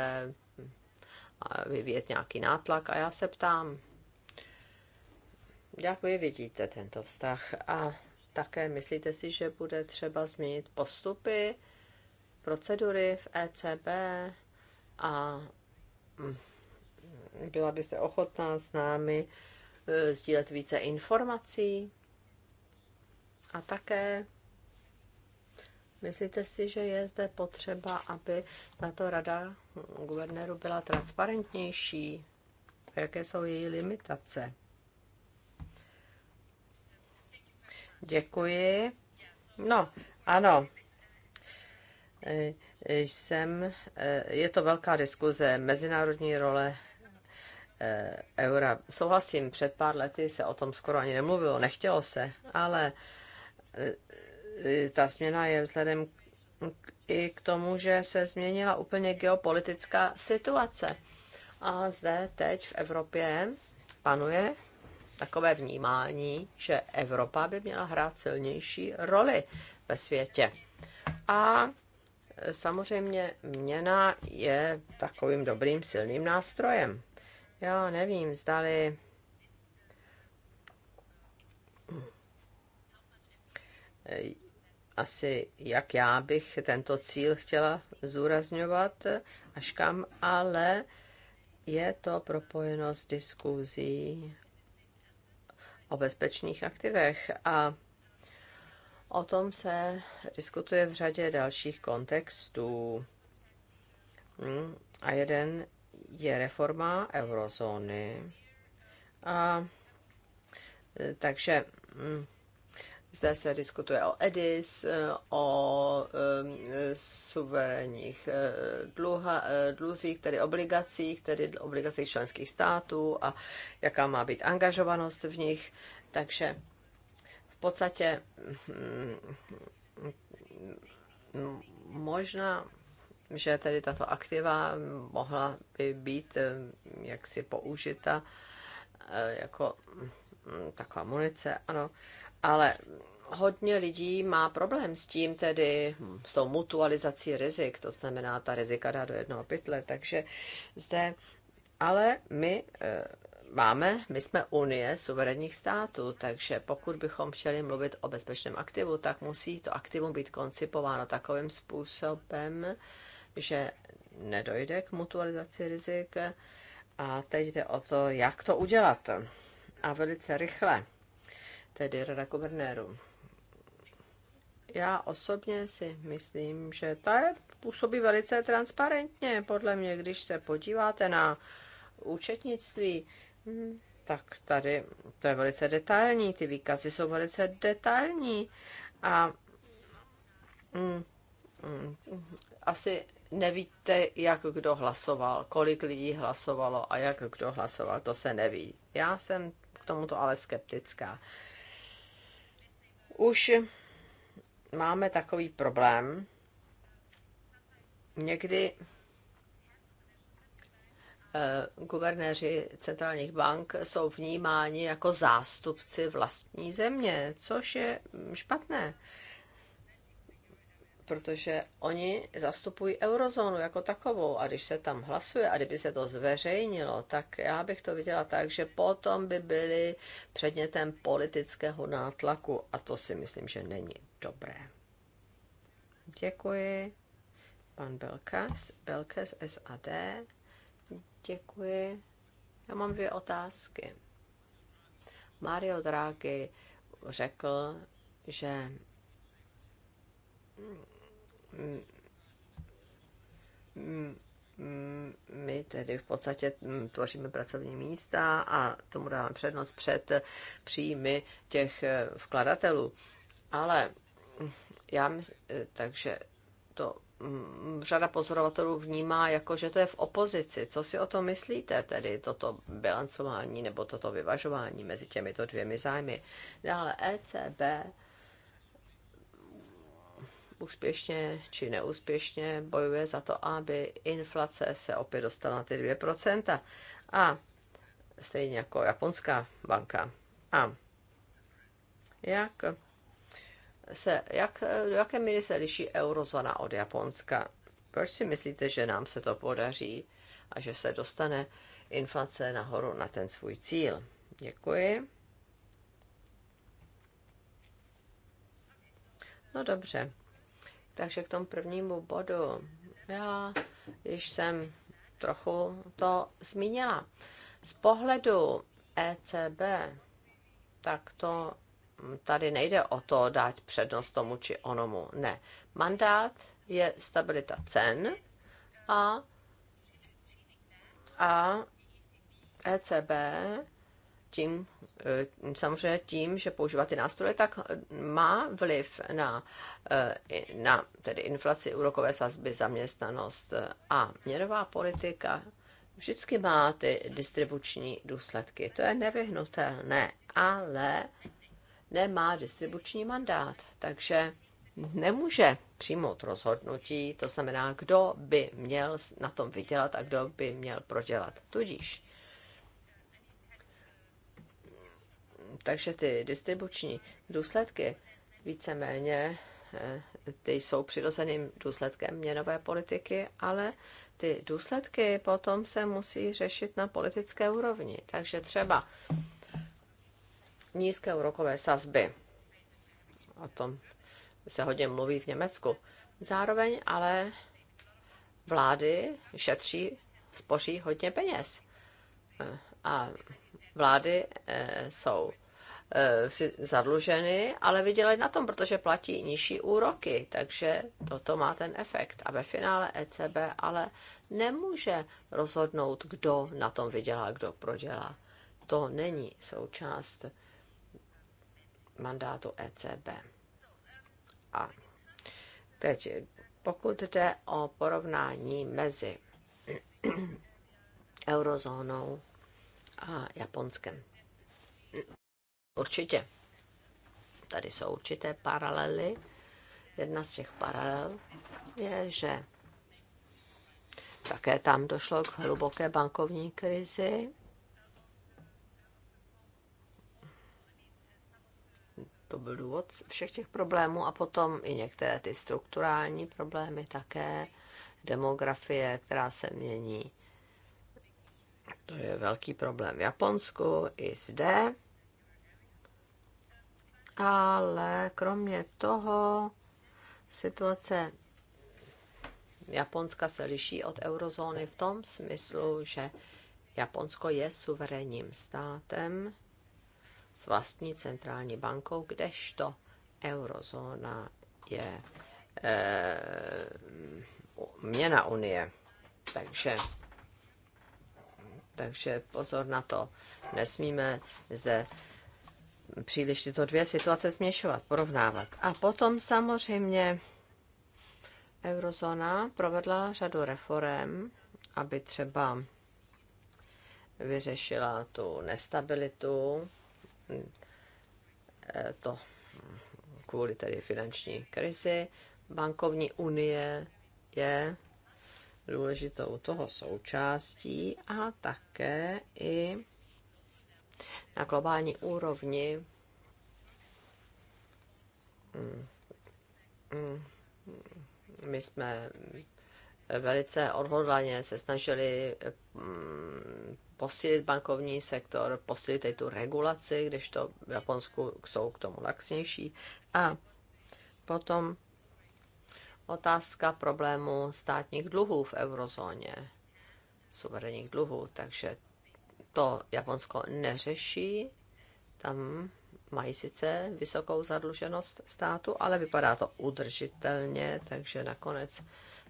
vyvíjet nějaký nátlak. A já se ptám, jak vy vidíte tento vztah a také myslíte si, že bude třeba změnit postupy procedury v ECB a mm, byla byste ochotná s námi e, sdílet více informací? A také myslíte si, že je zde potřeba, aby tato rada guvernéru byla transparentnější? Jaké jsou její limitace? Děkuji. No, ano, jsem, eh, je to velká diskuze mezinárodní role eh, eura. Souhlasím, před pár lety se o tom skoro ani nemluvilo, nechtělo se, ale eh, ta změna je vzhledem k, i k tomu, že se změnila úplně geopolitická situace. A zde teď v Evropě panuje takové vnímání, že Evropa by měla hrát silnější roli ve světě. A Samozřejmě měna je takovým dobrým silným nástrojem. Já nevím, zdali asi jak já bych tento cíl chtěla zúrazňovat až kam, ale je to propojeno s diskuzí o bezpečných aktivech a O tom se diskutuje v řadě dalších kontextů. A jeden je reforma eurozóny. A e, takže mm, zde se diskutuje o EDIS, e, o e, suverénních dluzích, tedy obligacích, tedy obligacích členských států a jaká má být angažovanost v nich. Takže podstatě mm, mm, možná, že tedy tato aktiva mohla by být mm, jaksi použita e, jako taková munice, ano, ale hodně lidí má problém s tím tedy, s tou mutualizací rizik, to znamená ta rizika dá do jednoho pytle, takže zde ale my e, máme, my jsme Unie suverénních států, takže pokud bychom chtěli mluvit o bezpečném aktivu, tak musí to aktivum být koncipováno takovým způsobem, že nedojde k mutualizaci rizik. A teď jde o to, jak to udělat. A velice rychle. Tedy rada guvernéru. Já osobně si myslím, že to je, působí velice transparentně. Podle mě, když se podíváte na účetnictví, tak tady to je velice detailní, ty výkazy jsou velice detailní a mm, mm, asi nevíte, jak kdo hlasoval, kolik lidí hlasovalo a jak kdo hlasoval, to se neví. Já jsem k tomuto ale skeptická. Už máme takový problém. Někdy Eh, guvernéři centrálních bank jsou vnímáni jako zástupci vlastní země, což je mm, špatné, protože oni zastupují eurozónu jako takovou a když se tam hlasuje a kdyby se to zveřejnilo, tak já bych to viděla tak, že potom by byli předmětem politického nátlaku a to si myslím, že není dobré. Děkuji. Pan Belkas, Belkas SAD. Děkuji. Já mám dvě otázky. Mario Draghi řekl, že my tedy v podstatě tvoříme pracovní místa a tomu dáváme přednost před příjmy těch vkladatelů. Ale já myslím, takže to Mm, řada pozorovatelů vnímá jako, že to je v opozici. Co si o tom myslíte, tedy toto bilancování nebo toto vyvažování mezi těmito dvěmi zájmy? Dále ECB úspěšně či neúspěšně bojuje za to, aby inflace se opět dostala na ty 2%. A stejně jako japonská banka. A jak se, jak, do jaké míry se liší eurozona od Japonska? Proč si myslíte, že nám se to podaří a že se dostane inflace nahoru na ten svůj cíl? Děkuji. No dobře. Takže k tomu prvnímu bodu. Já již jsem trochu to zmínila. Z pohledu ECB, tak to tady nejde o to dát přednost tomu či onomu. Ne. Mandát je stabilita cen a, a ECB tím, e, samozřejmě tím, že používá ty nástroje, tak má vliv na, e, na tedy inflaci, úrokové sazby, zaměstnanost a měnová politika vždycky má ty distribuční důsledky. To je nevyhnutelné, ale nemá distribuční mandát, takže nemůže přijmout rozhodnutí, to znamená, kdo by měl na tom vydělat a kdo by měl prodělat. Tudíž. Takže ty distribuční důsledky víceméně eh, ty jsou přirozeným důsledkem měnové politiky, ale ty důsledky potom se musí řešit na politické úrovni. Takže třeba nízké úrokové sazby. O tom se hodně mluví v Německu. Zároveň ale vlády šetří, spoří hodně peněz. Eh, a vlády eh, jsou eh, si zadluženy, ale vydělají na tom, protože platí nižší úroky, takže toto má ten efekt. A ve finále ECB ale nemůže rozhodnout, kdo na tom vydělá, kdo prodělá. To není součást mandátu ECB. A teď, pokud jde o porovnání mezi eurozónou a Japonskem. Určitě. Tady jsou určité paralely. Jedna z těch paralel je, že také tam došlo k hluboké bankovní krizi To byl důvod všech těch problémů a potom i některé ty strukturální problémy také, demografie, která se mění. To je velký problém v Japonsku i zde. Ale kromě toho situace Japonska se liší od eurozóny v tom smyslu, že Japonsko je suverénním státem, s vlastní centrální bankou, kdežto eurozóna je e, měna unie. Takže, takže pozor na to. Nesmíme zde příliš tyto dvě situace směšovat, porovnávat. A potom samozřejmě eurozóna provedla řadu reform, aby třeba vyřešila tu nestabilitu to kvůli tedy finanční krizi. Bankovní unie je důležitou toho součástí a také i na globální úrovni my jsme velice odhodlaně se snažili mm, posílit bankovní sektor, posílit i tu regulaci, když to v Japonsku jsou k tomu laxnější. A potom otázka problému státních dluhů v eurozóně, suverénních dluhů, takže to Japonsko neřeší, tam mají sice vysokou zadluženost státu, ale vypadá to udržitelně, takže nakonec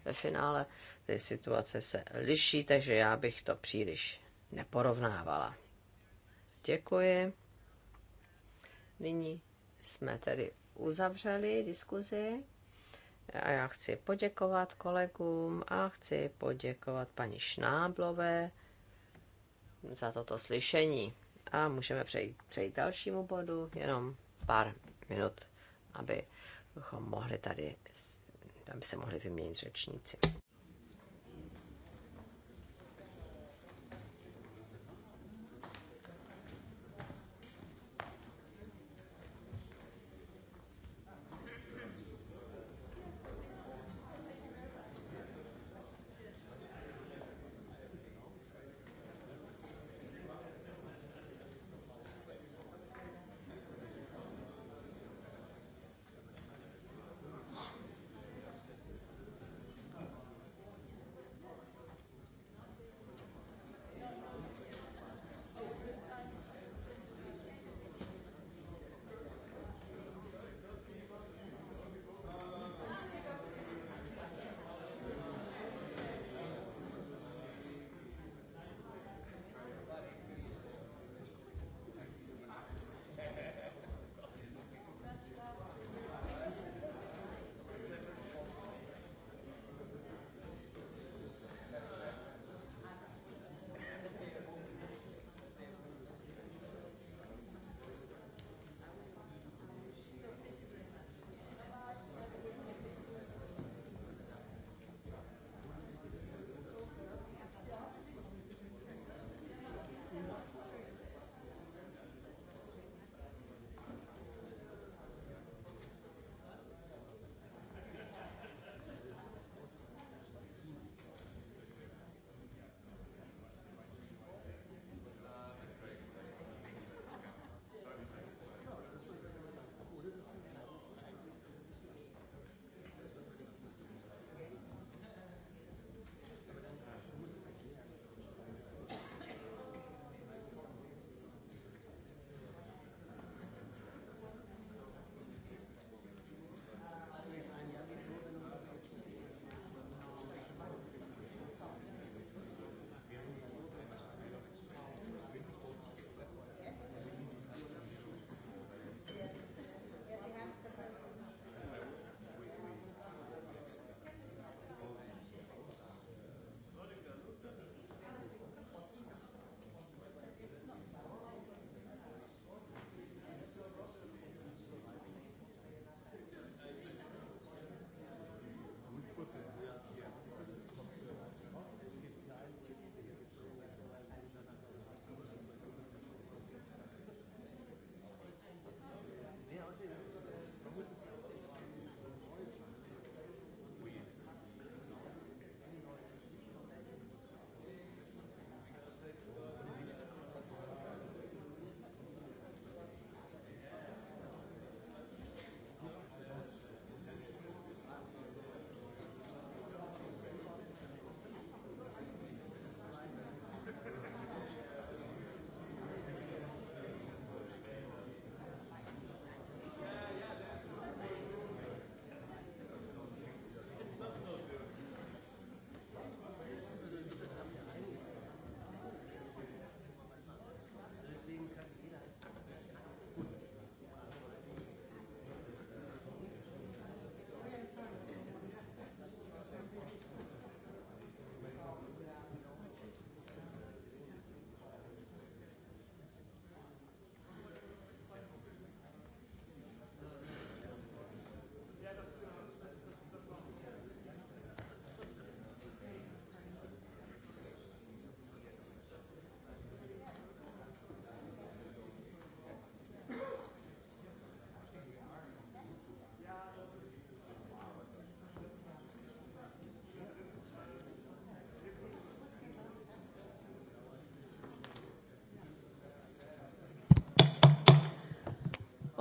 ve finále ty situace se liší, takže já bych to příliš neporovnávala. Děkuji. Nyní jsme tedy uzavřeli diskuzi a já chci poděkovat kolegům a chci poděkovat paní Šnáblové za toto slyšení. A můžeme přejít, přejít dalšímu bodu, jenom pár minut, aby mohli tady, aby se mohli vyměnit řečníci.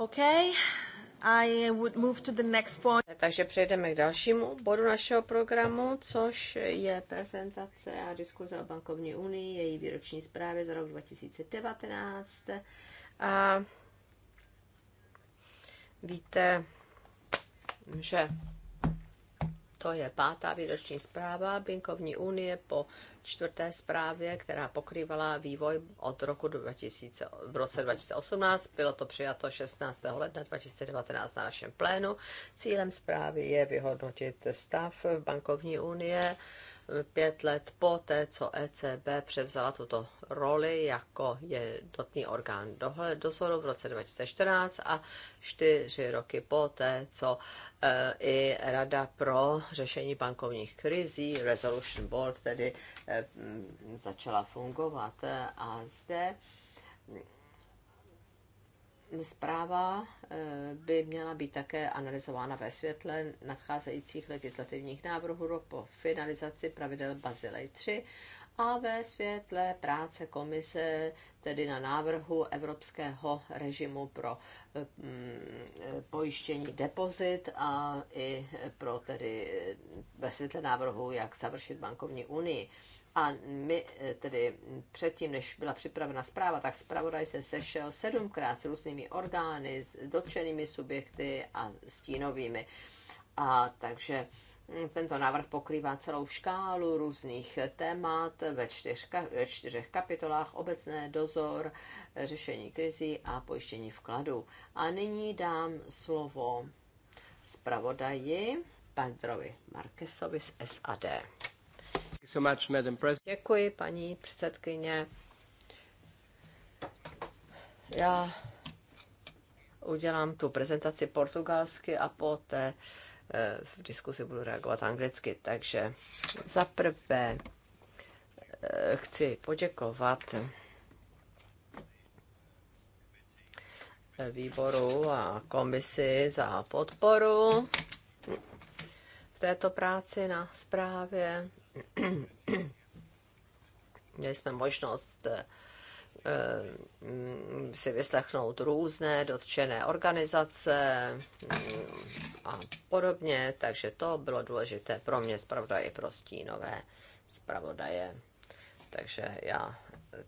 Okay. I would move to the next point. Takže přejdeme k dalšímu bodu našeho programu, což je prezentace a diskuze o bankovní unii, její výroční zprávě za rok 2019. A víte, že to je pátá výroční zpráva Bankovní unie po čtvrté zprávě, která pokrývala vývoj od roku 2000, v roce 2018. Bylo to přijato 16. ledna 2019 na našem plénu. Cílem zprávy je vyhodnotit stav v bankovní unie pět let po té, co ECB převzala tuto roli jako jednotný orgán dohled dozoru v roce 2014 a čtyři roky po té, co eh, i Rada pro řešení bankovních krizí, Resolution Board, tedy eh, začala fungovat. Eh, a zde zpráva eh, by měla být také analyzována ve světle nadcházejících legislativních návrhů po finalizaci pravidel Bazilej 3 a ve světle práce komise, tedy na návrhu evropského režimu pro eh, mm, eh, pojištění depozit a i pro tedy ve světle návrhu, jak završit bankovní unii. A my eh, tedy mm, předtím, než byla připravena zpráva, tak zpravodaj se sešel sedmkrát s různými orgány, s dotčenými subjekty a stínovými. A takže mm, tento návrh pokrývá celou škálu různých témat ve, čtyř, ve čtyřech kapitolách obecné dozor, eh, řešení krizí a pojištění vkladu. A nyní dám slovo zpravodaji Pandrovi Markesovi z SAD. Děkuji, paní předsedkyně. Já udělám tu prezentaci portugalsky a poté eh, v diskuzi budu reagovat anglicky. Takže za prvé eh, chci poděkovat eh, výboru a komisi za podporu v této práci na zprávě Měli jsme možnost eh, mm, si vyslechnout různé dotčené organizace mm, a podobně, takže to bylo důležité pro mě, zpravodaje i pro stínové zpravodaje. Takže já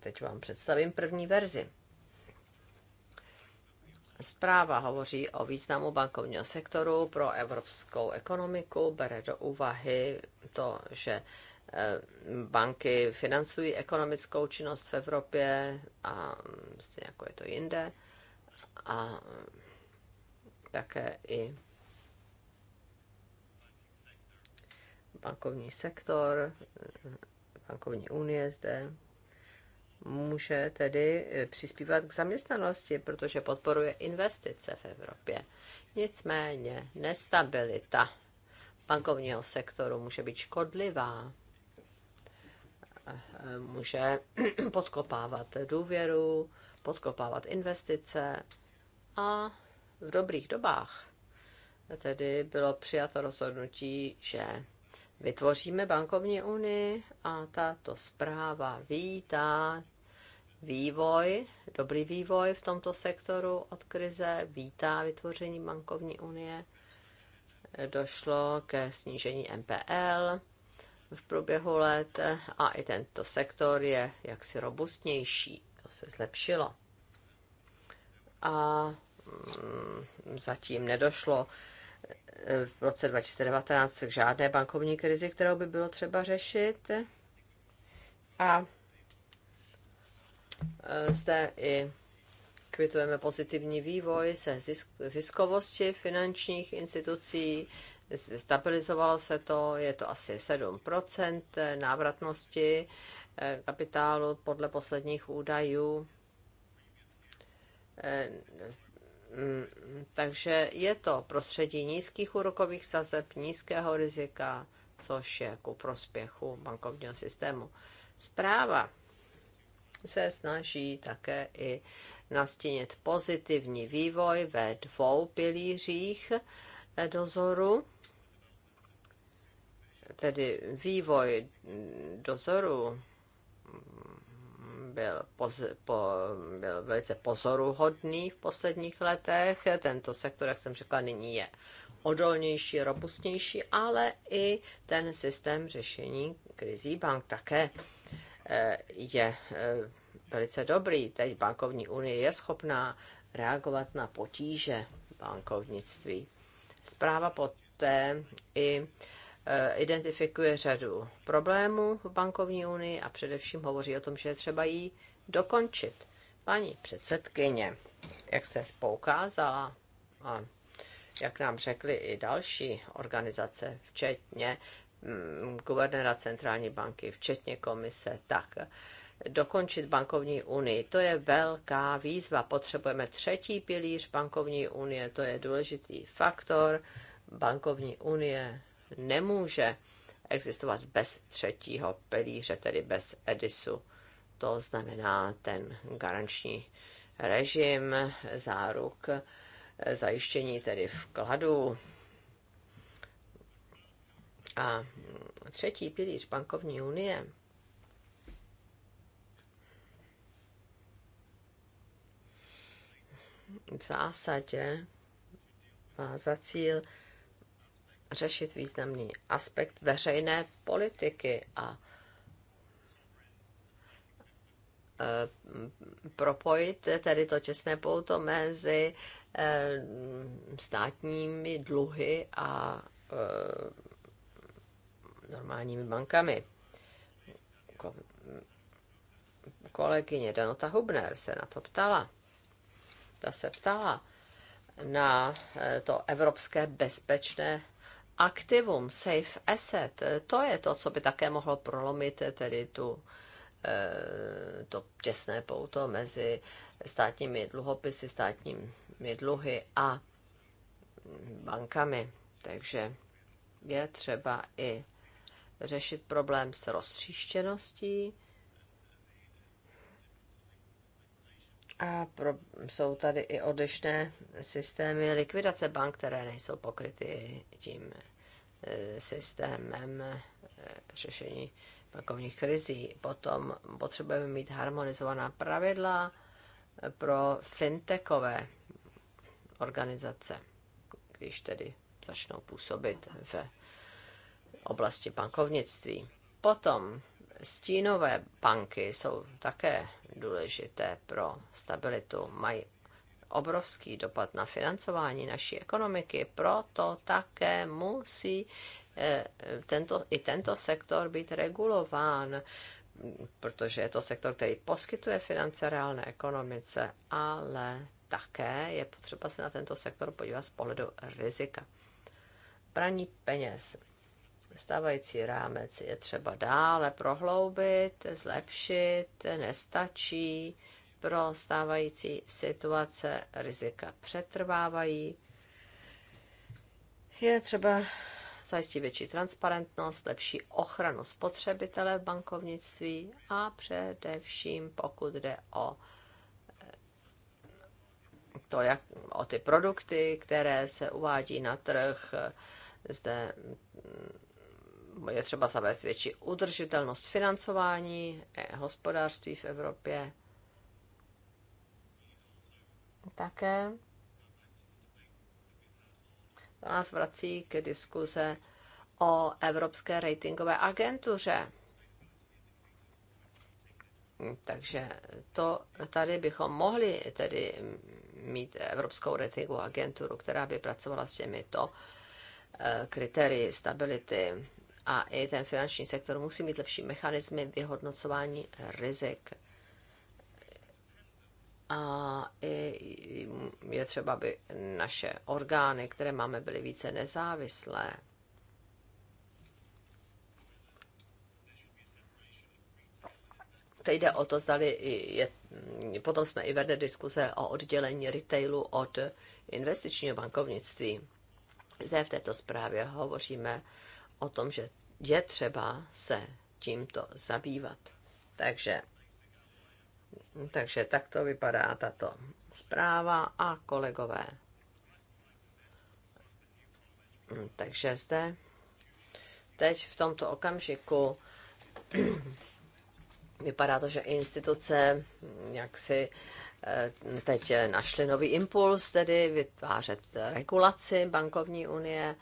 teď vám představím první verzi. Zpráva hovoří o významu bankovního sektoru pro evropskou ekonomiku, bere do úvahy to, že eh, banky financují ekonomickou činnost v Evropě a mm, stejně jako je to jinde. A mm, také i bankovní sektor, mm, bankovní unie zde může tedy eh, přispívat k zaměstnanosti, protože podporuje investice v Evropě. Nicméně nestabilita bankovního sektoru může být škodlivá, eh, může podkopávat důvěru, podkopávat investice a v dobrých dobách tedy bylo přijato rozhodnutí, že vytvoříme bankovní unii a tato zpráva vítá vývoj, dobrý vývoj v tomto sektoru od krize, vítá vytvoření bankovní unie. Došlo ke snížení MPL v průběhu let a i tento sektor je jaksi robustnější. To se zlepšilo. A mm, zatím nedošlo e, v roce 2019 k žádné bankovní krizi, kterou by bylo třeba řešit. A Eh, zde i kvitujeme pozitivní vývoj se ziskovosti finančních institucí, stabilizovalo se to, je to asi 7% návratnosti eh, kapitálu podle posledních údajů. Eh, mm, takže je to prostředí nízkých úrokových sazeb, nízkého rizika, což je ku prospěchu bankovního systému. Zpráva se snaží také i nastínit pozitivní vývoj ve dvou pilířích eh, dozoru, tedy vývoj dozoru mm, byl, poz, po, byl velice pozoruhodný v posledních letech. Tento sektor, jak jsem řekla, nyní je odolnější, robustnější, ale i ten systém řešení krizí bank také je eh, velice dobrý. Teď bankovní unie je schopná reagovat na potíže bankovnictví. Zpráva poté i eh, identifikuje řadu problémů v bankovní unii a především hovoří o tom, že je třeba ji dokončit. Paní předsedkyně, jak se poukázala a jak nám řekly i další organizace, včetně Mm, guvernéra centrální banky, včetně komise, tak dokončit bankovní unii. To je velká výzva. Potřebujeme třetí pilíř bankovní unie, to je důležitý faktor. Bankovní unie nemůže existovat bez třetího pilíře, tedy bez Edisu. To znamená ten garanční režim záruk, zajištění tedy vkladů. A třetí pilíř bankovní unie v zásadě má za cíl řešit významný aspekt veřejné politiky a e, propojit tedy to těsné pouto mezi e, státními dluhy a e, normálními bankami. Kolegyně Danota Hubner se na to ptala. Ta se ptala na eh, to evropské bezpečné aktivum, safe asset. To je to, co by také mohlo prolomit eh, tedy tu eh, to těsné pouto mezi státními dluhopisy, státními dluhy a bankami. Takže je třeba i řešit problém s roztříštěností. A pro, jsou tady i odlišné systémy likvidace bank, které nejsou pokryty tím eh, systémem eh, řešení bankovních krizí. Potom potřebujeme mít harmonizovaná pravidla eh, pro fintechové organizace, když tedy začnou působit ve oblasti bankovnictví. Potom stínové banky jsou také důležité pro stabilitu, mají obrovský dopad na financování naší ekonomiky, proto také musí eh, tento, i tento sektor být regulován, protože je to sektor, který poskytuje finance reálné ekonomice, ale také je potřeba se na tento sektor podívat z pohledu rizika. Praní peněz stávající rámec je třeba dále prohloubit, zlepšit, nestačí. Pro stávající situace rizika přetrvávají. Je třeba zajistit větší transparentnost, lepší ochranu spotřebitele v bankovnictví a především pokud jde o eh, to, jak, o ty produkty, které se uvádí na trh, zde je třeba zavést větší udržitelnost financování eh, hospodářství v Evropě. Také to nás vrací k diskuze o Evropské ratingové agentuře. Takže to tady bychom mohli tedy mít Evropskou ratingovou agenturu, která by pracovala s těmito eh, kritérii stability a i ten finanční sektor musí mít lepší mechanismy vyhodnocování rizik. A je třeba, aby naše orgány, které máme, byly více nezávislé. Teď jde o to, zdali je, potom jsme i vedli diskuze o oddělení retailu od investičního bankovnictví. Zde v této zprávě hovoříme o tom, že je třeba se tímto zabývat. Takže, takže takto vypadá tato zpráva a kolegové. Takže zde, teď v tomto okamžiku, vypadá to, že instituce jaksi eh, teď našly nový impuls, tedy vytvářet regulaci bankovní unie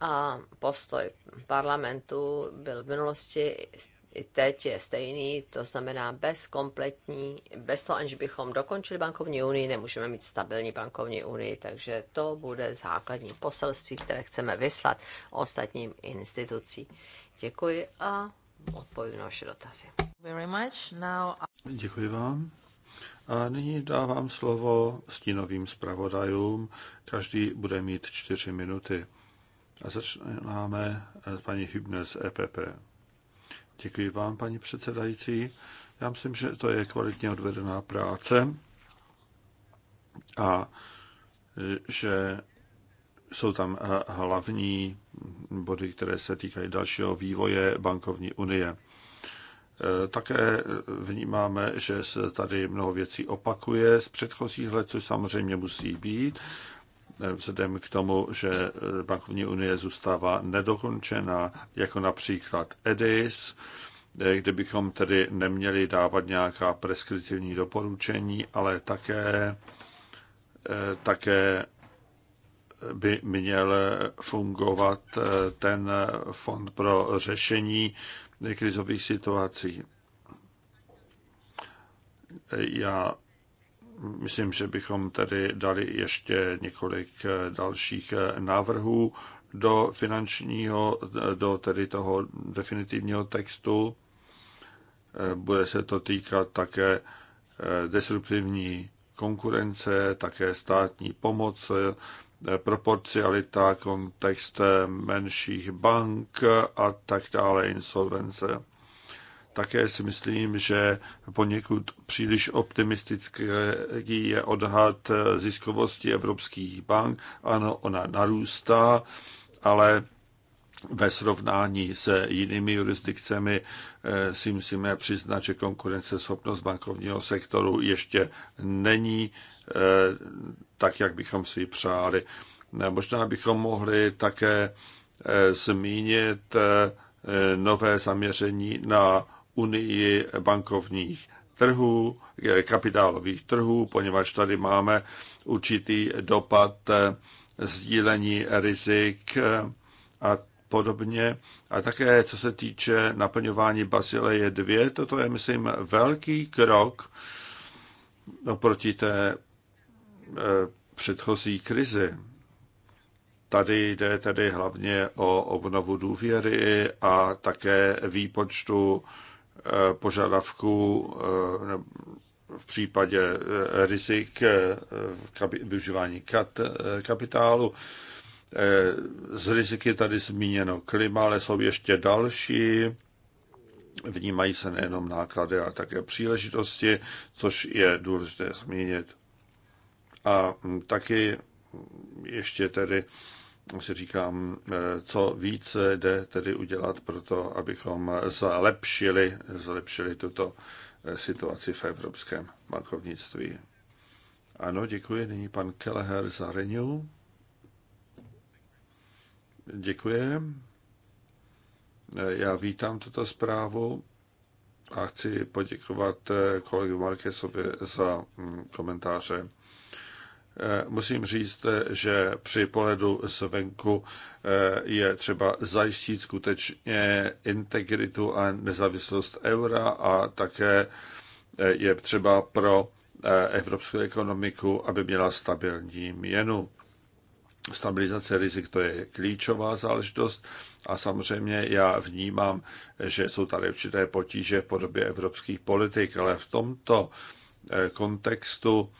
a postoj parlamentu byl v minulosti i teď je stejný, to znamená bez kompletní, bez toho, aniž bychom dokončili bankovní unii, nemůžeme mít stabilní bankovní unii, takže to bude základní poselství, které chceme vyslat ostatním institucím. Děkuji a odpovím na vaše dotazy. Very much. Now... Děkuji vám. A nyní dávám slovo stínovým zpravodajům. Každý bude mít čtyři minuty. A Začínáme eh, s paní Hybne z EPP. Děkuji vám, paní předsedající. Já myslím, že to je kvalitně odvedená práce a eh, že jsou tam eh, hlavní body, které se týkají dalšího vývoje bankovní unie. Také vnímáme, že se tady mnoho věcí opakuje z předchozích let, což samozřejmě musí být, vzhledem k tomu, že eh, bankovní unie zůstává nedokončená, jako například EDIS, eh, kde bychom tedy neměli dávat nějaká preskriptivní doporučení, ale také, eh, také by měl fungovat ten fond pro řešení krizových situací. Já myslím, že bychom tedy dali ještě několik eh, dalších eh, návrhů do finančního, eh, do tedy toho definitivního textu. Bude se to týkat také disruptivní konkurence, také státní pomoc, proporcionalita, kontext menších bank a tak dále, insolvence. Také si myslím, že poněkud příliš optimistický je odhad ziskovosti evropských bank. Ano, ona narůstá, ale ve srovnání se jinými jurisdikcemi eh, si musíme přiznat, že konkurenceschopnost bankovního sektoru ještě není eh, tak, jak bychom si přáli. Eh, možná bychom mohli také zmínit nové zaměření na unii bankovních trhů, eh, kapitálových trhů, poněvadž tady máme určitý dopad eh, sdílení rizik eh, a podobně. A také, co se týče naplňování Basileje 2, toto je, myslím, velký krok oproti no, té předchozí krizi. Tady jde tedy hlavně o obnovu důvěry a také výpočtu Eh, požadavků eh, v případě eh, rizik využívání kapitálu. Z rizik je tady zmíněno klima, ale jsou ještě další. Vnímají se nejenom náklady, ale také příležitosti, což je důležité zmínit. A hm, taky hm, ještě tedy si říkám, eh, co více jde tedy udělat pro to, abychom zlepšili, zlepšili tuto eh, situaci v evropském bankovnictví. Ano, děkuji. Nyní pan Kelleher za Renew. Děkuji. Eh, já vítám tuto zprávu a chci poděkovat kolegu Markesovi za mm, komentáře. Eh, musím říct, eh, že při pohledu zvenku eh, je třeba zajistit skutečně integritu a nezávislost eura a také je třeba pro evropskou ekonomiku, aby měla stabilní měnu. Stabilizace rizik to je klíčová záležitost a samozřejmě já vnímám, že jsou tady určité potíže v podobě evropských politik, ale v tomto kontextu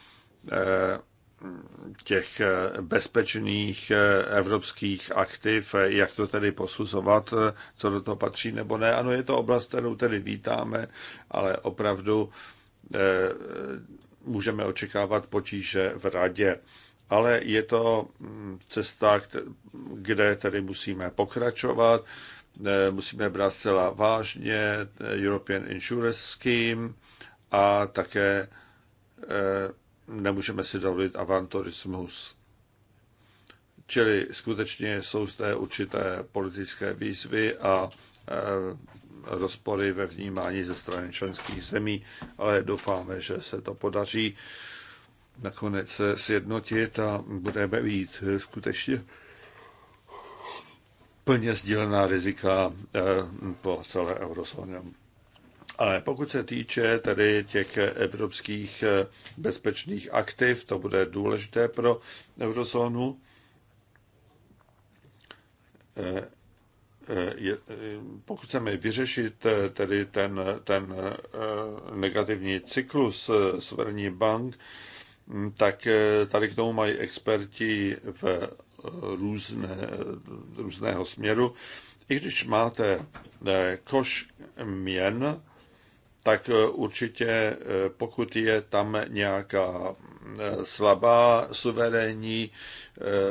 těch eh, bezpečných eh, evropských aktiv, eh, jak to tedy posuzovat, co do toho patří nebo ne. Ano, je to oblast, kterou tedy vítáme, ale opravdu můžeme očekávat potíže v radě. Ale je to mm, cesta, kde tedy musíme pokračovat, musíme brát zcela vážně European Insurance Scheme a také nemůžeme si dovolit avanturismus. Čili skutečně jsou zde určité politické výzvy a eh, rozpory ve vnímání ze strany členských zemí, ale doufáme, že se to podaří nakonec se sjednotit a budeme mít skutečně plně sdílená rizika eh, po celé eurozóně. Ale pokud se týče tedy těch evropských eh, bezpečných aktiv, to bude důležité pro eurozónu. Eh, eh, pokud chceme vyřešit tedy ten, ten negativní cyklus suverénní bank, hm, tak tady k tomu mají experti v různé, různého směru. I když máte koš měn, tak eh, určitě eh, pokud je tam nějaká eh, slabá suverénní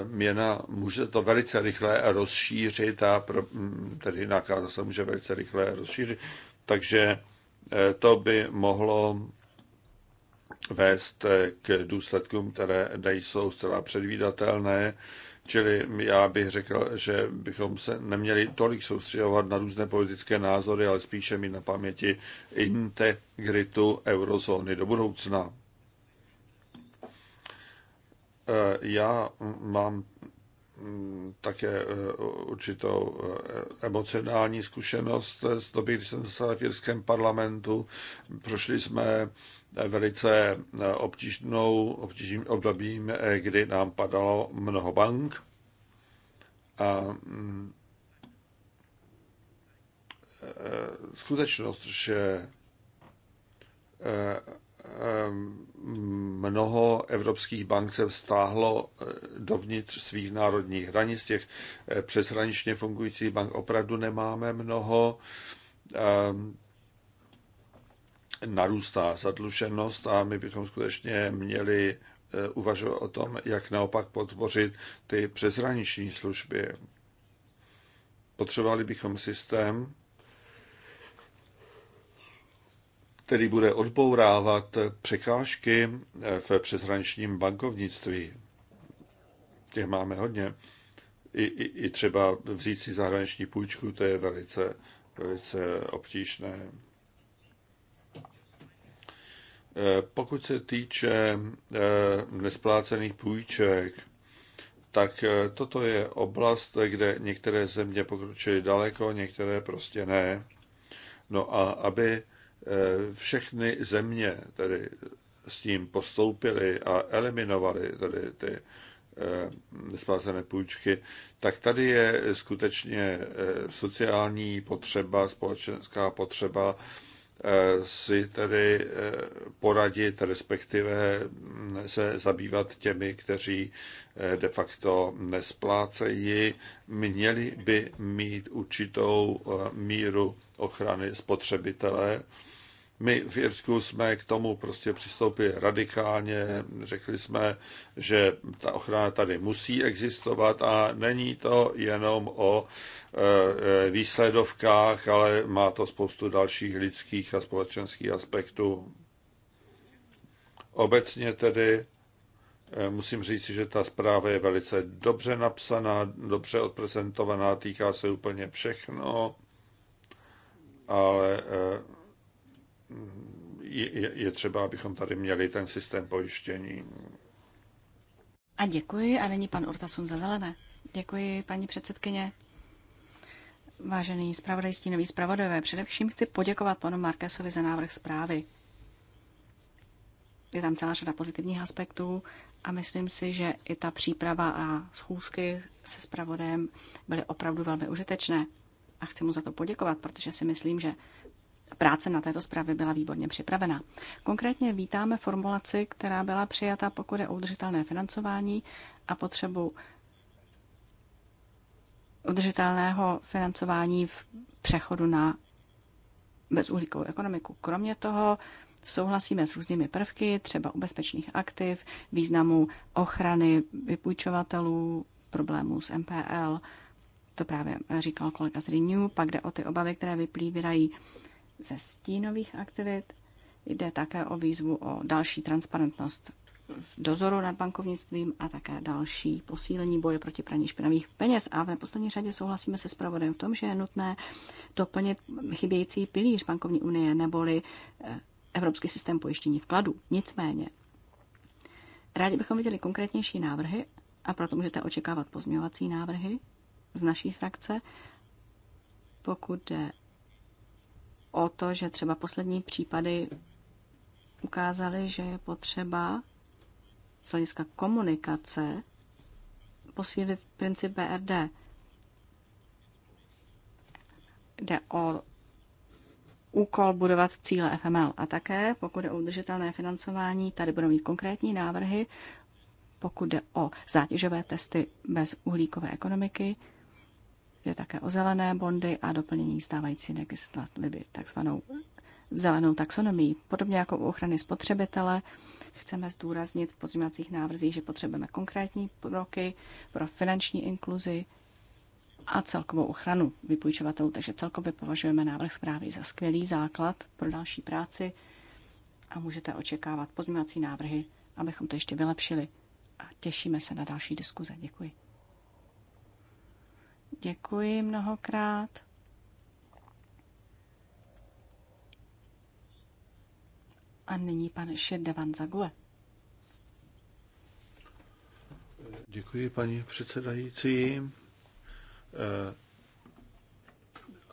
měna, může to velice rychle rozšířit a pro, mm, tedy nákaza se může velice rychle rozšířit. Takže to by mohlo vést k důsledkům, které nejsou zcela předvídatelné Čili já bych řekl, že bychom se neměli tolik soustředovat na různé politické názory, ale spíše mít na paměti integritu eurozóny do budoucna. E, já mám mm, také e, určitou e, emocionální zkušenost z doby, když jsem zase v jirském parlamentu. Prošli jsme velice eh, obtížnou, obtížným obdobím, eh, kdy nám padalo mnoho bank. A mm, eh, skutečnost, že mnoho evropských bank se stáhlo dovnitř svých národních hranic. Těch přeshraničně fungujících bank opravdu nemáme mnoho narůstá zadluženost a my bychom skutečně měli eh, uvažovat o tom, jak naopak podpořit ty přeshraniční služby. Potřebovali bychom systém, který bude odbourávat překážky eh, v přeshraničním bankovnictví. Těch máme hodně. I, i, i třeba vzít si zahraniční půjčku, to je velice, velice obtížné. Eh, pokud se týče eh, nesplácených půjček, tak eh, toto je oblast, kde některé země pokročily daleko, některé prostě ne. No a aby všechny země tedy s tím postoupily a eliminovaly tedy ty nesplácené půjčky, tak tady je skutečně sociální potřeba, společenská potřeba Eh, si tedy eh, poradit, respektive mm, se zabývat těmi, kteří eh, de facto nesplácejí, měli by mít určitou míru ochrany spotřebitele my v Irsku jsme k tomu prostě přistoupili radikálně. Řekli jsme, že ta ochrana tady musí existovat a není to jenom o e, e, výsledovkách, ale má to spoustu dalších lidských a společenských aspektů. Obecně tedy e, musím říct, že ta zpráva je velice dobře napsaná, dobře odprezentovaná, týká se úplně všechno, ale je, je třeba, abychom tady měli ten systém pojištění. A děkuji. A není pan Urtasun za zelené. Děkuji, paní předsedkyně. Vážený zpravodaj, stínový zpravodajové, především chci poděkovat panu Markesovi za návrh zprávy. Je tam celá řada pozitivních aspektů a myslím si, že i ta příprava a schůzky se zpravodajem byly opravdu velmi užitečné. A chci mu za to poděkovat, protože si myslím, že práce na této zprávě byla výborně připravená. Konkrétně vítáme formulaci, která byla přijata, pokud je o udržitelné financování a potřebu udržitelného financování v přechodu na bezuhlíkovou ekonomiku. Kromě toho souhlasíme s různými prvky, třeba u bezpečných aktiv, významu ochrany vypůjčovatelů, problémů s MPL, to právě říkal kolega z Renew, pak jde o ty obavy, které vyplývají ze stínových aktivit. Jde také o výzvu o další transparentnost v dozoru nad bankovnictvím a také další posílení boje proti praní špinavých peněz. A v neposlední řadě souhlasíme se zpravodajem v tom, že je nutné doplnit chybějící pilíř bankovní unie neboli eh, Evropský systém pojištění vkladů. Nicméně, rádi bychom viděli konkrétnější návrhy a proto můžete očekávat pozměňovací návrhy z naší frakce, pokud jde o to, že třeba poslední případy ukázaly, že je potřeba z hlediska komunikace posílit princip BRD. Jde o úkol budovat cíle FML. A také, pokud je o udržitelné financování, tady budou mít konkrétní návrhy, pokud jde o zátěžové testy bez uhlíkové ekonomiky, je také o zelené bondy a doplnění stávající legislativy, takzvanou zelenou taxonomii. Podobně jako u ochrany spotřebitele, chceme zdůraznit v pozměňovacích návrzích, že potřebujeme konkrétní kroky pro finanční inkluzi a celkovou ochranu vypůjčovatelů, takže celkově považujeme návrh zprávy za skvělý základ pro další práci a můžete očekávat pozměňovací návrhy, abychom to ještě vylepšili. A těšíme se na další diskuze. Děkuji. Děkuji mnohokrát. A nyní pan Šedevan Zague. Děkuji, paní předsedající. Eh,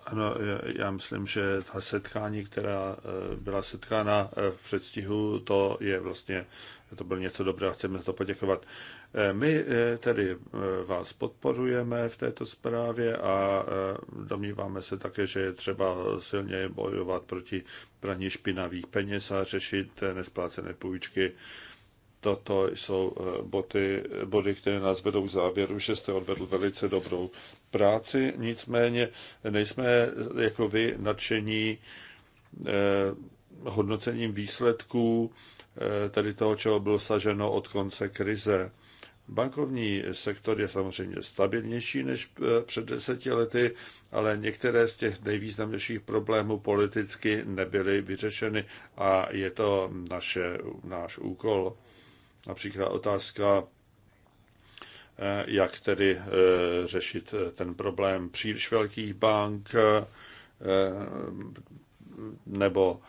ano, já myslím, že ta setkání, která eh, byla setkána eh, v předstihu, to je vlastně, to bylo něco dobré a chceme to poděkovat. Eh, my tedy vás podporujeme v této zprávě a domníváme se také, že je třeba silně bojovat proti praní špinavých peněz a řešit nesplácené půjčky Toto jsou eh, body, body, které nás vedou k závěru, že jste odvedl velice dobrou práci, nicméně nejsme eh, jako vy nadšení eh, hodnocením výsledků eh, tady toho, čeho bylo saženo od konce krize. Bankovní sektor je samozřejmě stabilnější než eh, před deseti lety, ale některé z těch nejvýznamnějších problémů politicky nebyly vyřešeny a je to naše, náš úkol. Například otázka, eh, jak tedy eh, řešit eh, ten problém příliš velkých bank, nebo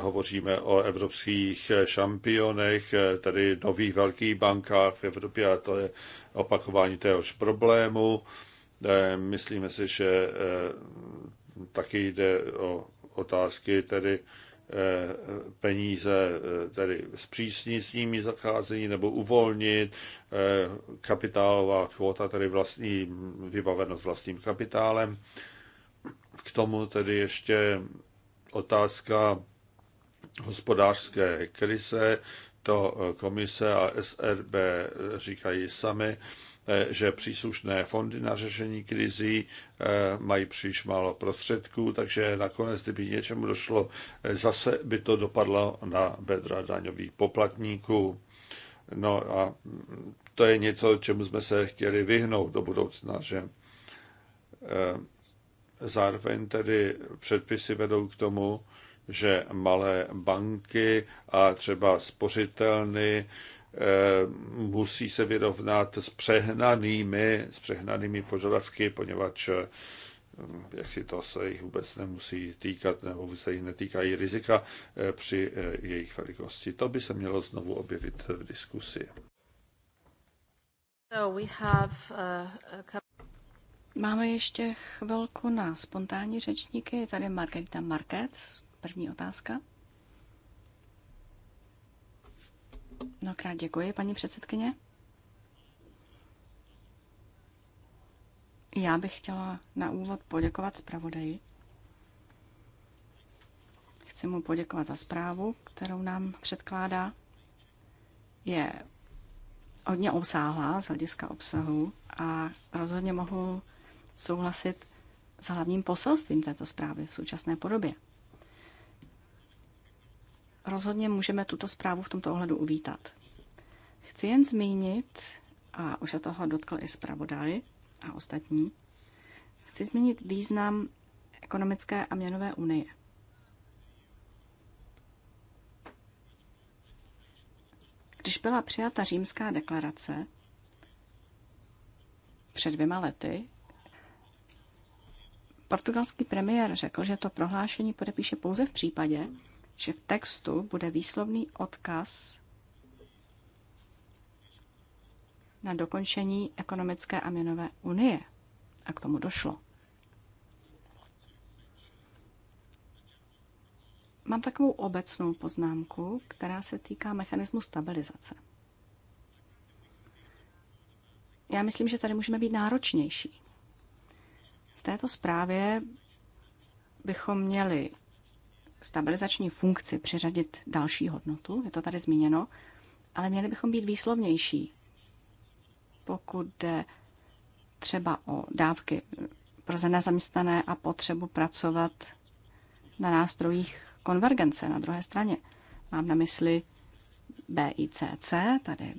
hovoříme o evropských šampionech, tedy nových velkých bankách v Evropě a to je opakování téhož problému. Myslíme si, že taky jde o otázky tedy Eh, peníze, eh, tedy zpřísnit s nimi zacházení nebo uvolnit, eh, kapitálová kvota, tedy vlastní vybavenost vlastním kapitálem. K tomu tedy ještě otázka hospodářské krize, to komise a SRB říkají sami, Eh, že příslušné fondy na řešení krizí eh, mají příliš málo prostředků, takže nakonec, kdyby něčemu došlo, eh, zase by to dopadlo na bedra daňových poplatníků. No a mm, to je něco, čemu jsme se chtěli vyhnout do budoucna, že zároveň tedy předpisy vedou k tomu, že malé banky a třeba spořitelny Eh, musí se vyrovnat s přehnanými, s přehnanými požadavky, poněvadž eh, jak si to se jich vůbec nemusí týkat nebo se jich netýkají rizika eh, při jejich velikosti. To by se mělo znovu objevit v diskusi. So have, uh, Máme ještě chvilku na spontánní řečníky. Je tady Margarita Market, první otázka. krát děkuji, paní předsedkyně. Já bych chtěla na úvod poděkovat zpravodaji. Chci mu poděkovat za zprávu, kterou nám předkládá. Je hodně obsáhlá z hlediska obsahu a rozhodně mohu souhlasit s hlavním poselstvím této zprávy v současné podobě. Rozhodně můžeme tuto zprávu v tomto ohledu uvítat. Chci jen zmínit, a už se toho dotkl i zpravodaj a ostatní, chci zmínit význam ekonomické a měnové unie. Když byla přijata římská deklarace před dvěma lety, portugalský premiér řekl, že to prohlášení podepíše pouze v případě, že v textu bude výslovný odkaz na dokončení ekonomické a měnové unie. A k tomu došlo. Mám takovou obecnou poznámku, která se týká mechanismu stabilizace. Já myslím, že tady můžeme být náročnější. V této zprávě bychom měli stabilizační funkci přiřadit další hodnotu, je to tady zmíněno, ale měli bychom být výslovnější, pokud jde třeba o dávky pro nezaměstnané a potřebu pracovat na nástrojích konvergence na druhé straně. Mám na mysli BICC, tady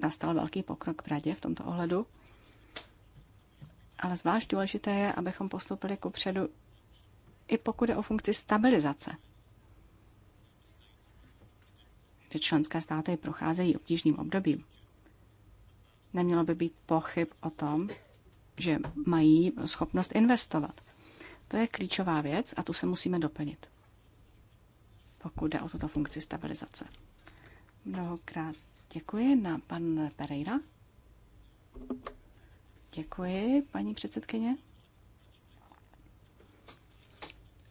nastal velký pokrok v radě v tomto ohledu. Ale zvlášť důležité je, abychom postupili ku předu i pokud je o funkci stabilizace. Kdy členské státy procházejí obtížným obdobím, nemělo by být pochyb o tom, že mají schopnost investovat. To je klíčová věc a tu se musíme doplnit, pokud jde o tuto funkci stabilizace. Mnohokrát děkuji na pan Pereira. Děkuji, paní předsedkyně.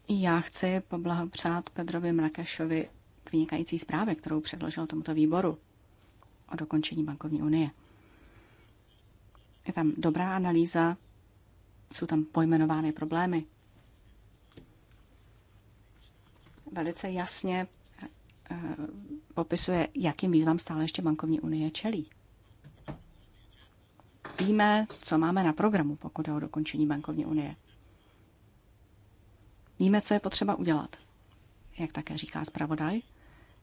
Já chci poblahopřát Pedrovi Mrakešovi k vynikající zprávě, kterou předložil tomuto výboru o dokončení bankovní unie. Je tam dobrá analýza, jsou tam pojmenovány problémy. Velice jasně eh, popisuje, jakým výzvám stále ještě bankovní unie čelí. Víme, co máme na programu, pokud je o dokončení bankovní unie. Víme, co je potřeba udělat. Jak také říká zpravodaj,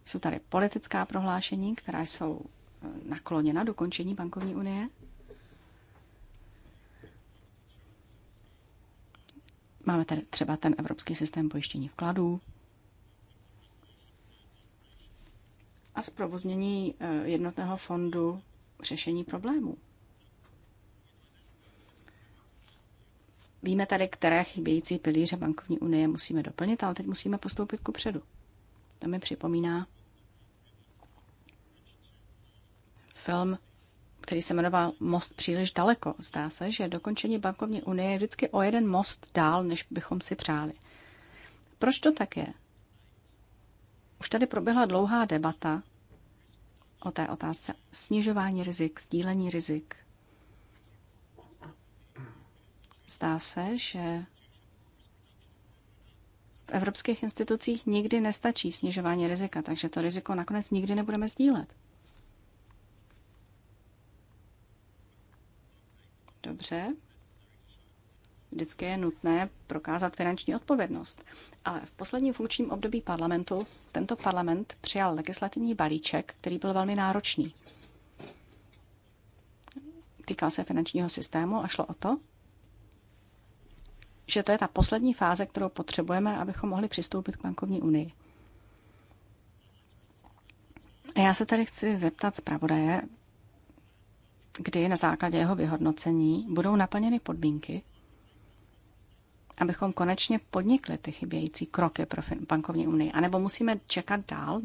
jsou tady politická prohlášení, která jsou eh, nakloněna dokončení bankovní unie. Máme tady třeba ten evropský systém pojištění vkladů a zprovoznění eh, jednotného fondu řešení problémů. Víme tady, které chybějící pilíře bankovní unie musíme doplnit, ale teď musíme postoupit ku předu. To mi připomíná film, který se jmenoval Most příliš daleko. Zdá se, že dokončení bankovní unie je vždycky o jeden most dál, než bychom si přáli. Proč to tak je? Už tady proběhla dlouhá debata o té otázce snižování rizik, sdílení rizik, Zdá se, že v evropských institucích nikdy nestačí snižování rizika, takže to riziko nakonec nikdy nebudeme sdílet. Dobře. Vždycky je nutné prokázat finanční odpovědnost. Ale v posledním funkčním období parlamentu tento parlament přijal legislativní balíček, který byl velmi náročný. Týkal se finančního systému a šlo o to, že to je ta poslední fáze, kterou potřebujeme, abychom mohli přistoupit k bankovní unii. A já se tady chci zeptat zpravodaje, kdy na základě jeho vyhodnocení budou naplněny podmínky, abychom konečně podnikli ty chybějící kroky pro bankovní unii? A nebo musíme čekat dál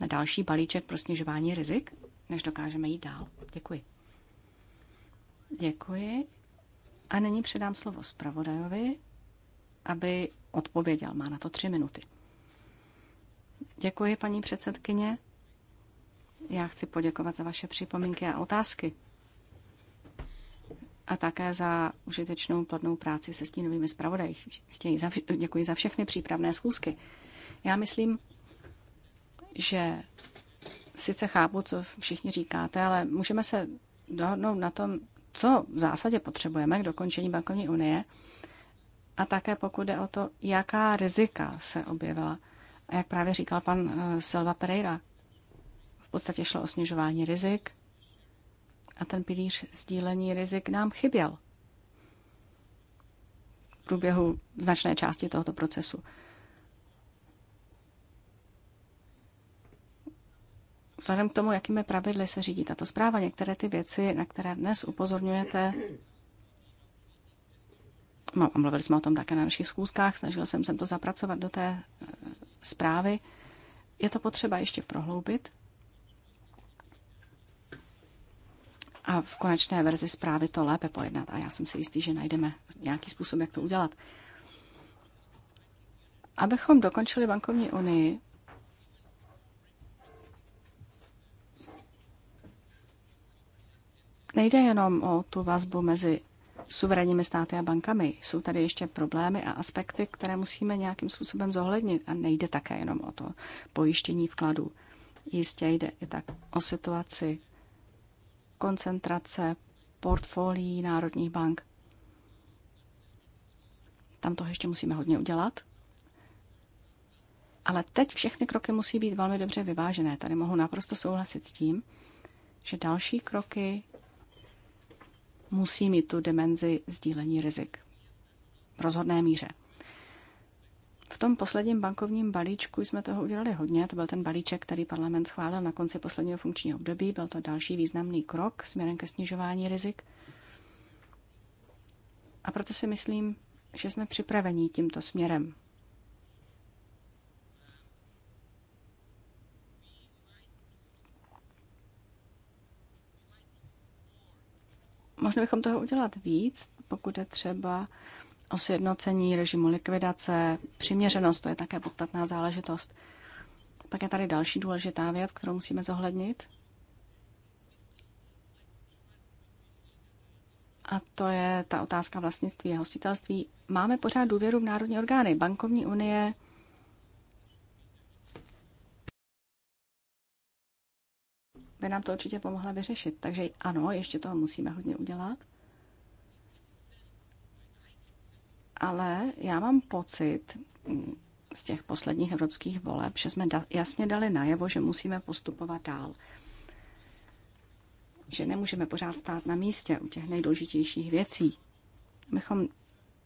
na další balíček pro snižování rizik, než dokážeme jít dál? Děkuji. Děkuji. A nyní předám slovo zpravodajovi, aby odpověděl. Má na to tři minuty. Děkuji, paní předsedkyně. Já chci poděkovat za vaše připomínky a otázky. A také za užitečnou plodnou práci se stínovými zpravodaji. Za, děkuji za všechny přípravné schůzky. Já myslím, že sice chápu, co všichni říkáte, ale můžeme se dohodnout na tom, co v zásadě potřebujeme k dokončení bankovní unie a také pokud jde o to, jaká rizika se objevila. A jak právě říkal pan eh, Silva Pereira, v podstatě šlo o snižování rizik a ten pilíř sdílení rizik nám chyběl v průběhu značné části tohoto procesu. vzhledem k tomu, jakými pravidly se řídí tato zpráva, některé ty věci, na které dnes upozorňujete, no, mluvili jsme o tom také na našich zkouškách, snažil jsem se to zapracovat do té e, zprávy. Je to potřeba ještě prohloubit. A v konečné verzi zprávy to lépe pojednat. A já jsem si jistý, že najdeme nějaký způsob, jak to udělat. Abychom dokončili bankovní unii, Nejde jenom o tu vazbu mezi suverénními státy a bankami. Jsou tady ještě problémy a aspekty, které musíme nějakým způsobem zohlednit. A nejde také jenom o to pojištění vkladů. Jistě jde i tak o situaci koncentrace portfolií národních bank. Tam toho ještě musíme hodně udělat. Ale teď všechny kroky musí být velmi dobře vyvážené. Tady mohu naprosto souhlasit s tím, že další kroky musí mít tu dimenzi sdílení rizik. V rozhodné míře. V tom posledním bankovním balíčku jsme toho udělali hodně. To byl ten balíček, který parlament schválil na konci posledního funkčního období. Byl to další významný krok směrem ke snižování rizik. A proto si myslím, že jsme připraveni tímto směrem. Možná bychom toho udělat víc, pokud je třeba o sjednocení režimu likvidace, přiměřenost, to je také podstatná záležitost. Pak je tady další důležitá věc, kterou musíme zohlednit. A to je ta otázka vlastnictví a hostitelství. Máme pořád důvěru v národní orgány. Bankovní unie by nám to určitě pomohla vyřešit. Takže ano, ještě toho musíme hodně udělat. Ale já mám pocit mm, z těch posledních evropských voleb, že jsme jasně dali najevo, že musíme postupovat dál. Že nemůžeme pořád stát na místě u těch nejdůležitějších věcí. Abychom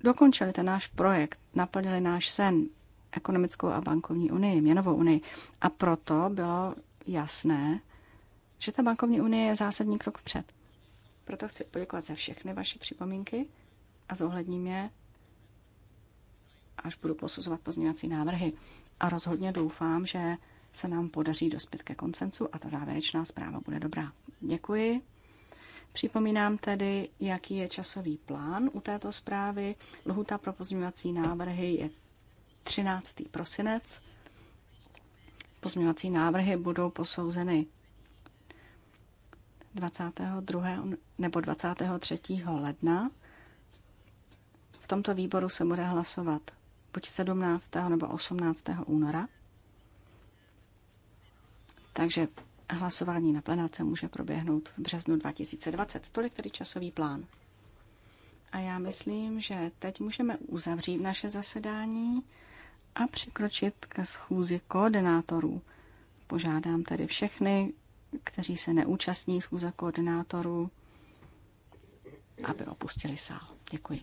dokončili ten náš projekt, naplnili náš sen, ekonomickou a bankovní unii, měnovou unii. A proto bylo jasné, že ta bankovní unie je zásadní krok před. Proto chci poděkovat za všechny vaše připomínky a zohledním je, až budu posuzovat pozměňovací návrhy. A rozhodně doufám, že se nám podaří dospět ke koncensu a ta závěrečná zpráva bude dobrá. Děkuji. Připomínám tedy, jaký je časový plán u této zprávy. Lhuta pro pozměňovací návrhy je 13. prosinec. Pozměňovací návrhy budou posouzeny 22. nebo 23. ledna. V tomto výboru se bude hlasovat buď 17. nebo 18. února. Takže hlasování na plenáce může proběhnout v březnu 2020. Tolik tedy časový plán. A já myslím, že teď můžeme uzavřít naše zasedání a přikročit ke schůzi koordinátorů. Požádám tedy všechny, kteří se neúčastní schůze koordinátorů, aby opustili sál. Děkuji.